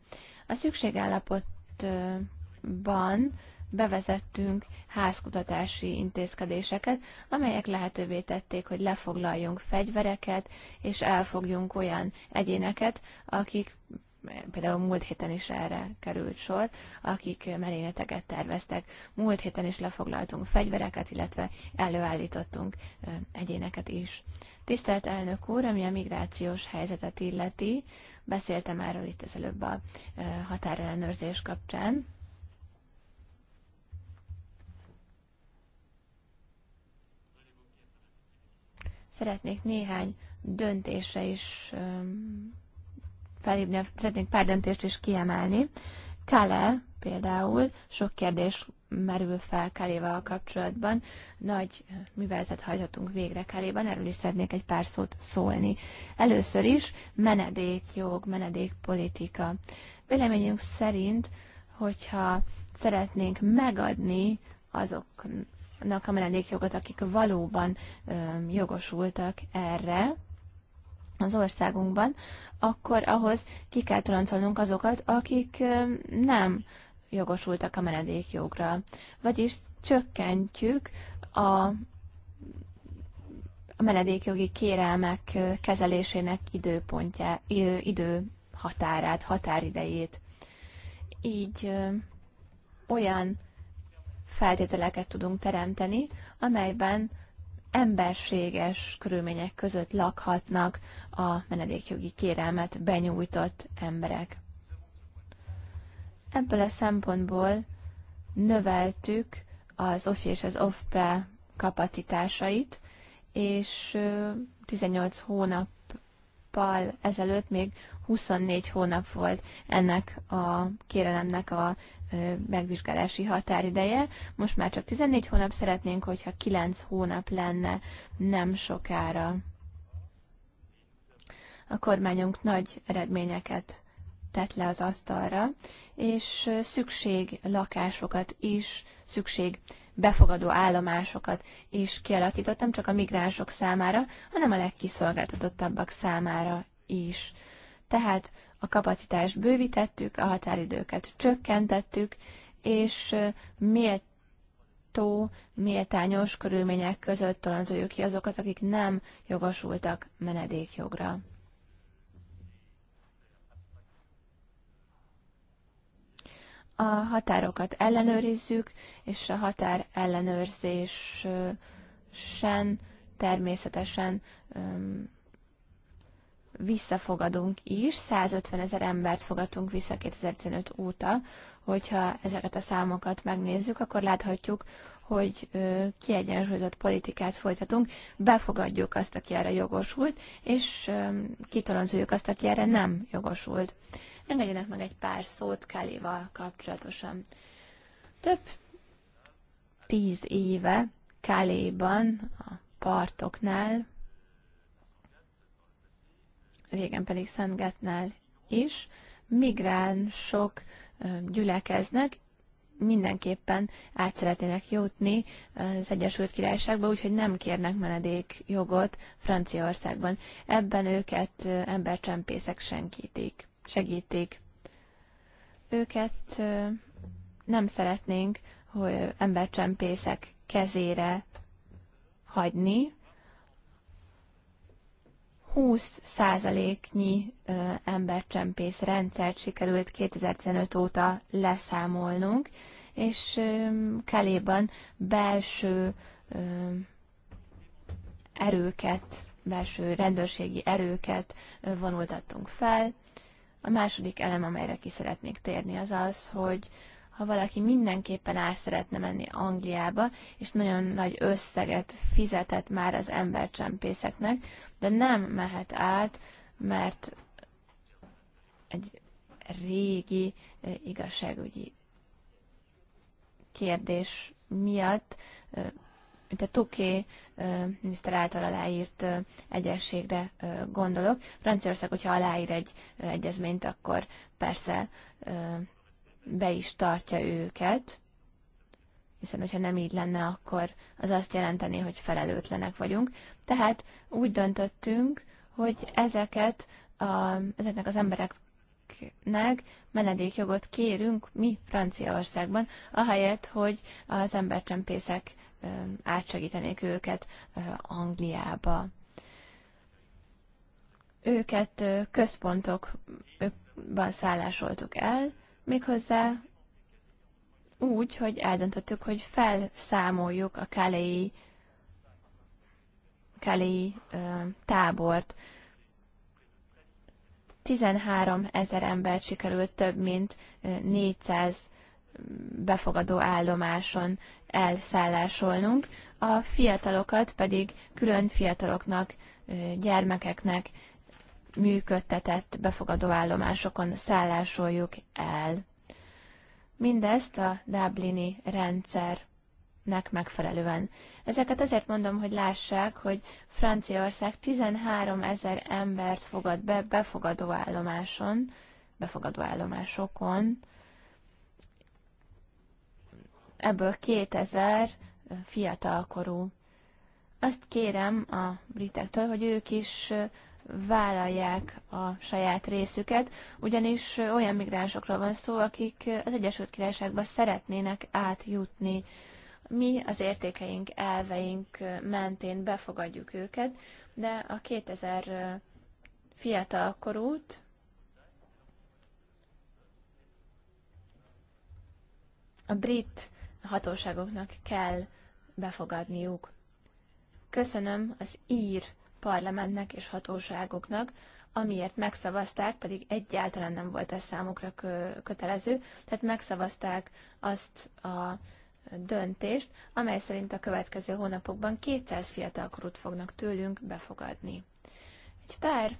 A szükségállapotban bevezettünk házkutatási intézkedéseket, amelyek lehetővé tették, hogy lefoglaljunk fegyvereket, és elfogjunk olyan egyéneket, akik például múlt héten is erre került sor, akik merényleteket terveztek. Múlt héten is lefoglaltunk fegyvereket, illetve előállítottunk egyéneket is. Tisztelt elnök úr, ami a migrációs helyzetet illeti, beszéltem erről itt az előbb a határellenőrzés kapcsán. Szeretnék néhány döntése is felhívni, szeretnék pár döntést is kiemelni. Kale például sok kérdés merül fel Kaléval kapcsolatban. Nagy műveletet hajthatunk végre Kaléban, erről is szeretnék egy pár szót szólni. Először is menedékjog, menedékpolitika. Véleményünk szerint, hogyha szeretnénk megadni azok, a menedékjogot, akik valóban jogosultak erre az országunkban, akkor ahhoz ki kell toloncolnunk azokat, akik nem jogosultak a menedékjogra. Vagyis csökkentjük a a menedékjogi kérelmek kezelésének időpontja, idő határát, határidejét. Így olyan feltételeket tudunk teremteni, amelyben emberséges körülmények között lakhatnak a menedékjogi kérelmet benyújtott emberek. Ebből a szempontból növeltük az OFI és az OFPRA kapacitásait, és 18 hónappal ezelőtt még 24 hónap volt ennek a kérelemnek a megvizsgálási határideje. Most már csak 14 hónap szeretnénk, hogyha 9 hónap lenne nem sokára. A kormányunk nagy eredményeket tett le az asztalra, és szükség lakásokat is, szükség befogadó állomásokat is kialakított, nem csak a migránsok számára, hanem a legkiszolgáltatottabbak számára is. Tehát a kapacitást bővítettük, a határidőket csökkentettük, és méltó, méltányos körülmények között toloncoljuk ki azokat, akik nem jogosultak menedékjogra. A határokat ellenőrizzük, és a határ ellenőrzésen természetesen visszafogadunk is, 150 ezer embert fogadtunk vissza 2015 óta, hogyha ezeket a számokat megnézzük, akkor láthatjuk, hogy kiegyensúlyozott politikát folytatunk, befogadjuk azt, aki erre jogosult, és kitolonzoljuk azt, aki erre nem jogosult. Engedjenek meg egy pár szót Kálival kapcsolatosan. Több tíz éve Káléban, a partoknál régen pedig Szentgetnál is, migránsok gyülekeznek, mindenképpen át szeretnének jutni az Egyesült Királyságba, úgyhogy nem kérnek menedék jogot Franciaországban. Ebben őket embercsempészek senkítik, segítik. Őket nem szeretnénk, hogy embercsempészek kezére hagyni, 20%-nyi embercsempész rendszert sikerült 2015 óta leszámolnunk, és Keléban belső erőket, belső rendőrségi erőket vonultattunk fel. A második elem, amelyre ki szeretnék térni, az az, hogy ha valaki mindenképpen el szeretne menni Angliába, és nagyon nagy összeget fizetett már az embercsempészeknek, de nem mehet át, mert egy régi eh, igazságügyi kérdés miatt, eh, mint a Tuké eh, miniszter által aláírt egyességre gondolok. Franciaország, hogyha aláír egy egyezményt, akkor persze be is tartja őket, hiszen hogyha nem így lenne, akkor az azt jelenteni, hogy felelőtlenek vagyunk. Tehát úgy döntöttünk, hogy ezeket a, ezeknek az embereknek menedékjogot kérünk mi Franciaországban, ahelyett, hogy az embercsempészek átsegítenék őket Angliába. Őket központokban szállásoltuk el, méghozzá úgy, hogy eldöntöttük, hogy felszámoljuk a Kalei, Kalei ö, tábort. 13 ezer ember, sikerült több mint 400 befogadó állomáson elszállásolnunk, a fiatalokat pedig külön fiataloknak, gyermekeknek működtetett befogadó állomásokon szállásoljuk el. Mindezt a Dublini rendszernek megfelelően. Ezeket azért mondom, hogy lássák, hogy Franciaország 13 ezer embert fogad be befogadó állomáson, befogadó állomásokon, ebből 2000 fiatalkorú. Azt kérem a britektől, hogy ők is vállalják a saját részüket, ugyanis olyan migránsokról van szó, akik az Egyesült Királyságba szeretnének átjutni. Mi az értékeink, elveink mentén befogadjuk őket, de a 2000 fiatalkorút a brit hatóságoknak kell befogadniuk. Köszönöm az ír parlamentnek és hatóságoknak, amiért megszavazták, pedig egyáltalán nem volt ez számukra kö- kötelező, tehát megszavazták azt a döntést, amely szerint a következő hónapokban 200 fiatalkorút fognak tőlünk befogadni. Egy pár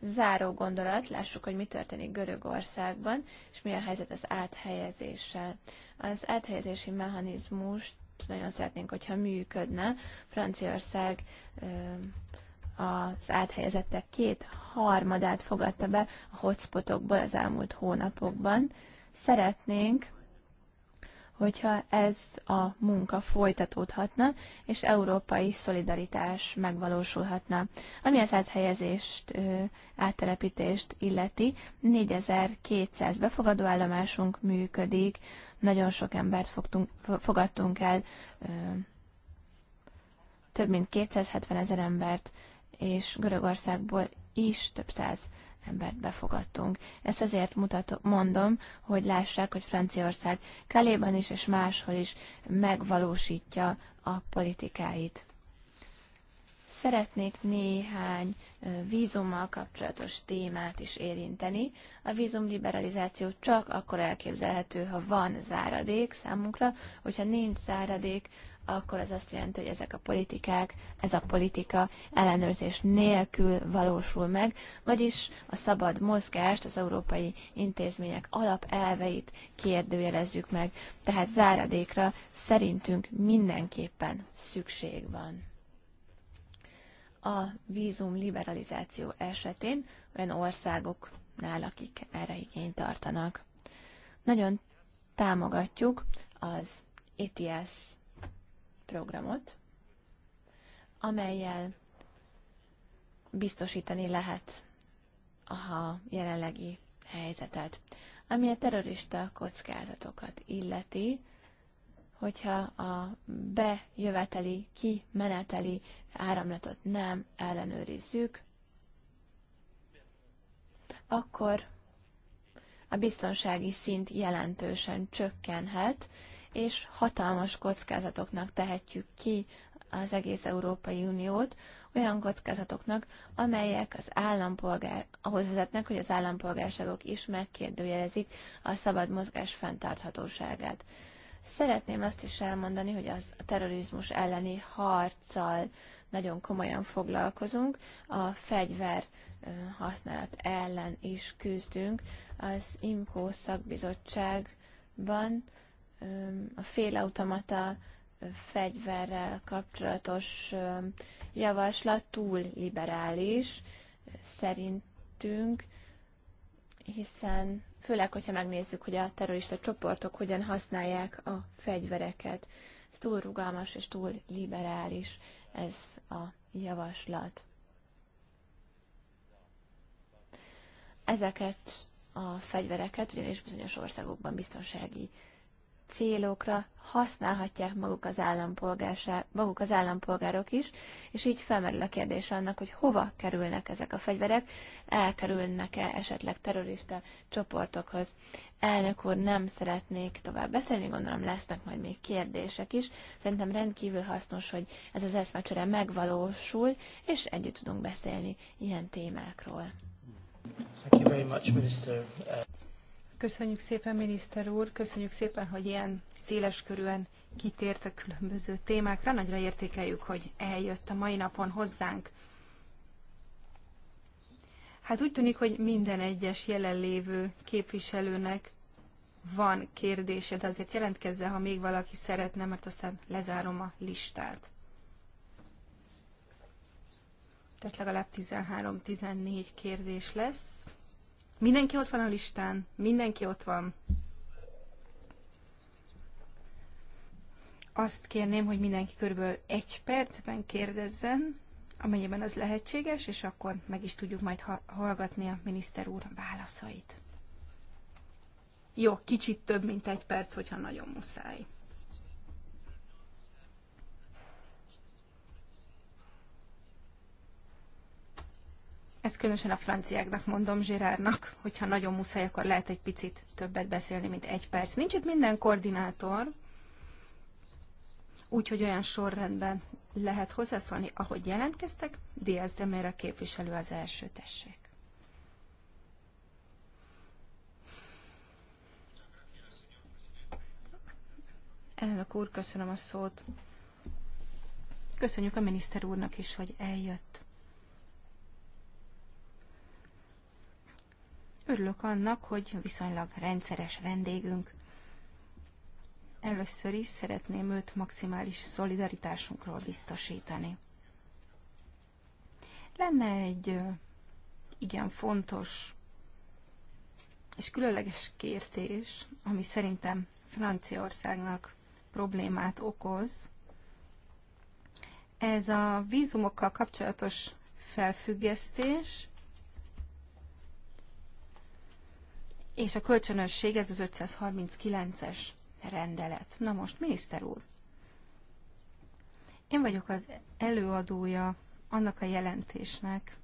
záró gondolat, lássuk, hogy mi történik Görögországban, és mi a helyzet az áthelyezéssel. Az áthelyezési mechanizmust nagyon szeretnénk, hogyha működne. Franciaország az áthelyezettek két harmadát fogadta be a hotspotokból az elmúlt hónapokban. Szeretnénk, hogyha ez a munka folytatódhatna, és európai szolidaritás megvalósulhatna. Ami az áthelyezést, áttelepítést illeti, 4200 befogadóállomásunk működik, nagyon sok embert fogtunk, fogadtunk el, több mint 270 ezer embert, és Görögországból is több száz embert befogadtunk. Ezt azért mutatom, mondom, hogy lássák, hogy Franciaország Kaléban is és máshol is megvalósítja a politikáit. Szeretnék néhány vízummal kapcsolatos témát is érinteni. A vízumliberalizáció csak akkor elképzelhető, ha van záradék számunkra, hogyha nincs záradék, akkor az azt jelenti, hogy ezek a politikák, ez a politika ellenőrzés nélkül valósul meg, vagyis a szabad mozgást, az európai intézmények alapelveit kérdőjelezzük meg, tehát záradékra szerintünk mindenképpen szükség van. A vízum liberalizáció esetén olyan országoknál, akik erre igényt tartanak. Nagyon támogatjuk az ETS programot, amelyel biztosítani lehet a jelenlegi helyzetet, ami a terrorista kockázatokat illeti, hogyha a bejöveteli, kimeneteli áramlatot nem ellenőrizzük, akkor a biztonsági szint jelentősen csökkenhet, és hatalmas kockázatoknak tehetjük ki az egész Európai Uniót, olyan kockázatoknak, amelyek az állampolgár, ahhoz vezetnek, hogy az állampolgárságok is megkérdőjelezik a szabad mozgás fenntarthatóságát. Szeretném azt is elmondani, hogy az a terrorizmus elleni harccal nagyon komolyan foglalkozunk, a fegyver használat ellen is küzdünk. Az IMCO szakbizottságban a félautomata fegyverrel kapcsolatos javaslat túl liberális szerintünk, hiszen főleg, hogyha megnézzük, hogy a terrorista csoportok hogyan használják a fegyvereket. Ez túl rugalmas és túl liberális ez a javaslat. Ezeket a fegyvereket ugyanis bizonyos országokban biztonsági célokra használhatják maguk az, maguk az állampolgárok is, és így felmerül a kérdés annak, hogy hova kerülnek ezek a fegyverek, elkerülnek-e esetleg terrorista csoportokhoz. Elnök úr, nem szeretnék tovább beszélni, gondolom lesznek majd még kérdések is. Szerintem rendkívül hasznos, hogy ez az eszmecsere megvalósul, és együtt tudunk beszélni ilyen témákról. Thank you very much, Minister. Uh, Köszönjük szépen, miniszter úr, köszönjük szépen, hogy ilyen széleskörűen kitért a különböző témákra. Nagyra értékeljük, hogy eljött a mai napon hozzánk. Hát úgy tűnik, hogy minden egyes jelenlévő képviselőnek van kérdése, de azért jelentkezze, ha még valaki szeretne, mert aztán lezárom a listát. Tehát legalább 13-14 kérdés lesz. Mindenki ott van a listán? Mindenki ott van. Azt kérném, hogy mindenki körülbelül egy percben kérdezzen, amennyiben az lehetséges, és akkor meg is tudjuk majd hallgatni a miniszter úr válaszait. Jó, kicsit több, mint egy perc, hogyha nagyon muszáj. Ezt különösen a franciáknak mondom, Zsirárnak, hogyha nagyon muszáj, akkor lehet egy picit többet beszélni, mint egy perc. Nincs itt minden koordinátor, úgyhogy olyan sorrendben lehet hozzászólni, ahogy jelentkeztek. Diaz de Mera képviselő az első, tessék. Elnök úr, köszönöm a szót. Köszönjük a miniszter úrnak is, hogy eljött. Örülök annak, hogy viszonylag rendszeres vendégünk. Először is szeretném őt maximális szolidaritásunkról biztosítani. Lenne egy igen fontos és különleges kértés, ami szerintem Franciaországnak problémát okoz. Ez a vízumokkal kapcsolatos felfüggesztés, és a kölcsönösség, ez az 539-es rendelet. Na most, miniszter úr, én vagyok az előadója annak a jelentésnek,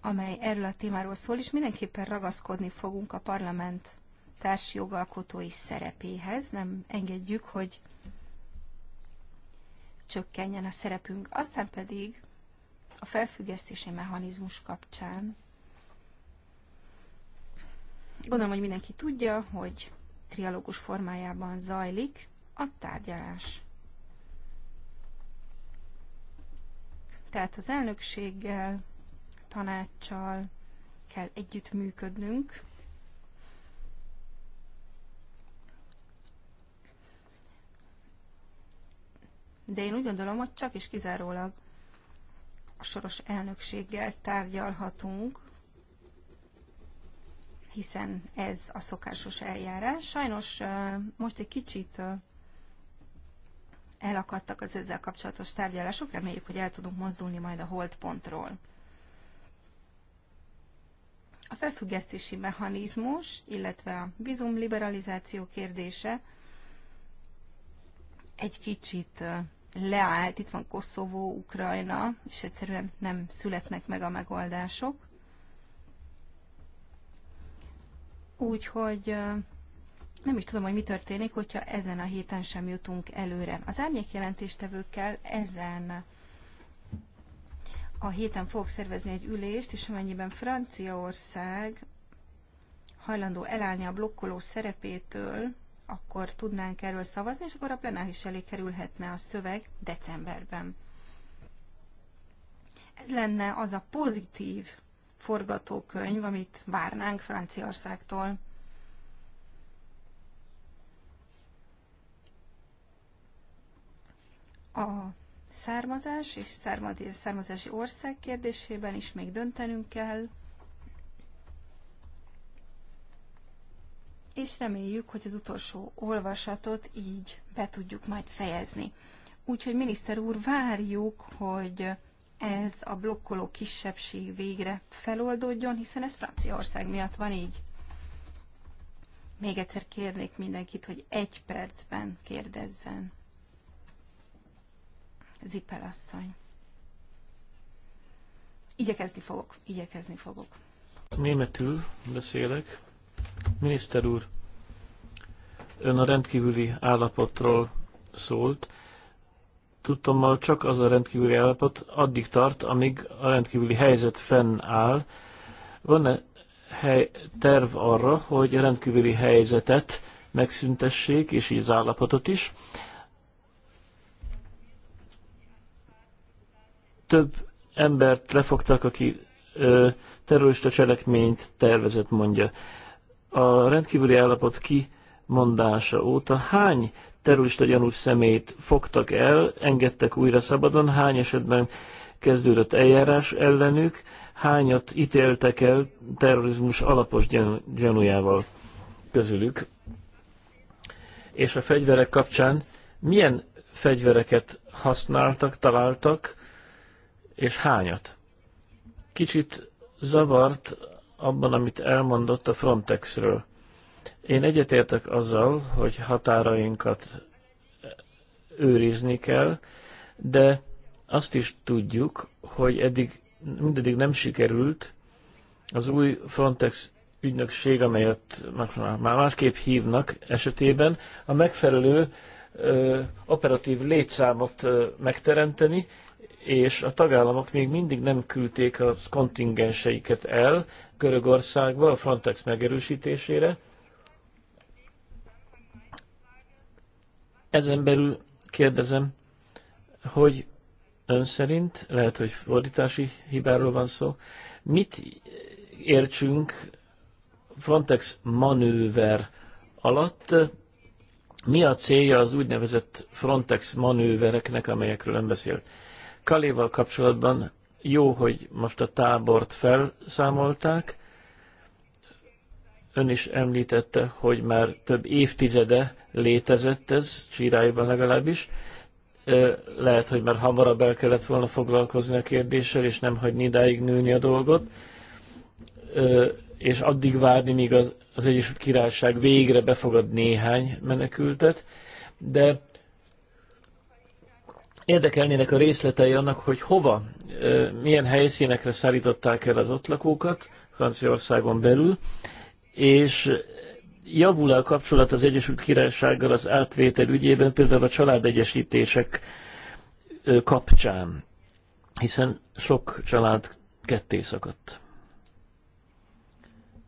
amely erről a témáról szól, és mindenképpen ragaszkodni fogunk a parlament társ jogalkotói szerepéhez. Nem engedjük, hogy csökkenjen a szerepünk. Aztán pedig a felfüggesztési mechanizmus kapcsán Gondolom, hogy mindenki tudja, hogy trialógus formájában zajlik a tárgyalás. Tehát az elnökséggel, tanácssal kell együttműködnünk, de én úgy gondolom, hogy csak és kizárólag a soros elnökséggel tárgyalhatunk, hiszen ez a szokásos eljárás. Sajnos most egy kicsit elakadtak az ezzel kapcsolatos tárgyalások, reméljük, hogy el tudunk mozdulni majd a holdpontról. A felfüggesztési mechanizmus, illetve a bizum liberalizáció kérdése egy kicsit leállt, itt van Koszovó, Ukrajna, és egyszerűen nem születnek meg a megoldások. Úgyhogy nem is tudom, hogy mi történik, hogyha ezen a héten sem jutunk előre. Az árnyék jelentéstevőkkel ezen a héten fogok szervezni egy ülést, és amennyiben Franciaország hajlandó elállni a blokkoló szerepétől, akkor tudnánk erről szavazni, és akkor a plenáris elé kerülhetne a szöveg decemberben. Ez lenne az a pozitív forgatókönyv, amit várnánk Franciaországtól. A származás és származási ország kérdésében is még döntenünk kell, és reméljük, hogy az utolsó olvasatot így be tudjuk majd fejezni. Úgyhogy miniszter úr, várjuk, hogy ez a blokkoló kisebbség végre feloldódjon, hiszen ez Franciaország miatt van így. Még egyszer kérnék mindenkit, hogy egy percben kérdezzen. Zipel asszony. Igyekezni fogok, igyekezni fogok. Németül beszélek. Miniszter úr, ön a rendkívüli állapotról szólt tudtommal csak az a rendkívüli állapot addig tart, amíg a rendkívüli helyzet fennáll. Van-e hely, terv arra, hogy a rendkívüli helyzetet megszüntessék, és így az állapotot is? Több embert lefogtak, aki ö, terrorista cselekményt tervezett, mondja. A rendkívüli állapot ki mondása óta hány terrorista gyanús szemét fogtak el, engedtek újra szabadon, hány esetben kezdődött eljárás ellenük, hányat ítéltek el terrorizmus alapos gyanújával közülük. És a fegyverek kapcsán milyen fegyvereket használtak, találtak, és hányat? Kicsit zavart abban, amit elmondott a Frontexről. Én egyetértek azzal, hogy határainkat őrizni kell, de azt is tudjuk, hogy eddig mindedig nem sikerült az új Frontex ügynökség, amelyet már másképp hívnak esetében, a megfelelő ö, operatív létszámot ö, megteremteni, és a tagállamok még mindig nem küldték a kontingenseiket el Görögországba a Frontex megerősítésére, Ezen belül kérdezem, hogy ön szerint, lehet, hogy fordítási hibáról van szó, mit értsünk Frontex manőver alatt, mi a célja az úgynevezett Frontex manővereknek, amelyekről ön beszélt? Kaléval kapcsolatban jó, hogy most a tábort felszámolták. Ön is említette, hogy már több évtizede létezett ez, Csirályban legalábbis. Lehet, hogy már hamarabb el kellett volna foglalkozni a kérdéssel, és nem hagyni idáig nőni a dolgot, és addig várni, míg az, az Egyesült Királyság végre befogad néhány menekültet, de érdekelnének a részletei annak, hogy hova, milyen helyszínekre szállították el az ott lakókat, Franciaországon belül, és javul a kapcsolat az Egyesült Királysággal az átvétel ügyében, például a családegyesítések kapcsán, hiszen sok család ketté szakadt.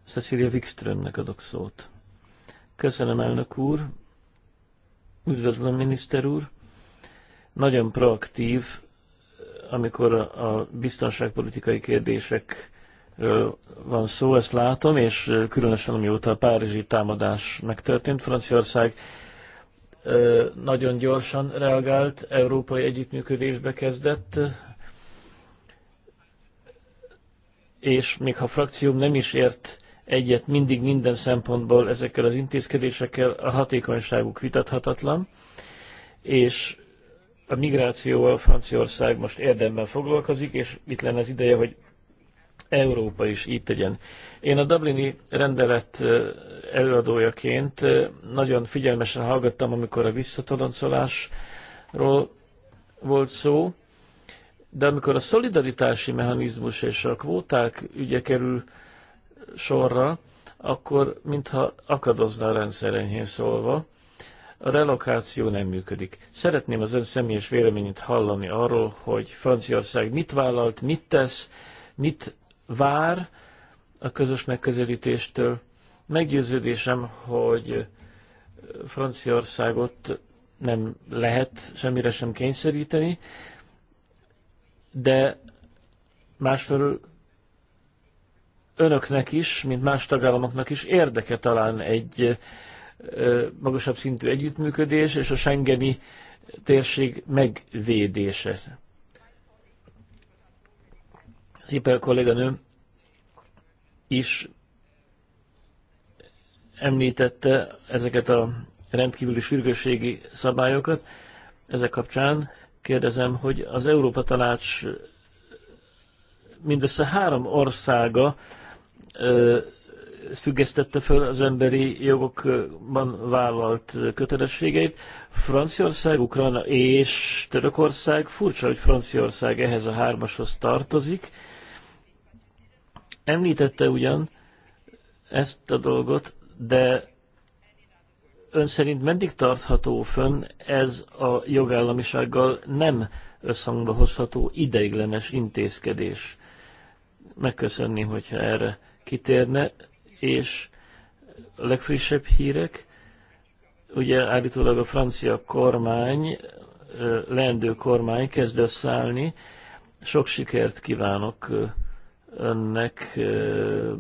Cecilia Wikströmnek adok szót. Köszönöm, elnök úr. Üdvözlöm, miniszter úr. Nagyon proaktív, amikor a biztonságpolitikai kérdések van szó, ezt látom, és különösen amióta a párizsi támadás megtörtént, Franciaország nagyon gyorsan reagált, európai együttműködésbe kezdett, és még ha frakcióm nem is ért egyet mindig minden szempontból ezekkel az intézkedésekkel, a hatékonyságuk vitathatatlan, és a migrációval Franciaország most érdemben foglalkozik, és itt lenne az ideje, hogy Európa is így tegyen. Én a Dublini rendelet előadójaként nagyon figyelmesen hallgattam, amikor a visszatoloncolásról volt szó, de amikor a szolidaritási mechanizmus és a kvóták ügye kerül sorra, akkor mintha akadozna a rendszer enyhén szólva. A relokáció nem működik. Szeretném az ön személyes véleményét hallani arról, hogy Franciaország mit vállalt, mit tesz, mit vár a közös megközelítéstől. Meggyőződésem, hogy Franciaországot nem lehet semmire sem kényszeríteni, de másfelől önöknek is, mint más tagállamoknak is érdeke talán egy magasabb szintű együttműködés és a Schengeni térség megvédése. Zipel kolléganőm is említette ezeket a rendkívüli sürgősségi szabályokat. Ezek kapcsán kérdezem, hogy az Európa Tanács mindössze három országa ö, függesztette föl az emberi jogokban vállalt kötelességeit. Franciaország, Ukrajna és Törökország, furcsa, hogy Franciaország ehhez a hármashoz tartozik, Említette ugyan ezt a dolgot, de ön szerint meddig tartható fönn ez a jogállamisággal nem összhangba hozható ideiglenes intézkedés? Megköszönni, hogyha erre kitérne, és a legfrissebb hírek, ugye állítólag a francia kormány, leendő kormány kezd összeállni, sok sikert kívánok önnek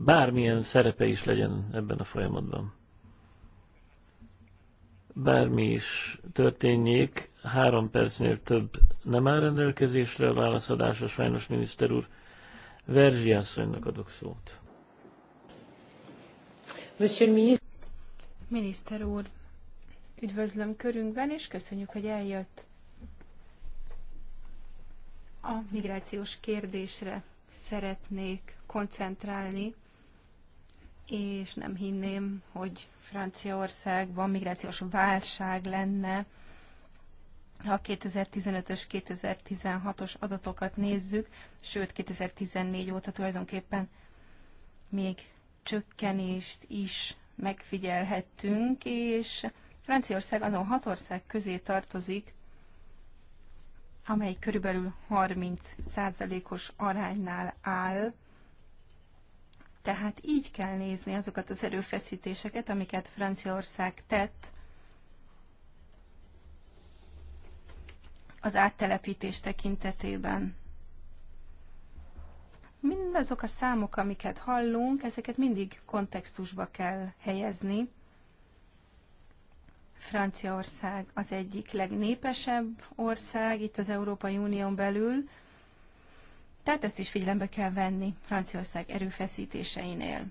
bármilyen szerepe is legyen ebben a folyamatban. Bármi is történjék, három percnél több nem áll rendelkezésre, a válaszadásra sajnos miniszter úr. Verzsi asszonynak adok szót. Miniszter úr, üdvözlöm körünkben, és köszönjük, hogy eljött a migrációs kérdésre szeretnék koncentrálni, és nem hinném, hogy Franciaországban migrációs válság lenne, ha a 2015-ös, 2016-os adatokat nézzük, sőt 2014 óta tulajdonképpen még csökkenést is megfigyelhettünk, és Franciaország azon hat ország közé tartozik, amely körülbelül 30%-os aránynál áll, tehát így kell nézni azokat az erőfeszítéseket, amiket Franciaország tett az áttelepítés tekintetében. Mindazok a számok, amiket hallunk, ezeket mindig kontextusba kell helyezni, Franciaország az egyik legnépesebb ország itt az Európai Unión belül, tehát ezt is figyelembe kell venni Franciaország erőfeszítéseinél.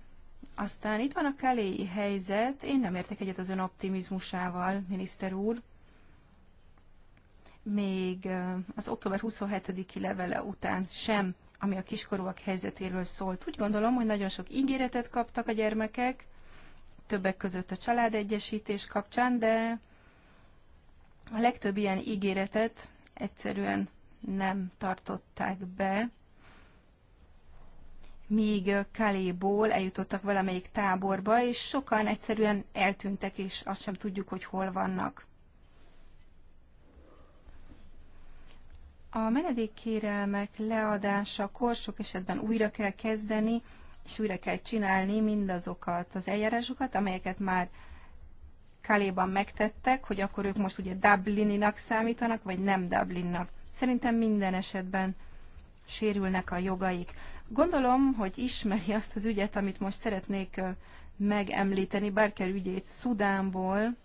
Aztán itt van a keléi helyzet, én nem értek egyet az ön optimizmusával, miniszter úr. Még az október 27-i levele után sem, ami a kiskorúak helyzetéről szólt. Úgy gondolom, hogy nagyon sok ígéretet kaptak a gyermekek, többek között a családegyesítés kapcsán, de a legtöbb ilyen ígéretet egyszerűen nem tartották be, míg Kaléból eljutottak valamelyik táborba, és sokan egyszerűen eltűntek, és azt sem tudjuk, hogy hol vannak. A menedékkérelmek leadásakor sok esetben újra kell kezdeni, és újra kell csinálni mindazokat az eljárásokat, amelyeket már Kaléban megtettek, hogy akkor ők most ugye Dublininak számítanak, vagy nem Dublinnak. Szerintem minden esetben sérülnek a jogaik. Gondolom, hogy ismeri azt az ügyet, amit most szeretnék megemlíteni, Barker ügyét Szudánból,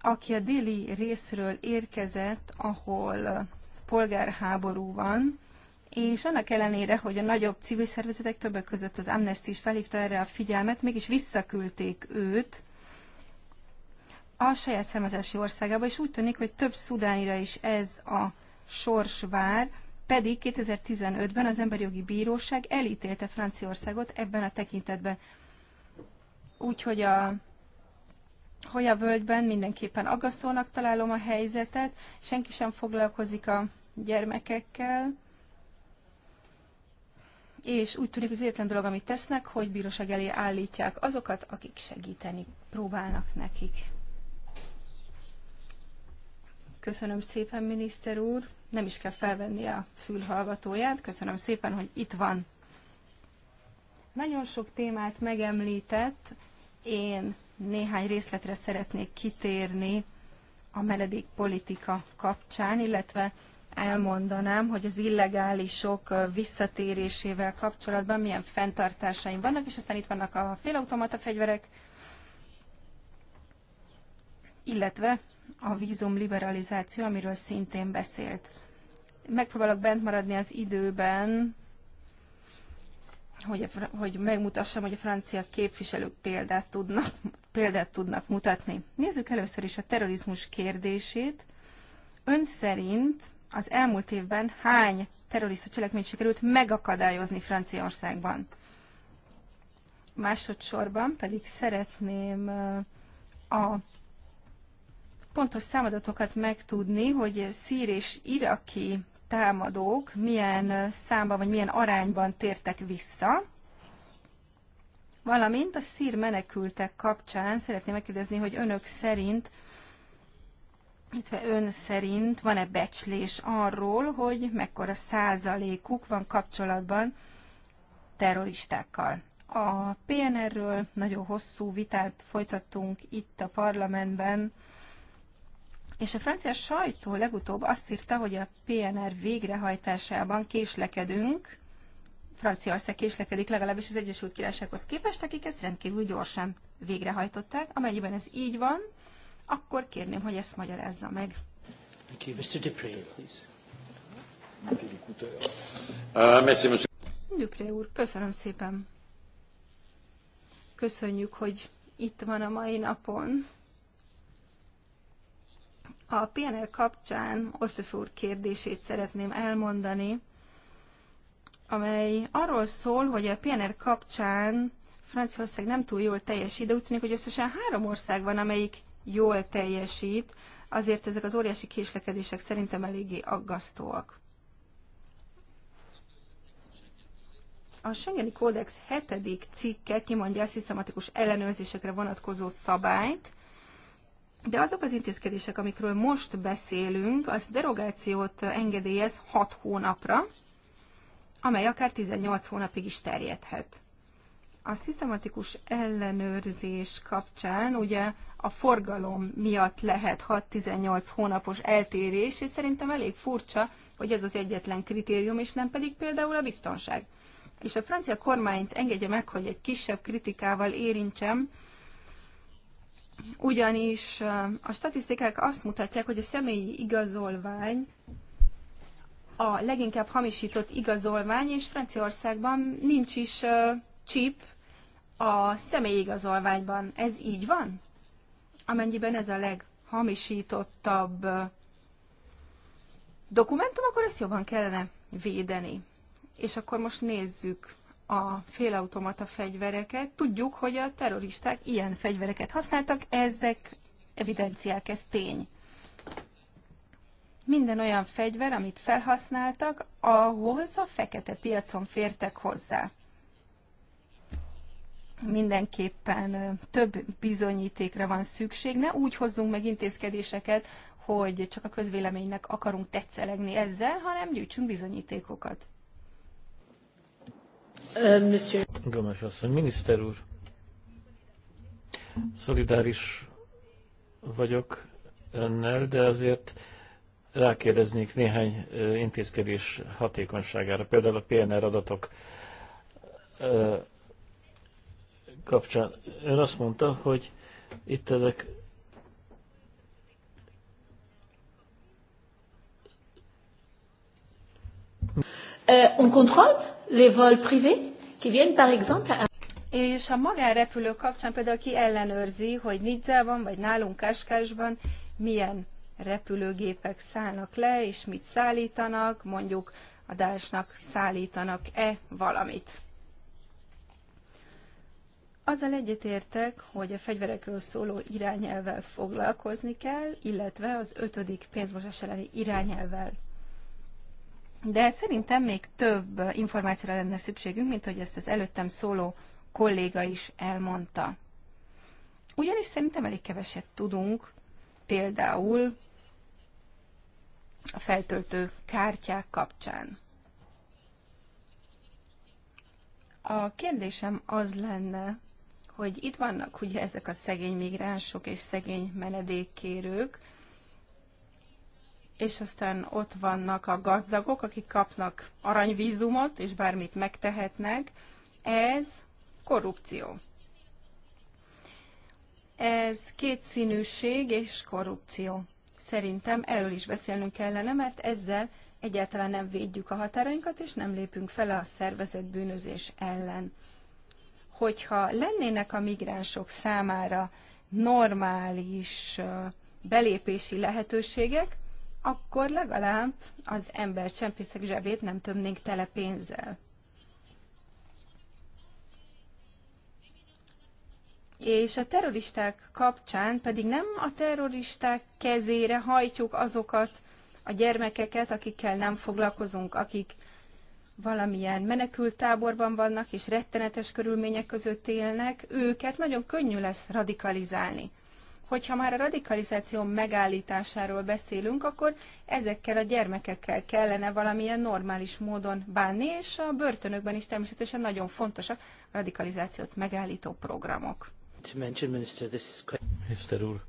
aki a déli részről érkezett, ahol polgárháború van, és annak ellenére, hogy a nagyobb civil szervezetek többek között az Amnesty is felhívta erre a figyelmet, mégis visszaküldték őt a saját származási országába, és úgy tűnik, hogy több szudánira is ez a sors vár, pedig 2015-ben az Emberi Jogi Bíróság elítélte Franciaországot ebben a tekintetben. Úgyhogy a Hoya völgyben mindenképpen aggasztónak találom a helyzetet, senki sem foglalkozik a gyermekekkel, és úgy tűnik az egyetlen dolog, amit tesznek, hogy bíróság elé állítják azokat, akik segíteni próbálnak nekik. Köszönöm szépen, miniszter úr. Nem is kell felvenni a fülhallgatóját. Köszönöm szépen, hogy itt van. Nagyon sok témát megemlített. Én néhány részletre szeretnék kitérni a politika kapcsán, illetve elmondanám, hogy az illegálisok visszatérésével kapcsolatban milyen fenntartásaim vannak, és aztán itt vannak a félautomata fegyverek, illetve a vízum liberalizáció, amiről szintén beszélt. Megpróbálok bent maradni az időben, hogy, a, hogy megmutassam, hogy a francia képviselők példát tudnak, példát tudnak mutatni. Nézzük először is a terrorizmus kérdését. Ön szerint az elmúlt évben hány terrorista cselekményt sikerült megakadályozni Franciaországban. Másodszorban pedig szeretném a pontos számadatokat megtudni, hogy szír és iraki támadók milyen számban vagy milyen arányban tértek vissza, valamint a szír menekültek kapcsán szeretném megkérdezni, hogy önök szerint illetve ön szerint van-e becslés arról, hogy mekkora százalékuk van kapcsolatban terroristákkal? A PNR-ről nagyon hosszú vitát folytattunk itt a parlamentben, és a francia sajtó legutóbb azt írta, hogy a PNR végrehajtásában késlekedünk, Franciaország késlekedik legalábbis az Egyesült Királysághoz képest, akik ezt rendkívül gyorsan végrehajtották. Amennyiben ez így van, akkor kérném, hogy ezt magyarázza meg. Dupré, úr, köszönöm szépen. Köszönjük, hogy itt van a mai napon. A PNR kapcsán Ortefő úr kérdését szeretném elmondani, amely arról szól, hogy a PNR kapcsán Franciaország nem túl jól teljesít, de úgy tűnik, hogy összesen három ország van, amelyik jól teljesít, azért ezek az óriási késlekedések szerintem eléggé aggasztóak. A Schengeni Kódex hetedik cikke kimondja a szisztematikus ellenőrzésekre vonatkozó szabályt, de azok az intézkedések, amikről most beszélünk, az derogációt engedélyez 6 hónapra, amely akár 18 hónapig is terjedhet a szisztematikus ellenőrzés kapcsán ugye a forgalom miatt lehet 6-18 hónapos eltérés, és szerintem elég furcsa, hogy ez az egyetlen kritérium, és nem pedig például a biztonság. És a francia kormányt engedje meg, hogy egy kisebb kritikával érintsem, ugyanis a statisztikák azt mutatják, hogy a személyi igazolvány a leginkább hamisított igazolvány, és Franciaországban nincs is chip, a személyi igazolványban. Ez így van? Amennyiben ez a leghamisítottabb dokumentum, akkor ezt jobban kellene védeni. És akkor most nézzük a félautomata fegyvereket. Tudjuk, hogy a terroristák ilyen fegyvereket használtak, ezek evidenciák, ez tény. Minden olyan fegyver, amit felhasználtak, ahhoz a fekete piacon fértek hozzá mindenképpen több bizonyítékra van szükség. Ne úgy hozzunk meg intézkedéseket, hogy csak a közvéleménynek akarunk tetszelegni ezzel, hanem gyűjtsünk bizonyítékokat. Monsieur. Gomes asszony, miniszter úr, szolidáris vagyok önnel, de azért rákérdeznék néhány intézkedés hatékonyságára. Például a PNR adatok kapcsán. Ön azt mondta, hogy itt ezek Uh, on contrôle les vols privés qui viennent par exemple à... És a magánrepülő kapcsán például ki ellenőrzi, hogy Nidzában vagy nálunk Kaskásban milyen repülőgépek szállnak le, és mit szállítanak, mondjuk adásnak szállítanak-e valamit. Azzal egyetértek, hogy a fegyverekről szóló irányelvel foglalkozni kell, illetve az ötödik pénzmosás elleni irányelvel. De szerintem még több információra lenne szükségünk, mint hogy ezt az előttem szóló kolléga is elmondta. Ugyanis szerintem elég keveset tudunk, például a feltöltő kártyák kapcsán. A kérdésem az lenne, hogy itt vannak ugye ezek a szegény migránsok és szegény menedékkérők, és aztán ott vannak a gazdagok, akik kapnak aranyvízumot, és bármit megtehetnek. Ez korrupció. Ez kétszínűség és korrupció. Szerintem erről is beszélnünk kellene, mert ezzel egyáltalán nem védjük a határainkat, és nem lépünk fel a szervezett bűnözés ellen hogyha lennének a migránsok számára normális belépési lehetőségek, akkor legalább az ember csempészek zsebét nem tömnénk tele pénzzel. És a terroristák kapcsán pedig nem a terroristák kezére hajtjuk azokat a gyermekeket, akikkel nem foglalkozunk, akik valamilyen táborban vannak, és rettenetes körülmények között élnek, őket nagyon könnyű lesz radikalizálni. Hogyha már a radikalizáció megállításáról beszélünk, akkor ezekkel a gyermekekkel kellene valamilyen normális módon bánni, és a börtönökben is természetesen nagyon fontosak a radikalizációt megállító programok. Miniszter úr,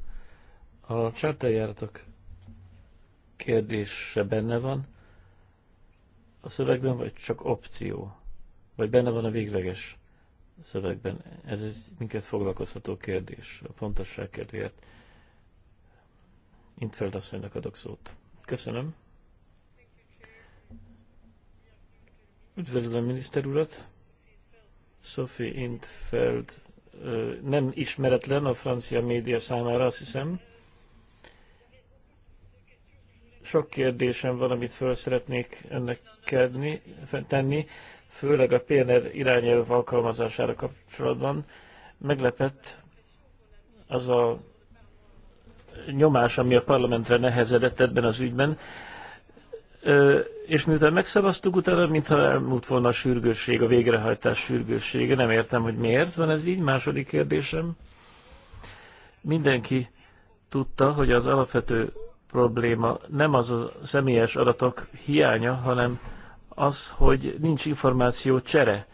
a csártájáratok kérdése benne van, a szövegben, vagy csak opció? Vagy benne van a végleges szövegben? Ez egy minket foglalkoztató kérdés, a pontosság kedvéért. Intfeld asszonynak adok szót. Köszönöm. Üdvözlöm miniszter urat. Sophie Intfeld nem ismeretlen a francia média számára, azt hiszem. Sok kérdésem van, amit föl szeretnék önnek kedni, tenni főleg a PNR irányelv alkalmazására kapcsolatban. Meglepett az a nyomás, ami a parlamentre nehezedett ebben az ügyben, és miután megszavaztuk, utána mintha elmúlt volna a sürgősség, a végrehajtás sürgőssége, nem értem, hogy miért van ez így, második kérdésem. Mindenki tudta, hogy az alapvető probléma nem az a személyes adatok hiánya, hanem az, hogy nincs információ csere.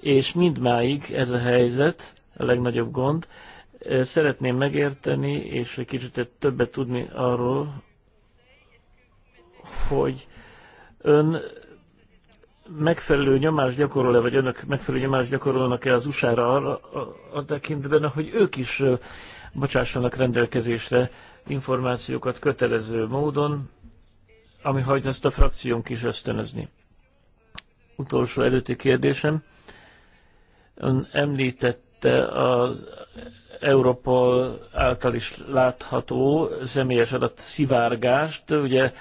És mindmáig ez a helyzet, a legnagyobb gond. Szeretném megérteni, és egy kicsit többet tudni arról, hogy ön megfelelő nyomást gyakorol-e, vagy önök megfelelő nyomást gyakorolnak-e az USA-ra a, a, a tekintetben, hogy ők is bocsássanak rendelkezésre információkat kötelező módon, ami hagyja ezt a frakciónk is ösztönözni utolsó előtti kérdésem. Ön említette az Európa által is látható személyes adat szivárgást. Ugye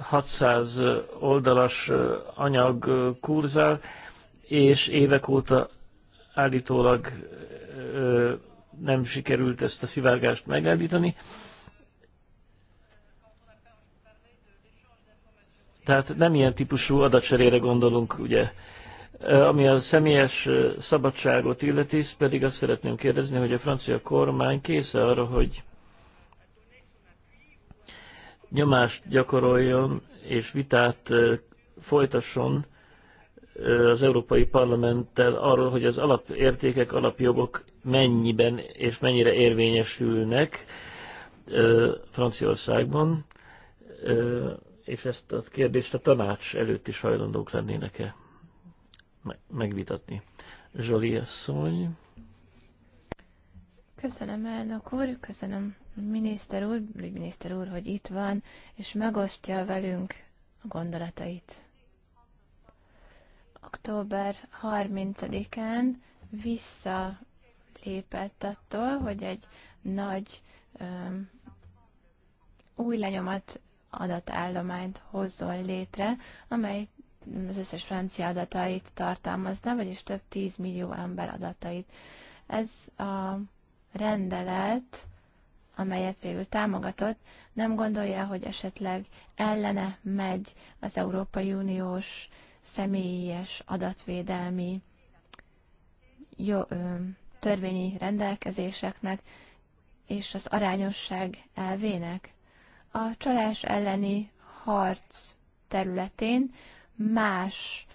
600 oldalas anyag kurzál, és évek óta állítólag nem sikerült ezt a szivárgást megállítani. Tehát nem ilyen típusú adatcserére gondolunk, ugye. Ami a személyes szabadságot illeti, pedig azt szeretném kérdezni, hogy a francia kormány kész arra, hogy nyomást gyakoroljon és vitát folytasson az Európai Parlamenttel arról, hogy az alapértékek, alapjogok mennyiben és mennyire érvényesülnek Franciaországban és ezt a kérdést a tanács előtt is hajlandók lennének-e megvitatni. Zsoli asszony. Köszönöm, elnök úr, köszönöm miniszter úr, miniszter úr, hogy itt van, és megosztja velünk a gondolatait. Október 30-án visszalépett attól, hogy egy nagy um, új lenyomat adatállományt hozzon létre, amely az összes francia adatait tartalmazna, vagyis több 10 millió ember adatait. Ez a rendelet, amelyet végül támogatott, nem gondolja, hogy esetleg ellene megy az Európai Uniós személyes adatvédelmi jó, ö, törvényi rendelkezéseknek és az arányosság elvének? a csalás elleni harc területén más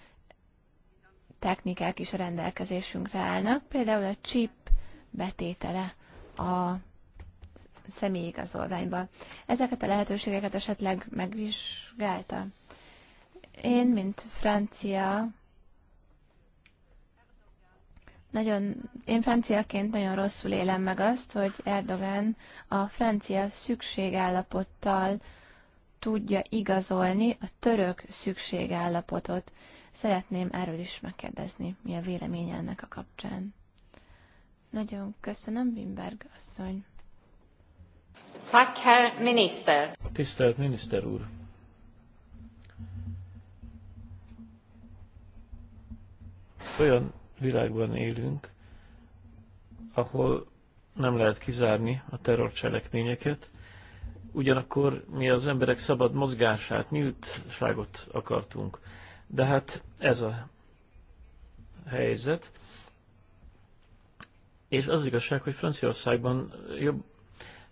technikák is a rendelkezésünkre állnak, például a chip betétele a személyigazolványba. Ezeket a lehetőségeket esetleg megvizsgálta. Én, mint francia nagyon, én franciaként nagyon rosszul élem meg azt, hogy Erdogan a francia szükségállapottal tudja igazolni a török szükségállapotot. Szeretném erről is megkérdezni, mi a vélemény ennek a kapcsán. Nagyon köszönöm, Wimberg asszony. Tack, herr miniszter. Tisztelt miniszter úr! Olyan világban élünk, ahol nem lehet kizárni a terrorcselekményeket, ugyanakkor mi az emberek szabad mozgását, nyíltságot akartunk. De hát ez a helyzet. És az igazság, hogy Franciaországban jobb,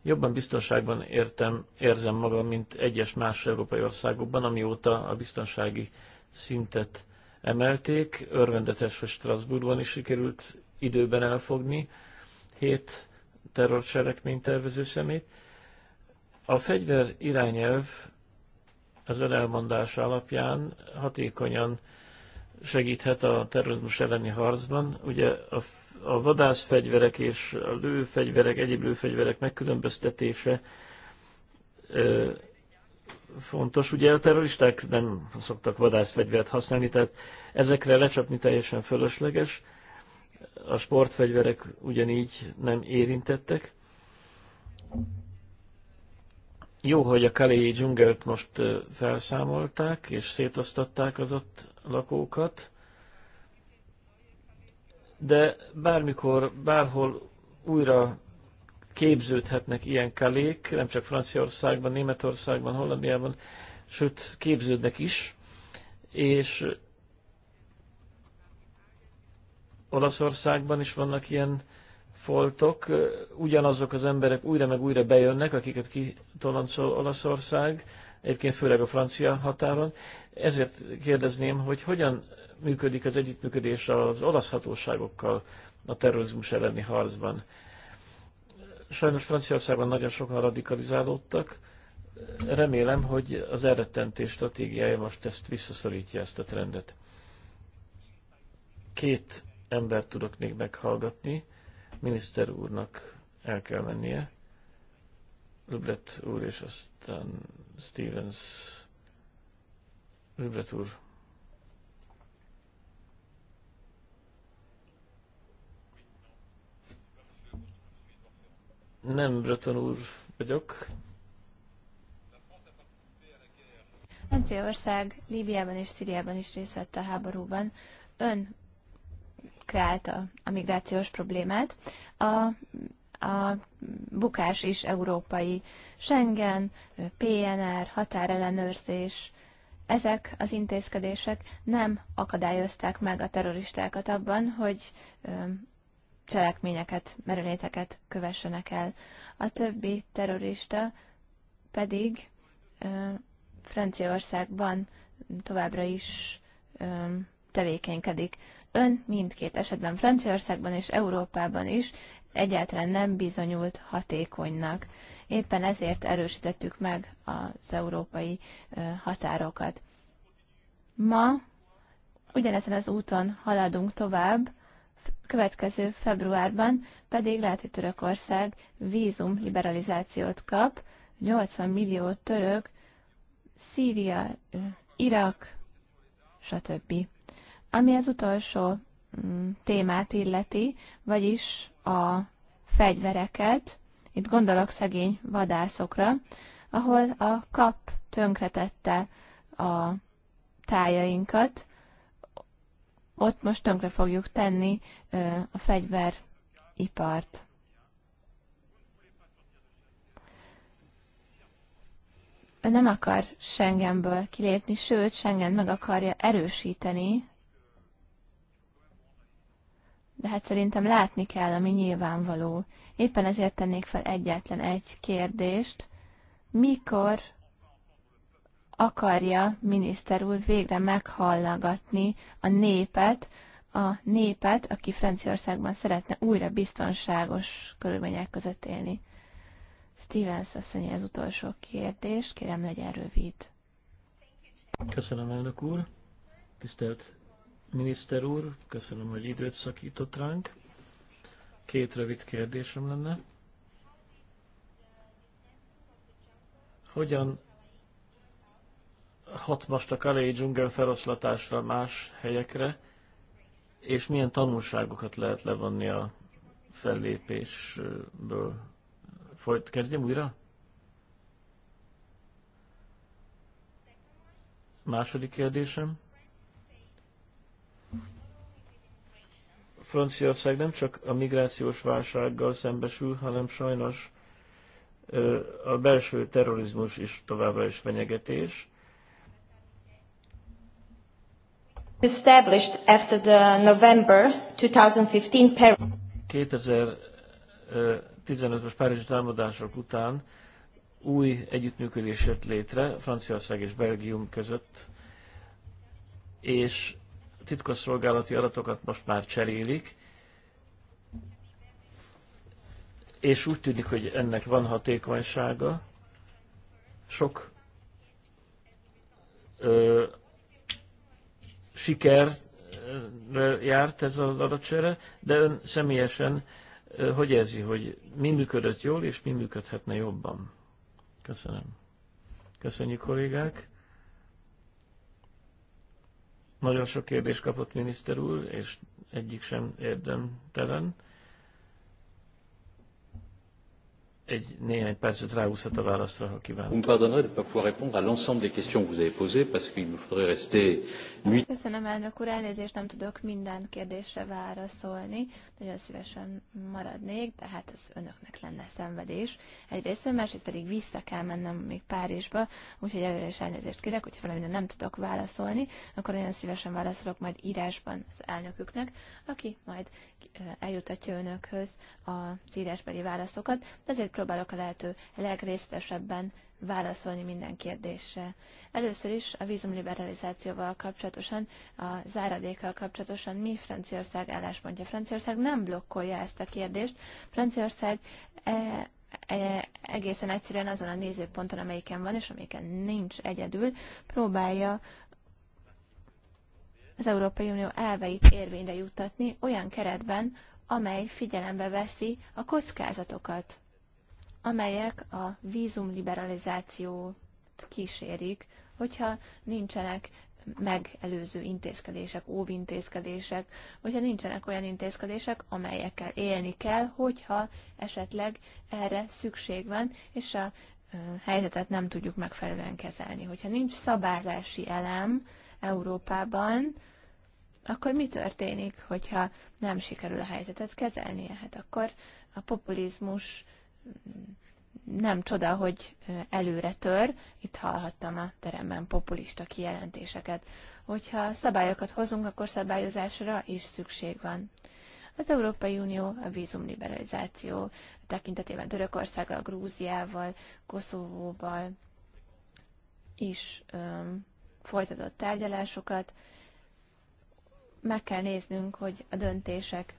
jobban biztonságban értem, érzem magam, mint egyes más európai országokban, amióta a biztonsági szintet emelték, örvendetes, hogy Strasbourgban is sikerült időben elfogni hét terrorcselekmény tervező szemét. A fegyver irányelv az ön elmondása alapján hatékonyan segíthet a terrorizmus elleni harcban. Ugye a, a vadászfegyverek és a lőfegyverek, egyéb lőfegyverek megkülönböztetése fontos. Ugye a terroristák nem szoktak vadászfegyvert használni, tehát ezekre lecsapni teljesen fölösleges. A sportfegyverek ugyanígy nem érintettek. Jó, hogy a Kaléi dzsungelt most felszámolták, és szétosztatták az ott lakókat, de bármikor, bárhol újra képződhetnek ilyen kalék, nem csak Franciaországban, Németországban, Hollandiában, sőt képződnek is, és Olaszországban is vannak ilyen foltok, ugyanazok az emberek újra meg újra bejönnek, akiket kitoloncol Olaszország, egyébként főleg a francia határon. Ezért kérdezném, hogy hogyan működik az együttműködés az olasz hatóságokkal a terrorizmus elleni harcban Sajnos Franciaországban nagyon sokan radikalizálódtak. Remélem, hogy az elrettentés stratégiája most ezt visszaszorítja ezt a trendet. Két embert tudok még meghallgatni. Miniszter úrnak el kell mennie. Lübret úr és aztán Stevens Lübret úr. Nem Breton úr vagyok. Franciaország Líbiában és Szíriában is részt vett a háborúban. Ön kreálta a migrációs problémát. A, a bukás is európai Schengen, PNR, határellenőrzés, ezek az intézkedések nem akadályozták meg a terroristákat abban, hogy cselekményeket, merüléteket kövessenek el. A többi terrorista pedig ö, Franciaországban továbbra is ö, tevékenykedik. Ön mindkét esetben Franciaországban és Európában is egyáltalán nem bizonyult hatékonynak. Éppen ezért erősítettük meg az európai ö, határokat. Ma ugyanezen az úton haladunk tovább, következő februárban pedig lehet, hogy Törökország vízum liberalizációt kap, 80 millió török, Szíria, Irak, stb. Ami az utolsó mm, témát illeti, vagyis a fegyvereket, itt gondolok szegény vadászokra, ahol a kap tönkretette a tájainkat, ott most tönkre fogjuk tenni a fegyveripart. Ő nem akar Schengenből kilépni, sőt, Schengen meg akarja erősíteni, de hát szerintem látni kell, ami nyilvánvaló. Éppen ezért tennék fel egyetlen egy kérdést. Mikor akarja miniszter úr végre meghallgatni a népet, a népet, aki Franciaországban szeretne újra biztonságos körülmények között élni. Stevens asszony, az utolsó kérdés, kérem legyen rövid. Köszönöm, elnök úr. Tisztelt miniszter úr, köszönöm, hogy időt szakított ránk. Két rövid kérdésem lenne. Hogyan Hat most a Kalei dzsungel feloszlatásra más helyekre, és milyen tanulságokat lehet levonni a fellépésből. Folyt, kezdjem újra? Második kérdésem. Franciaország nem csak a migrációs válsággal szembesül, hanem sajnos a belső terrorizmus is továbbra is fenyegetés. Established after the November 2015 Paris. 2015-ös Párizsi támadások után új együttműködés jött létre Franciaország és Belgium között, és titkosszolgálati adatokat most már cserélik, és úgy tűnik, hogy ennek van hatékonysága. Sok ö, siker járt ez az adatcsere, de ön személyesen hogy érzi, hogy mi működött jól, és mi működhetne jobban? Köszönöm. Köszönjük, kollégák. Nagyon sok kérdést kapott miniszter úr, és egyik sem érdemtelen. egy néhány percet ráhúzhat a válaszra, ha kíván. Köszönöm, elnök úr, elnézést nem tudok minden kérdésre válaszolni. Nagyon szívesen maradnék, de hát az önöknek lenne szenvedés. Egyrészt, másrészt pedig vissza kell mennem még Párizsba, úgyhogy előre is elnézést kérek, hogyha valamire nem tudok válaszolni, akkor nagyon szívesen válaszolok majd írásban az elnöküknek, aki majd eh, eljutatja önökhöz a írásbeli válaszokat. De azért megpróbálok a lehető legrészletesebben válaszolni minden kérdésre. Először is a vízumliberalizációval kapcsolatosan, a záradékkal kapcsolatosan mi Franciaország álláspontja. Franciaország nem blokkolja ezt a kérdést. Franciaország e, e, egészen egyszerűen azon a nézőponton, amelyiken van, és amelyiken nincs egyedül, próbálja az Európai Unió elveit érvényre juttatni olyan keretben, amely figyelembe veszi a kockázatokat amelyek a vízumliberalizációt kísérik, hogyha nincsenek megelőző intézkedések, óvintézkedések, hogyha nincsenek olyan intézkedések, amelyekkel élni kell, hogyha esetleg erre szükség van, és a helyzetet nem tudjuk megfelelően kezelni. Hogyha nincs szabályzási elem Európában, akkor mi történik, hogyha nem sikerül a helyzetet kezelni? Hát akkor a populizmus nem csoda, hogy előre tör, itt hallhattam a teremben populista kijelentéseket. Hogyha szabályokat hozunk, akkor szabályozásra is szükség van. Az Európai Unió a vízumliberalizáció tekintetében Törökországgal, Grúziával, Koszovóval is öm, folytatott tárgyalásokat. Meg kell néznünk, hogy a döntések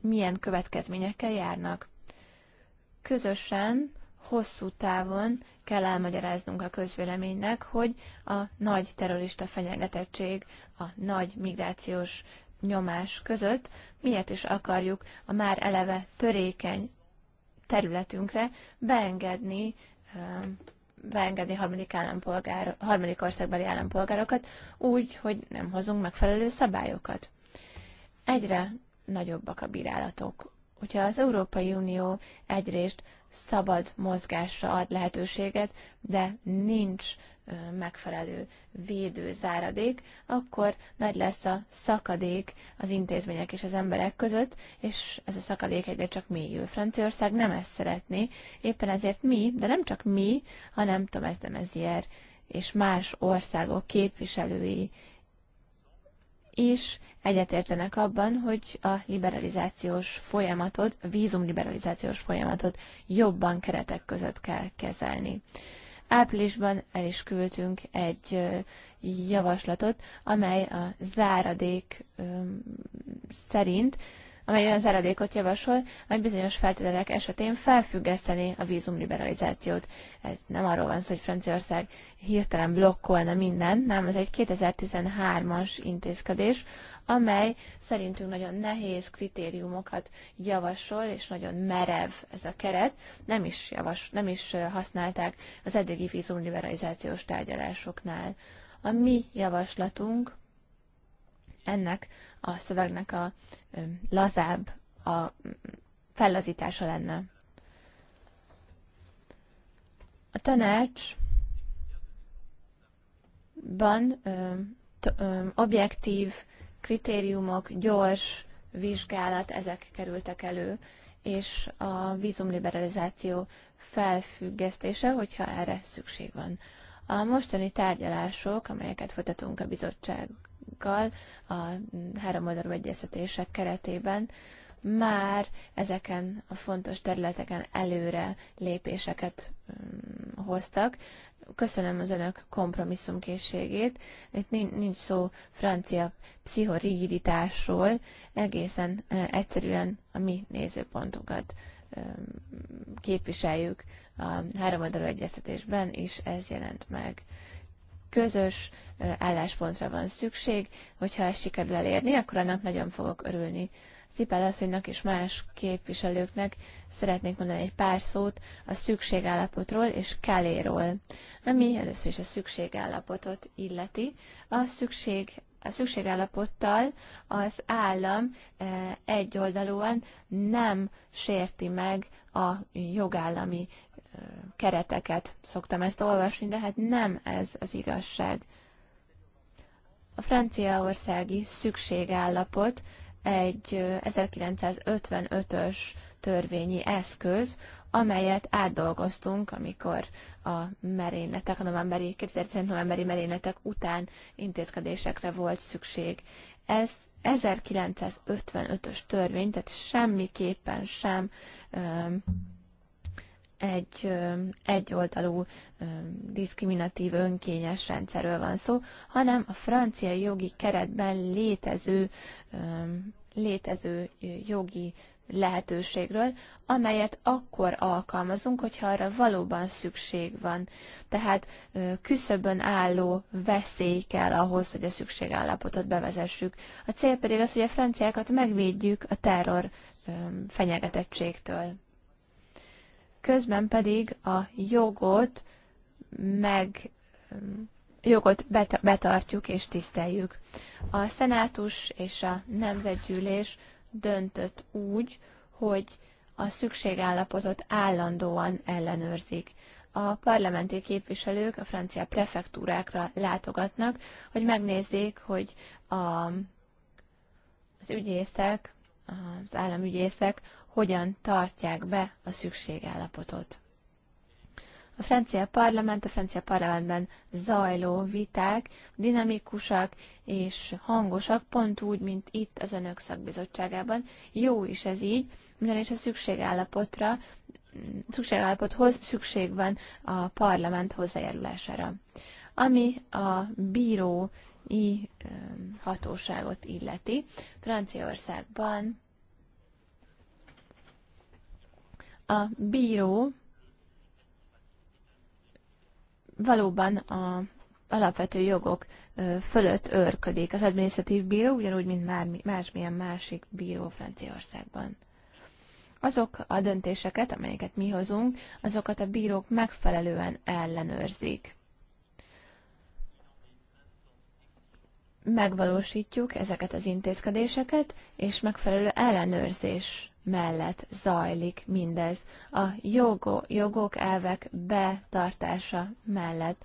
milyen következményekkel járnak közösen, hosszú távon kell elmagyaráznunk a közvéleménynek, hogy a nagy terrorista fenyegetettség, a nagy migrációs nyomás között miért is akarjuk a már eleve törékeny területünkre beengedni beengedni harmadik, állampolgár, harmadik országbeli állampolgárokat úgy, hogy nem hozunk megfelelő szabályokat. Egyre nagyobbak a bírálatok hogyha az Európai Unió egyrészt szabad mozgásra ad lehetőséget, de nincs megfelelő védőzáradék, akkor nagy lesz a szakadék az intézmények és az emberek között, és ez a szakadék egyre csak mélyül. Franciaország nem ezt szeretné, éppen ezért mi, de nem csak mi, hanem Thomas de Maizière és más országok képviselői és egyetértenek abban, hogy a liberalizációs folyamatot, a vízumliberalizációs folyamatot jobban keretek között kell kezelni. Áprilisban el is küldtünk egy javaslatot, amely a záradék szerint amely olyan záradékot javasol, amely bizonyos feltételek esetén felfüggeszteni a vízumliberalizációt. Ez nem arról van szó, hogy Franciaország hirtelen blokkolna mindent, nem, ez egy 2013-as intézkedés, amely szerintünk nagyon nehéz kritériumokat javasol, és nagyon merev ez a keret. Nem is, javas, nem is használták az eddigi vízumliberalizációs tárgyalásoknál. A mi javaslatunk ennek a szövegnek a lazább, a fellazítása lenne. A tanácsban objektív kritériumok, gyors vizsgálat, ezek kerültek elő, és a vízumliberalizáció felfüggesztése, hogyha erre szükség van. A mostani tárgyalások, amelyeket folytatunk a bizottság Magyarországgal a háromoldalú egyeztetések keretében már ezeken a fontos területeken előre lépéseket mm, hoztak. Köszönöm az önök kompromisszumkészségét. Itt nincs szó francia pszichorigiditásról, egészen egyszerűen a mi nézőpontokat képviseljük a háromadaló egyeztetésben, és ez jelent meg közös álláspontra van szükség, hogyha ezt sikerül elérni, akkor annak nagyon fogok örülni. Szipel asszonynak és más képviselőknek szeretnék mondani egy pár szót a szükségállapotról és Keléről, ami először is a szükségállapotot illeti. A szükség a szükségállapottal az állam egyoldalúan nem sérti meg a jogállami kereteket szoktam ezt olvasni, de hát nem ez az igazság. A franciaországi szükségállapot egy 1955-ös törvényi eszköz, amelyet átdolgoztunk, amikor a merényletek, a novemberi, 2010 novemberi merényletek után intézkedésekre volt szükség. Ez 1955-ös törvény, tehát semmiképpen sem egy egyoldalú diszkriminatív önkényes rendszerről van szó, hanem a francia jogi keretben létező, létező jogi lehetőségről, amelyet akkor alkalmazunk, hogyha arra valóban szükség van. Tehát küszöbön álló veszély kell ahhoz, hogy a szükségállapotot bevezessük. A cél pedig az, hogy a franciákat megvédjük a terror fenyegetettségtől közben pedig a jogot meg jogot betartjuk és tiszteljük. A szenátus és a nemzetgyűlés döntött úgy, hogy a szükségállapotot állandóan ellenőrzik. A parlamenti képviselők a francia prefektúrákra látogatnak, hogy megnézzék, hogy a, az ügyészek, az államügyészek hogyan tartják be a szükségállapotot. A francia parlament, a francia parlamentben zajló viták dinamikusak és hangosak, pont úgy, mint itt az önök szakbizottságában. Jó is ez így, ugyanis a szükségállapotra, szükségállapothoz szükség van a parlament hozzájárulására. Ami a bírói hatóságot illeti, Franciaországban a bíró valóban a alapvető jogok fölött örködik az adminisztratív bíró, ugyanúgy, mint bármi, másmilyen másik bíró Franciaországban. Azok a döntéseket, amelyeket mi hozunk, azokat a bírók megfelelően ellenőrzik. Megvalósítjuk ezeket az intézkedéseket, és megfelelő ellenőrzés mellett zajlik mindez, a jogo, jogok, elvek betartása mellett.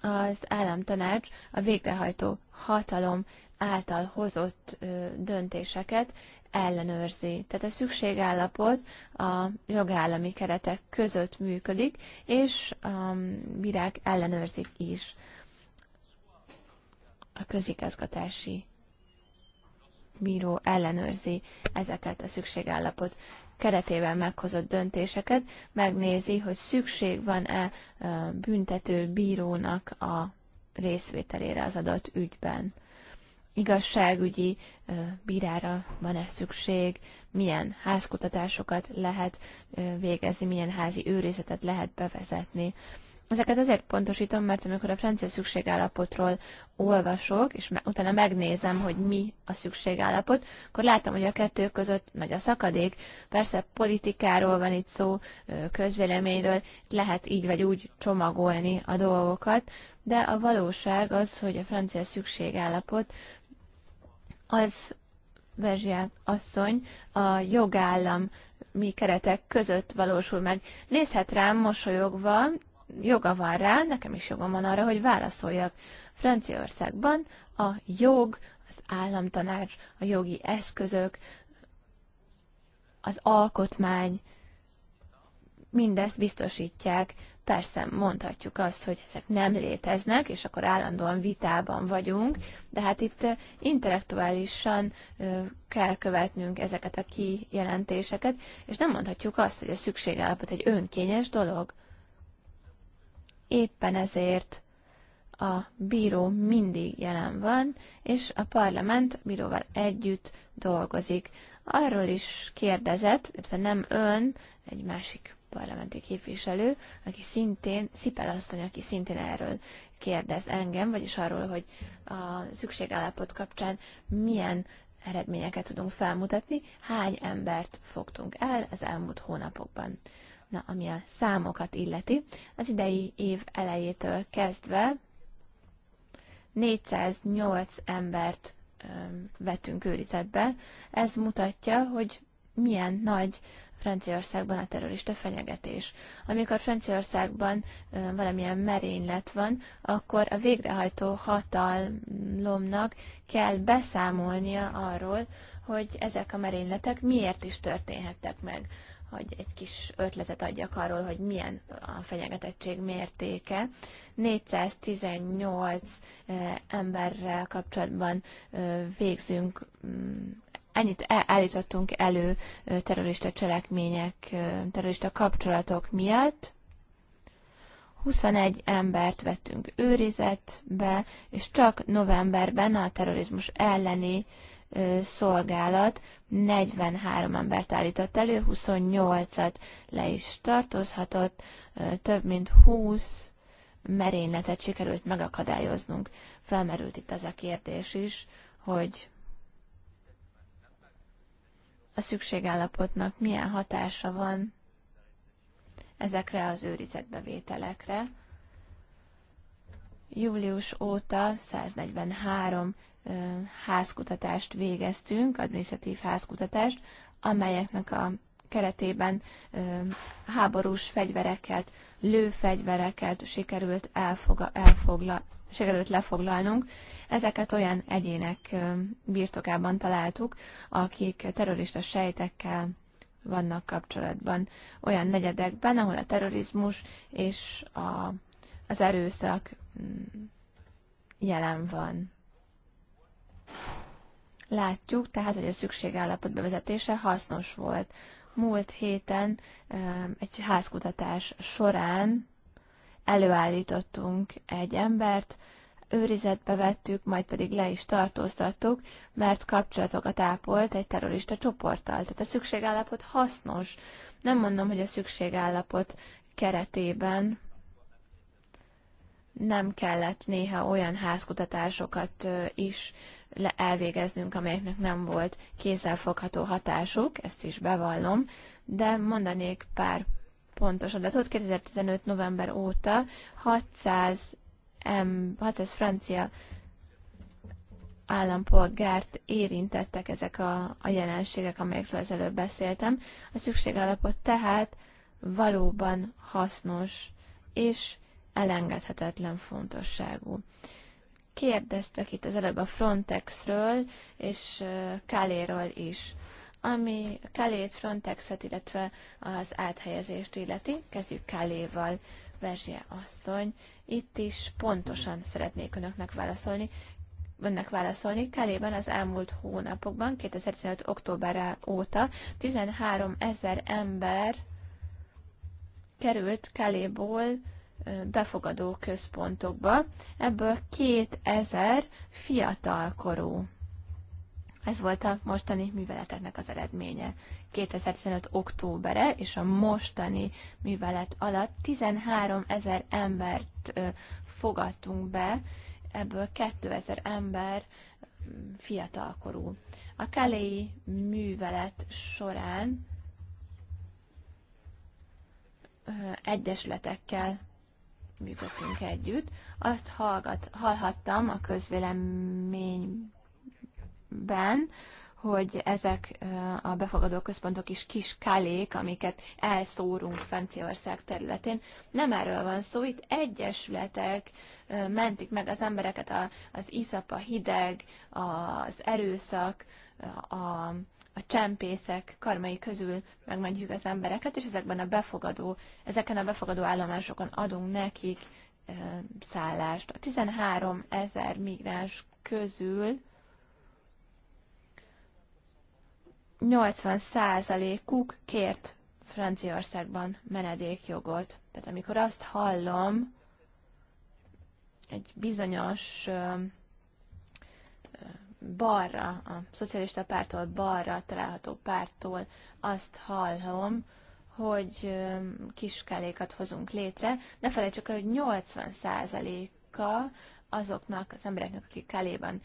Az államtanács a végrehajtó hatalom által hozott ö, döntéseket ellenőrzi. Tehát a szükségállapot a jogállami keretek között működik, és a virág ellenőrzik is a közigazgatási bíró ellenőrzi ezeket a szükségállapot keretében meghozott döntéseket, megnézi, hogy szükség van-e büntető bírónak a részvételére az adott ügyben. Igazságügyi bírára van-e szükség, milyen házkutatásokat lehet végezni, milyen házi őrizetet lehet bevezetni. Ezeket azért pontosítom, mert amikor a francia szükségállapotról olvasok, és utána megnézem, hogy mi a szükségállapot, akkor látom, hogy a kettő között nagy a szakadék. Persze politikáról van itt szó, közvéleményről, lehet így vagy úgy csomagolni a dolgokat, de a valóság az, hogy a francia szükségállapot az Berzsiát asszony a jogállam mi keretek között valósul meg. Nézhet rám mosolyogva, joga van rá, nekem is jogom van arra, hogy válaszoljak. Franciaországban a jog, az államtanács, a jogi eszközök, az alkotmány, mindezt biztosítják. Persze mondhatjuk azt, hogy ezek nem léteznek, és akkor állandóan vitában vagyunk, de hát itt intellektuálisan kell követnünk ezeket a kijelentéseket, és nem mondhatjuk azt, hogy a szükségállapot egy önkényes dolog. Éppen ezért a bíró mindig jelen van, és a parlament bíróval együtt dolgozik. Arról is kérdezett, illetve nem ön, egy másik parlamenti képviselő, aki szintén, Szipel asszony, aki szintén erről kérdez engem, vagyis arról, hogy a szükségállapot kapcsán milyen eredményeket tudunk felmutatni, hány embert fogtunk el az elmúlt hónapokban. Na, ami a számokat illeti, az idei év elejétől kezdve 408 embert vettünk őrizetbe. Ez mutatja, hogy milyen nagy Franciaországban a terrorista fenyegetés. Amikor Franciaországban valamilyen merénylet van, akkor a végrehajtó hatalomnak kell beszámolnia arról, hogy ezek a merényletek miért is történhettek meg hogy egy kis ötletet adjak arról, hogy milyen a fenyegetettség mértéke. 418 eh, emberrel kapcsolatban eh, végzünk, mm, ennyit e, állítottunk elő eh, terrorista cselekmények, terrorista kapcsolatok miatt. 21 embert vettünk őrizetbe, és csak novemberben a terrorizmus elleni uh, szolgálat 43 embert állított elő, 28-at le is tartozhatott, több mint 20 merényletet sikerült megakadályoznunk. Felmerült itt az a kérdés is, hogy a szükségállapotnak milyen hatása van ezekre az őrizetbevételekre. Július óta 143 házkutatást végeztünk, administratív házkutatást, amelyeknek a keretében háborús fegyvereket, lőfegyvereket sikerült, elfoga, elfogla, sikerült lefoglalnunk. Ezeket olyan egyének birtokában találtuk, akik terrorista sejtekkel vannak kapcsolatban. Olyan negyedekben, ahol a terrorizmus és a, az erőszak mm, jelen van. Látjuk tehát, hogy a szükségállapot bevezetése hasznos volt. Múlt héten egy házkutatás során előállítottunk egy embert, őrizetbe vettük, majd pedig le is tartóztattuk, mert kapcsolatokat ápolt egy terrorista csoporttal. Tehát a szükségállapot hasznos. Nem mondom, hogy a szükségállapot keretében nem kellett néha olyan házkutatásokat is elvégeznünk, amelyeknek nem volt kézzelfogható hatásuk, ezt is bevallom, de mondanék pár pontos adatot. 2015. november óta 600, em, 600 francia állampolgárt érintettek ezek a, a jelenségek, amelyekről az előbb beszéltem. A szükségállapot tehát valóban hasznos és elengedhetetlen fontosságú kérdeztek itt az előbb a Frontexről és Kaléről is. Ami Kálét, Frontexet, illetve az áthelyezést illeti, kezdjük Kaléval, Verzsie asszony, itt is pontosan szeretnék önöknek válaszolni, önnek válaszolni. Kelében az elmúlt hónapokban, 2015. október óta 13 ezer ember került Kaléból befogadó központokba, ebből 2000 fiatalkorú. Ez volt a mostani műveleteknek az eredménye. 2015. októbere és a mostani művelet alatt 13 ezer embert fogadtunk be, ebből 2000 ember fiatalkorú. A Kaléi művelet során egyesületekkel működtünk együtt. Azt hallgat, hallhattam a közvéleményben, hogy ezek a befogadó központok is kis kalék, amiket elszórunk Franciaország területén. Nem erről van szó, itt egyesületek mentik meg az embereket az iszap, a hideg, az erőszak, a, a csempészek karmai közül megmentjük az embereket, és ezekben a befogadó, ezeken a befogadó állomásokon adunk nekik szállást. A 13 ezer migráns közül 80%-uk kért Franciaországban menedékjogot. Tehát amikor azt hallom, egy bizonyos balra, a szocialista pártól balra található pártól azt hallom, hogy kiskálékat hozunk létre. Ne felejtsük el, hogy 80%-a azoknak az embereknek, akik Kaléban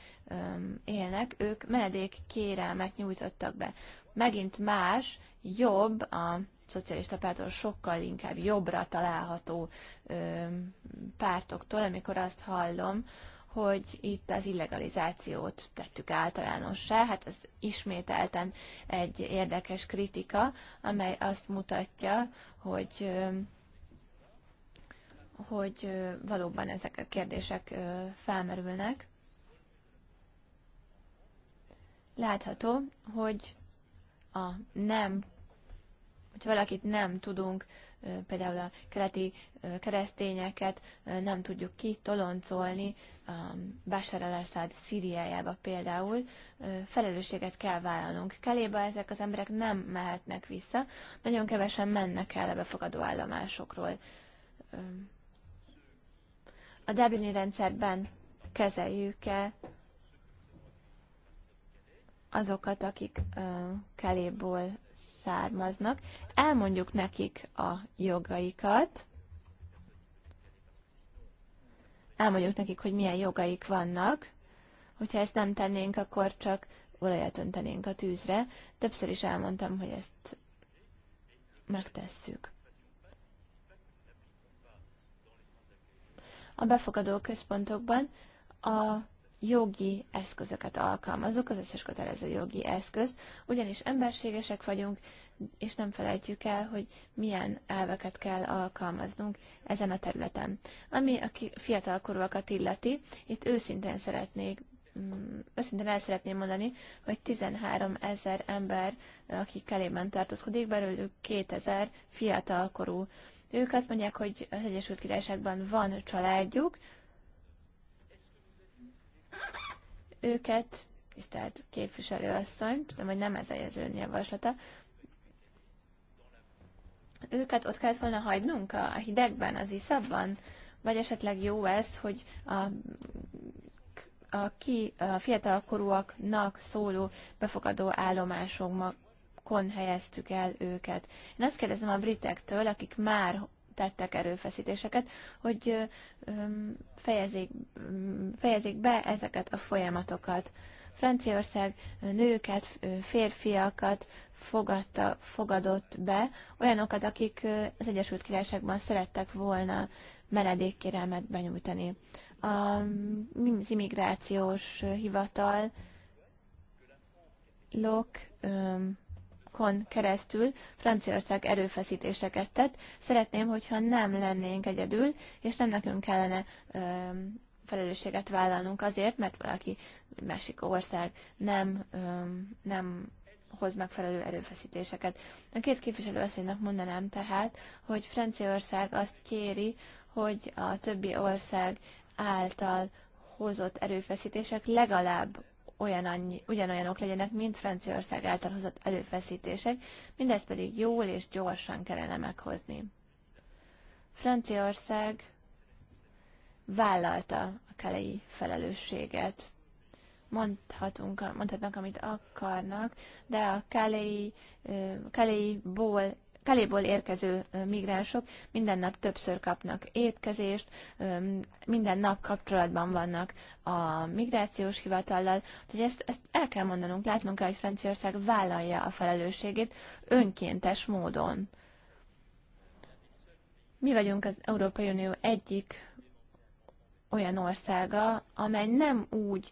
élnek, ők menedék kérelmet nyújtottak be. Megint más, jobb, a szocialista pártól sokkal inkább jobbra található öm, pártoktól, amikor azt hallom, hogy itt az illegalizációt tettük általánossá, hát ez ismételten egy érdekes kritika, amely azt mutatja, hogy hogy valóban ezek a kérdések felmerülnek. Látható, hogy a nem, hogy valakit nem tudunk, például a keleti keresztényeket nem tudjuk kitoloncolni, Bashar al-Assad Szíriájába például, felelősséget kell vállalnunk. Kelébe ezek az emberek nem mehetnek vissza, nagyon kevesen mennek el a befogadó állomásokról a Dublini rendszerben kezeljük-e azokat, akik keléből származnak. Elmondjuk nekik a jogaikat, elmondjuk nekik, hogy milyen jogaik vannak. Hogyha ezt nem tennénk, akkor csak olajat öntenénk a tűzre. Többször is elmondtam, hogy ezt megtesszük. a befogadó központokban a jogi eszközöket alkalmazok, az összes kötelező jogi eszköz, ugyanis emberségesek vagyunk, és nem felejtjük el, hogy milyen elveket kell alkalmaznunk ezen a területen. Ami a fiatalkorúakat illeti, itt őszintén szeretnék mm, őszintén el szeretném mondani, hogy 13 ezer ember, aki elében tartózkodik, belőlük 2000 fiatalkorú. korú ők azt mondják, hogy az Egyesült Királyságban van családjuk, őket, tisztelt képviselőasszony, tudom, hogy nem ez a ön javaslata, őket ott kellett volna hagynunk a hidegben, az iszabban? Vagy esetleg jó ez, hogy a, a, ki, a fiatalkorúaknak szóló befogadó állomásoknak kon helyeztük el őket. Én azt kérdezem a britektől, akik már tettek erőfeszítéseket, hogy fejezzék, fejezzék be ezeket a folyamatokat. Franciaország nőket, férfiakat fogadta, fogadott be, olyanokat, akik az Egyesült Királyságban szerettek volna menedékkérelmet benyújtani. Mm, az immigrációs hivatal lok kon keresztül Franciaország erőfeszítéseket tett. Szeretném, hogyha nem lennénk egyedül, és nem nekünk kellene ö, felelősséget vállalnunk azért, mert valaki másik ország nem, ö, nem hoz megfelelő erőfeszítéseket. A két képviselő asszonynak mondanám tehát, hogy Franciaország azt kéri, hogy a többi ország által hozott erőfeszítések legalább olyan annyi, ugyanolyanok legyenek, mint Franciaország által hozott előfeszítések, mindezt pedig jól és gyorsan kellene meghozni. Franciaország vállalta a kelei felelősséget. Mondhatunk, mondhatnak, amit akarnak, de a kelei, kelei ból Kaléból érkező migránsok minden nap többször kapnak étkezést, minden nap kapcsolatban vannak a migrációs hivatallal, hogy ezt, ezt el kell mondanunk, látnunk kell, hogy Franciaország vállalja a felelősségét önkéntes módon. Mi vagyunk az Európai Unió egyik olyan országa, amely nem úgy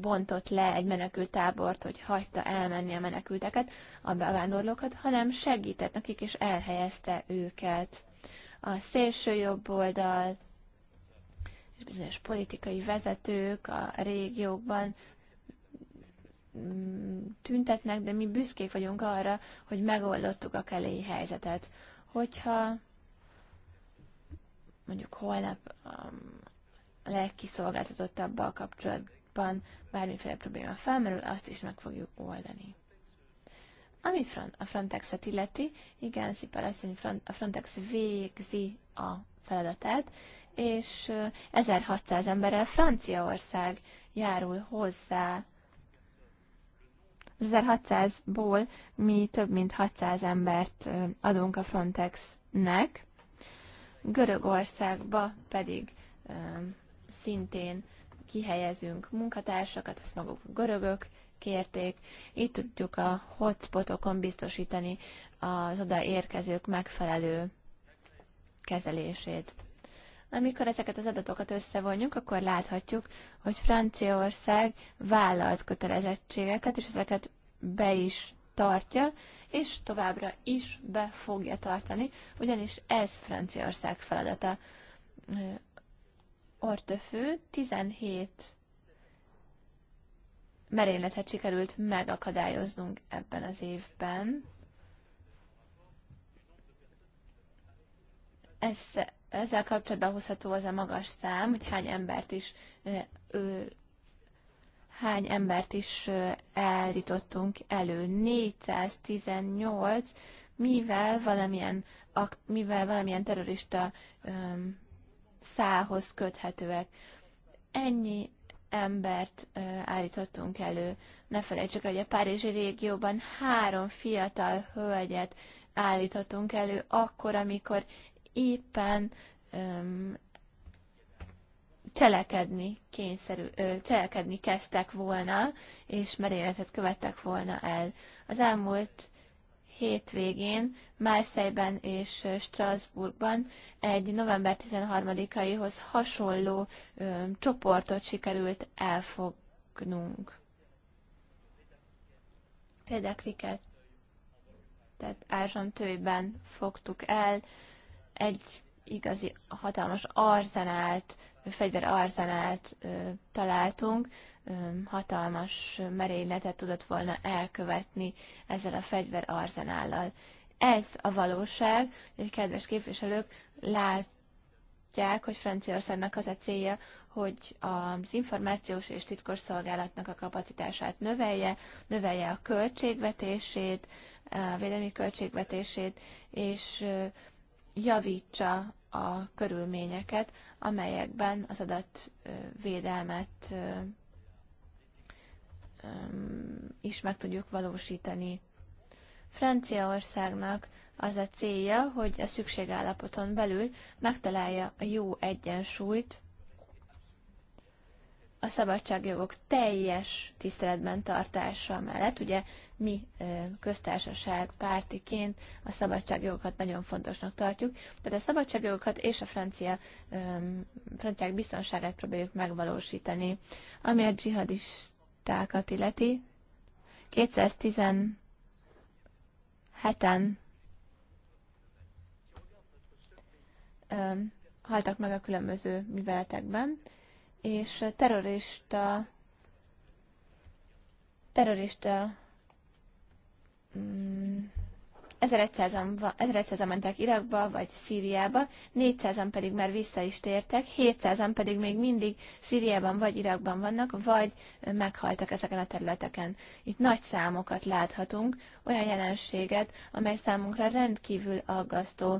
bontott le egy menekültábort, hogy hagyta elmenni a menekülteket, a bevándorlókat, hanem segített nekik és elhelyezte őket. A szélső jobb oldal és bizonyos politikai vezetők a régiókban mm, tüntetnek, de mi büszkék vagyunk arra, hogy megoldottuk a keléi helyzetet. Hogyha mondjuk holnap mm, a legkiszolgáltatottabbal kapcsolatban kapcsolatban bármiféle probléma felmerül, azt is meg fogjuk oldani. Ami a Frontexet illeti, igen, Szipel asszony, a Frontex végzi a feladatát, és 1600 emberrel Franciaország járul hozzá. 1600-ból mi több mint 600 embert adunk a Frontexnek, Görögországba pedig szintén kihelyezünk munkatársakat, ezt maguk a görögök kérték, így tudjuk a hotspotokon biztosítani az odaérkezők megfelelő kezelését. Amikor ezeket az adatokat összevonjuk, akkor láthatjuk, hogy Franciaország vállalt kötelezettségeket, és ezeket be is tartja, és továbbra is be fogja tartani, ugyanis ez Franciaország feladata ortöfő 17 merényletet sikerült megakadályoznunk ebben az évben. Ez, ezzel kapcsolatban hozható az a magas szám, hogy hány embert is ö, hány embert is elítottunk elő. 418, mivel valamilyen, mivel valamilyen terrorista szához köthetőek. Ennyi embert állítottunk elő. Ne felejtsük, hogy a Párizsi régióban három fiatal hölgyet állítottunk elő akkor, amikor éppen öm, cselekedni, kényszerű, ö, cselekedni kezdtek volna, és merényletet követtek volna el. Az elmúlt hétvégén Márszejben és Strasbourgban egy november 13-aihoz hasonló ö, csoportot sikerült elfognunk. Példakriket, tehát Ázsantőben fogtuk el, egy igazi hatalmas arzenált, fegyverarzenált ö, találtunk, hatalmas merényletet tudott volna elkövetni ezzel a arzenállal. Ez a valóság, hogy kedves képviselők látják, hogy Franciaországnak az a célja, hogy az információs és titkos szolgálatnak a kapacitását növelje, növelje a költségvetését, a védelmi költségvetését, és javítsa a körülményeket, amelyekben az adatvédelmet is meg tudjuk valósítani. Franciaországnak az a célja, hogy a szükségállapoton belül megtalálja a jó egyensúlyt a szabadságjogok teljes tiszteletben tartása mellett. Ugye mi köztársaság pártiként a szabadságjogokat nagyon fontosnak tartjuk, tehát a szabadságjogokat és a francia, franciák biztonságát próbáljuk megvalósítani, ami a dzsihadist vitákat illeti, 217-en haltak meg a különböző műveletekben, és terrorista terrorista mm, 1100-an, 1100-an mentek Irakba vagy Szíriába, 400-an pedig már vissza is tértek, 700-an pedig még mindig Szíriában vagy Irakban vannak, vagy meghaltak ezeken a területeken. Itt nagy számokat láthatunk, olyan jelenséget, amely számunkra rendkívül aggasztó.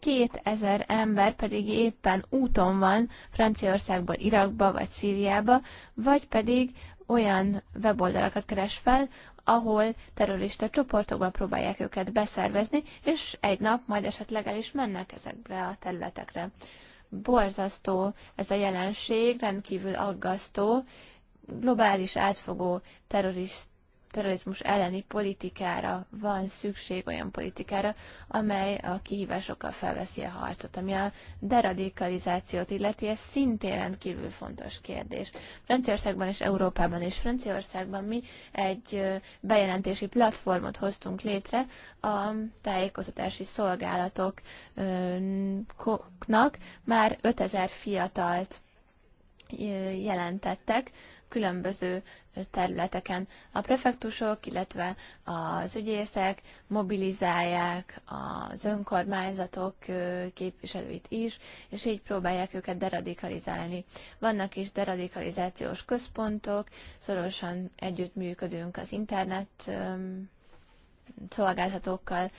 2000 ember pedig éppen úton van Franciaországból Irakba vagy Szíriába, vagy pedig olyan weboldalakat keres fel, ahol terrorista csoportokban próbálják őket beszervezni, és egy nap majd esetleg el is mennek ezekre a területekre. Borzasztó ez a jelenség, rendkívül aggasztó, globális átfogó terrorist terrorizmus elleni politikára van szükség, olyan politikára, amely a kihívásokkal felveszi a harcot, ami a deradikalizációt illeti, ez szintén rendkívül fontos kérdés. Franciaországban és Európában és Franciaországban mi egy bejelentési platformot hoztunk létre a tájékoztatási szolgálatoknak, már 5000 fiatalt jelentettek, különböző területeken. A prefektusok, illetve az ügyészek mobilizálják az önkormányzatok képviselőit is, és így próbálják őket deradikalizálni. Vannak is deradikalizációs központok, szorosan együttműködünk az internet szolgáltatókkal,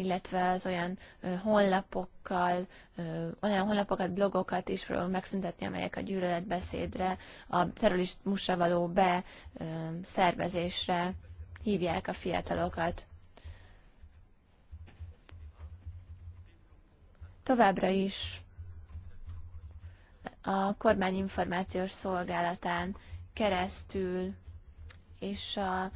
illetve az olyan honlapokkal, olyan honlapokat, blogokat is fogunk megszüntetni, amelyek a gyűlöletbeszédre, a terrorizmusra való be szervezésre hívják a fiatalokat. Továbbra is a kormány információs szolgálatán keresztül és a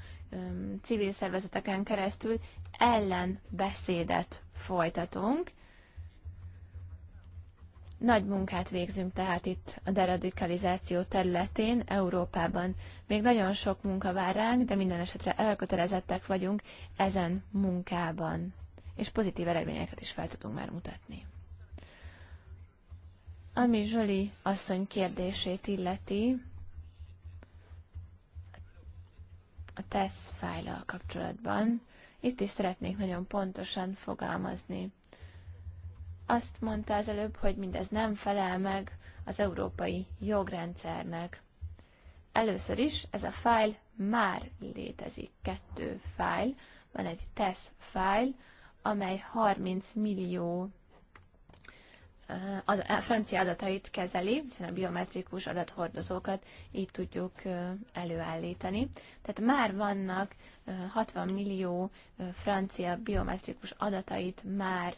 civil szervezeteken keresztül ellen beszédet folytatunk. Nagy munkát végzünk tehát itt a deradikalizáció területén, Európában. Még nagyon sok munka vár ránk, de minden esetre elkötelezettek vagyunk ezen munkában. És pozitív eredményeket is fel tudunk már mutatni. Ami Zsoli asszony kérdését illeti, a tesz fájlal kapcsolatban, itt is szeretnék nagyon pontosan fogalmazni. Azt mondta az előbb, hogy mindez nem felel meg az európai jogrendszernek. Először is ez a fájl már létezik. Kettő fájl. Van egy TESZ fájl, amely 30 millió a francia adatait kezeli, hiszen a biometrikus adathordozókat így tudjuk előállítani. Tehát már vannak 60 millió francia biometrikus adatait már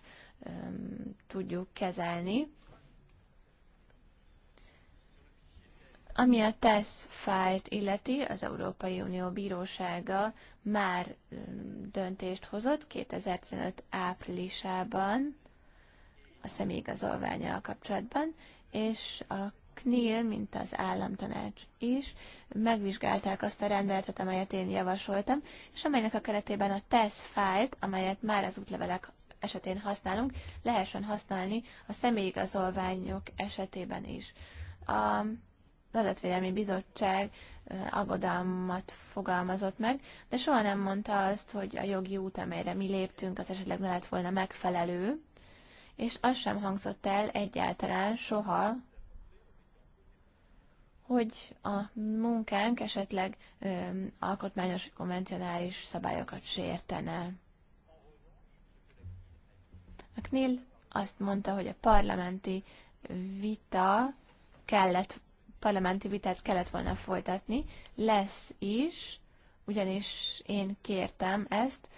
tudjuk kezelni. Ami a TESZ fájlt illeti, az Európai Unió Bírósága már döntést hozott 2015 áprilisában, a személyigazolványjal kapcsolatban, és a CNIL, mint az államtanács is, megvizsgálták azt a rendeletet, amelyet én javasoltam, és amelynek a keretében a TESZ fájlt, amelyet már az útlevelek esetén használunk, lehessen használni a személyigazolványok esetében is. A Adatvédelmi Bizottság aggodalmat fogalmazott meg, de soha nem mondta azt, hogy a jogi út, amelyre mi léptünk, az esetleg ne lett volna megfelelő, és az sem hangzott el egyáltalán soha, hogy a munkánk esetleg ö, alkotmányos konvencionális szabályokat sértene. A Knil azt mondta, hogy a parlamenti vita kellett, parlamenti vitát kellett volna folytatni, lesz is, ugyanis én kértem ezt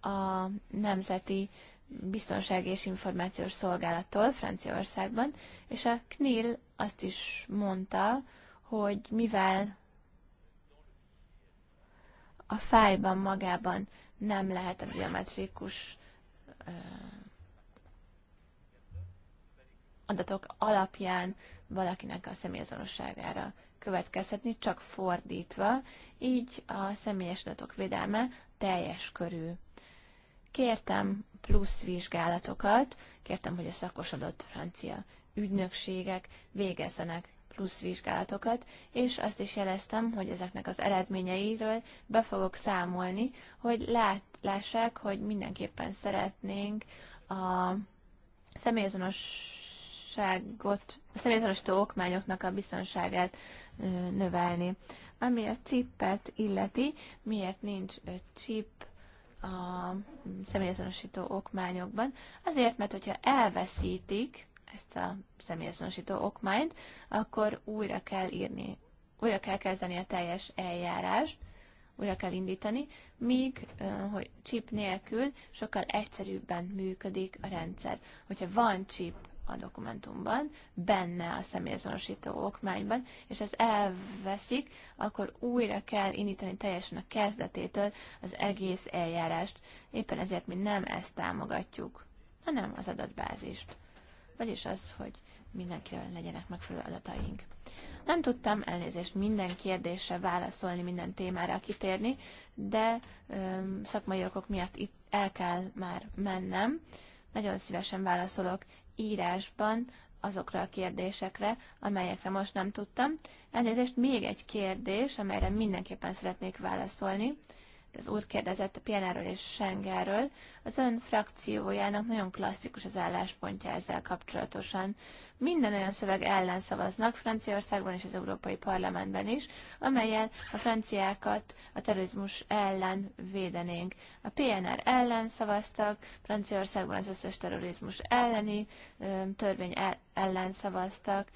a nemzeti biztonsági és információs szolgálattól Franciaországban, és a CNIL azt is mondta, hogy mivel a fájban magában nem lehet a biometrikus adatok alapján valakinek a személyazonosságára következhetni, csak fordítva, így a személyes adatok védelme teljes körű. Kértem plusz vizsgálatokat, kértem, hogy a szakosodott francia ügynökségek végezzenek plusz vizsgálatokat, és azt is jeleztem, hogy ezeknek az eredményeiről be fogok számolni, hogy lát, lássák, hogy mindenképpen szeretnénk a személyazonosságot, a személyazonos okmányoknak a biztonságát növelni. Ami a csippet illeti, miért nincs csip a személyazonosító okmányokban, azért, mert hogyha elveszítik ezt a személyazonosító okmányt, akkor újra kell írni, újra kell kezdeni a teljes eljárást, újra kell indítani, míg hogy chip nélkül sokkal egyszerűbben működik a rendszer. Hogyha van chip a dokumentumban, benne a személyazonosító okmányban, és ez elveszik, akkor újra kell indítani teljesen a kezdetétől az egész eljárást. Éppen ezért mi nem ezt támogatjuk, hanem az adatbázist. Vagyis az, hogy mindenkiről legyenek megfelelő adataink. Nem tudtam elnézést minden kérdésre válaszolni, minden témára kitérni, de öm, szakmai okok miatt itt el kell már mennem. Nagyon szívesen válaszolok írásban azokra a kérdésekre, amelyekre most nem tudtam. Elnézést, még egy kérdés, amelyre mindenképpen szeretnék válaszolni az úr kérdezett a PNR-ről és Schengerről. Az ön frakciójának nagyon klasszikus az álláspontja ezzel kapcsolatosan. Minden olyan szöveg ellen szavaznak, Franciaországban és az Európai Parlamentben is, amelyel a franciákat a terrorizmus ellen védenénk. A PNR ellen szavaztak, Franciaországban az összes terrorizmus elleni törvény ellen szavaztak,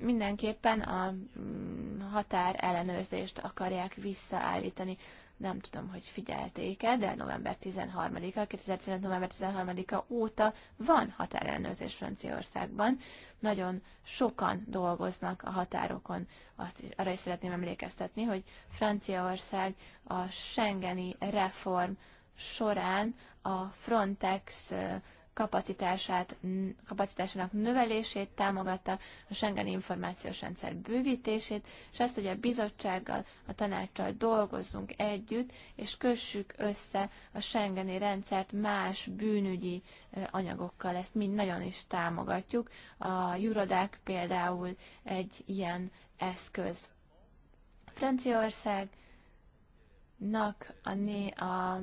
mindenképpen a mm, határ ellenőrzést akarják visszaállítani. Nem tudom, hogy figyelték-e, de november 13-a, 2015. november 13-a óta van határellenőrzés Franciaországban. Nagyon sokan dolgoznak a határokon. Azt is, arra is szeretném emlékeztetni, hogy Franciaország a Schengeni reform során a Frontex kapacitását, kapacitásának növelését támogatta, a Schengen információs rendszer bővítését, és azt, hogy a bizottsággal, a tanácssal dolgozzunk együtt, és kössük össze a Schengeni rendszert más bűnügyi anyagokkal. Ezt mind nagyon is támogatjuk. A Jurodák például egy ilyen eszköz. Franciaország, nak a, né, a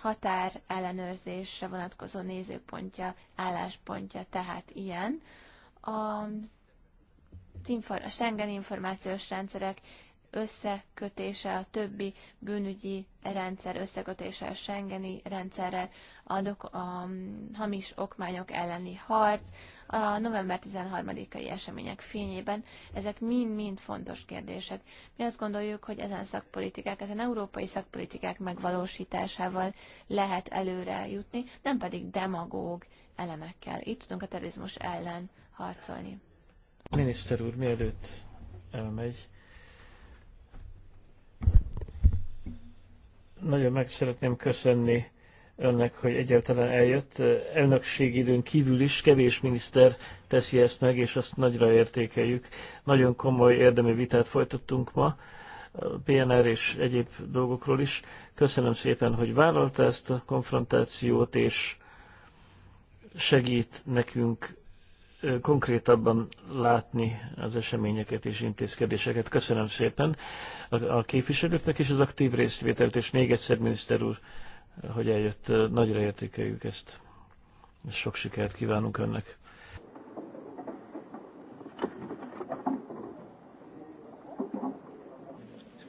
határ ellenőrzésre vonatkozó nézőpontja, álláspontja tehát ilyen. A, a Schengen információs rendszerek összekötése a többi bűnügyi rendszer összekötése a Schengeni rendszerre, a, dok- a mm, hamis okmányok elleni harc, a november 13-ai események fényében. Ezek mind-mind fontos kérdések. Mi azt gondoljuk, hogy ezen szakpolitikák, ezen európai szakpolitikák megvalósításával lehet előre jutni, nem pedig demagóg elemekkel. Itt tudunk a terrorizmus ellen harcolni. Miniszter úr, mielőtt elmegy, Nagyon meg szeretném köszönni önnek, hogy egyáltalán eljött. Elnökség időn kívül is kevés miniszter teszi ezt meg, és azt nagyra értékeljük. Nagyon komoly érdemi vitát folytattunk ma, PNR és egyéb dolgokról is. Köszönöm szépen, hogy vállalta ezt a konfrontációt, és segít nekünk konkrétabban látni az eseményeket és intézkedéseket. Köszönöm szépen a képviselőknek és az aktív részvételt, és még egyszer, miniszter úr, hogy eljött, nagyra értékeljük ezt. Sok sikert kívánunk önnek.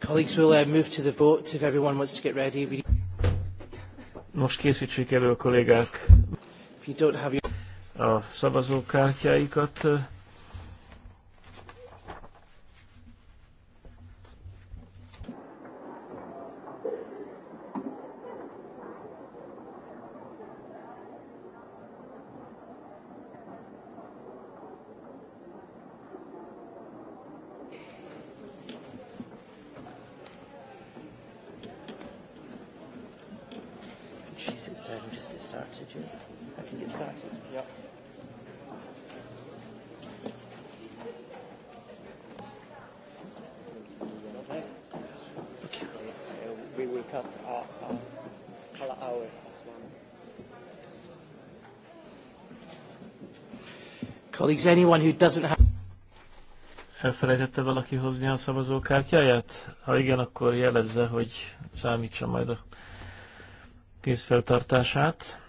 Colleagues, we'll uh, move to the vote if everyone wants to get ready. Most készítsék elő a kollégák. If you don't have your a szavazókártyáikat. colleagues, anyone who doesn't have... Elfelejtette valaki hozni a szavazókártyáját? Ha igen, akkor jelezze, hogy számítsa majd a kézfeltartását.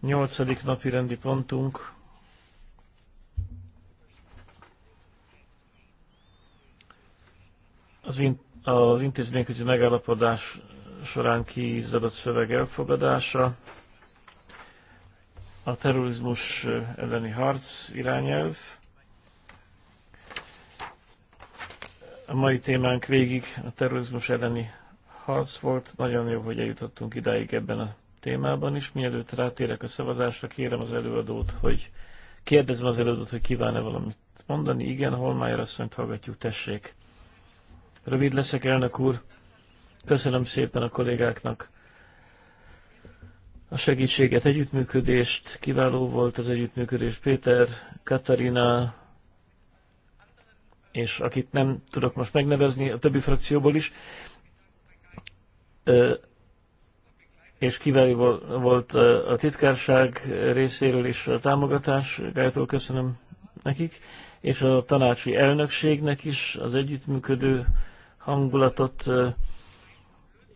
Nyolcadik napi rendi pontunk. Az, in, az intézményközi megállapodás során kiizzadott szöveg elfogadása a terrorizmus elleni harc irányelv. A mai témánk végig a terrorizmus elleni harc volt. Nagyon jó, hogy eljutottunk idáig ebben a témában is. Mielőtt rátérek a szavazásra, kérem az előadót, hogy kérdezem az előadót, hogy kíván-e valamit mondani. Igen, Holmájer asszonyt hallgatjuk, tessék. Rövid leszek, elnök úr. Köszönöm szépen a kollégáknak a segítséget, együttműködést, kiváló volt az együttműködés Péter, Katarina, és akit nem tudok most megnevezni, a többi frakcióból is, és kiváló volt a titkárság részéről is a támogatás, Gájtól köszönöm nekik, és a tanácsi elnökségnek is az együttműködő hangulatot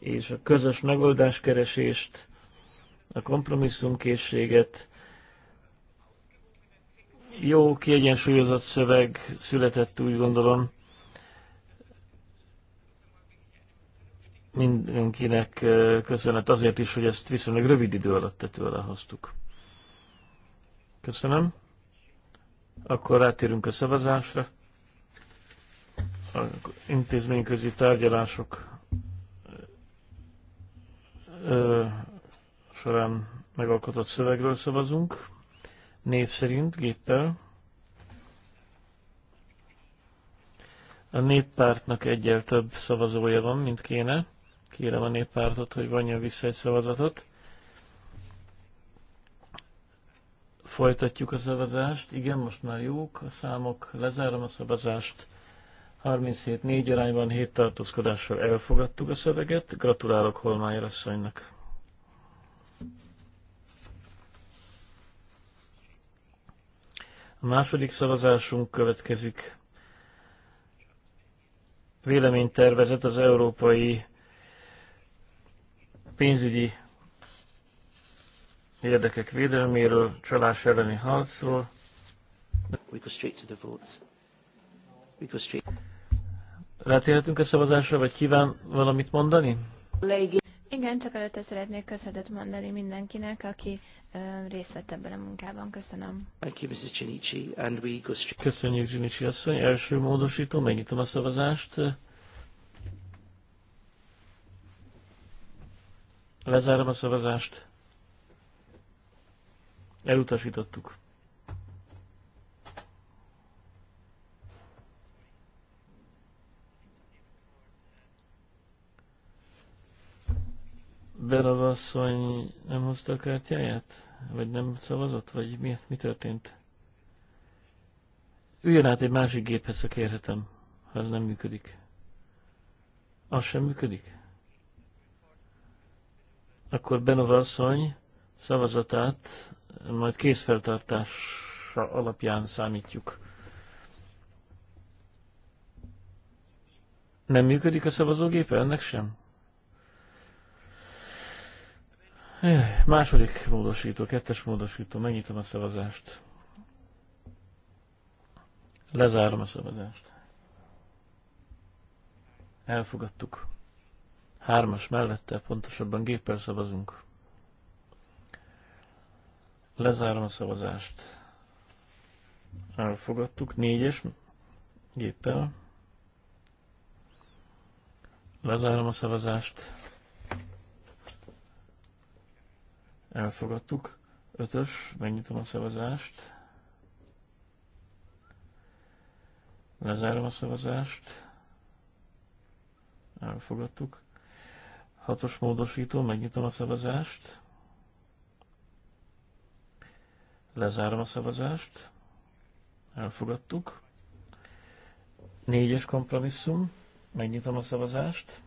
és a közös megoldáskeresést a kompromisszumkészséget. Jó, kiegyensúlyozott szöveg született, úgy gondolom. Mindenkinek köszönet azért is, hogy ezt viszonylag rövid idő alatt tetőre hoztuk. Köszönöm. Akkor rátérünk a szavazásra. A intézményközi tárgyalások során megalkotott szövegről szavazunk, név szerint géppel. A néppártnak egyel több szavazója van, mint kéne. Kérem a néppártot, hogy vonja vissza egy szavazatot. Folytatjuk a szavazást. Igen, most már jók a számok. Lezárom a szavazást. 37-4 arányban 7 tartózkodással elfogadtuk a szöveget. Gratulálok Holmájer asszonynak. A második szavazásunk következik. Véleménytervezet az európai pénzügyi érdekek védelméről, csalás elleni harcról. Rátérhetünk a szavazásra, vagy kíván valamit mondani? Légi. Igen, csak előtte szeretnék köszönetet mondani mindenkinek, aki ö, részt vett ebben a munkában. Köszönöm. Köszönjük, Zsinicsi asszony. Első módosító, megnyitom a szavazást. Lezárom a szavazást. Elutasítottuk. Berava asszony nem hozta a kártyáját? Vagy nem szavazott? Vagy mi, mi történt? Üljön át egy másik géphez, ha kérhetem, ha ez nem működik. Az sem működik? Akkor Benova asszony szavazatát majd készfeltartása alapján számítjuk. Nem működik a szavazógépe? Ennek sem? Második módosító, kettes módosító, megnyitom a szavazást. Lezárom a szavazást. Elfogadtuk. Hármas mellette, pontosabban géppel szavazunk. Lezárom a szavazást. Elfogadtuk. Négyes géppel. Lezárom a szavazást. Elfogadtuk. Ötös, megnyitom a szavazást. Lezárom a szavazást. Elfogadtuk. Hatos módosító, megnyitom a szavazást. Lezárom a szavazást. Elfogadtuk. Négyes kompromisszum. Megnyitom a szavazást.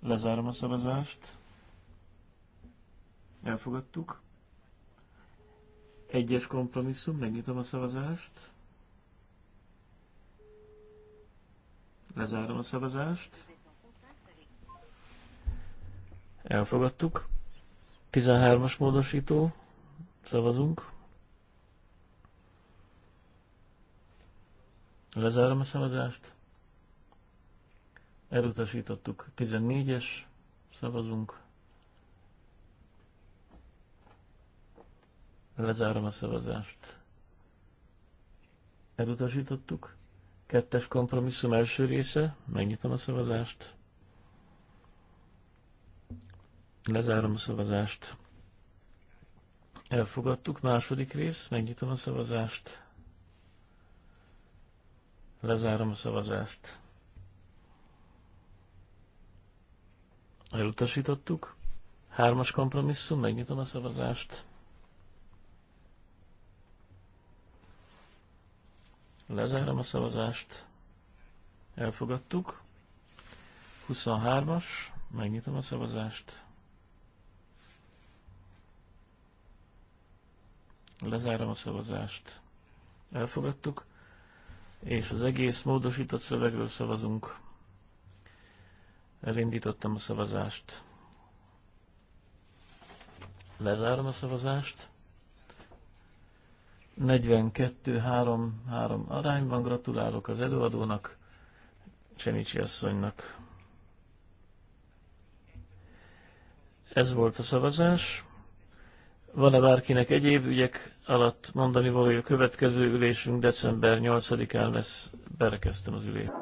Lezárom a szavazást. Elfogadtuk. Egyes kompromisszum, megnyitom a szavazást. Lezárom a szavazást. Elfogadtuk. 13-as módosító. Szavazunk. Lezárom a szavazást. Elutasítottuk. 14-es. Szavazunk. Lezárom a szavazást. Elutasítottuk. Kettes kompromisszum első része. Megnyitom a szavazást. Lezárom a szavazást. Elfogadtuk. Második rész. Megnyitom a szavazást. Lezárom a szavazást. Elutasítottuk. Hármas kompromisszum. Megnyitom a szavazást. Lezárom a szavazást. Elfogadtuk. 23-as. Megnyitom a szavazást. Lezárom a szavazást. Elfogadtuk. És az egész módosított szövegről szavazunk. Elindítottam a szavazást. Lezárom a szavazást. 42-3-3 arányban gratulálok az előadónak, Csenicsi asszonynak. Ez volt a szavazás. Van-e bárkinek egyéb ügyek alatt mondani a következő ülésünk december 8-án lesz, berekeztem az ülést.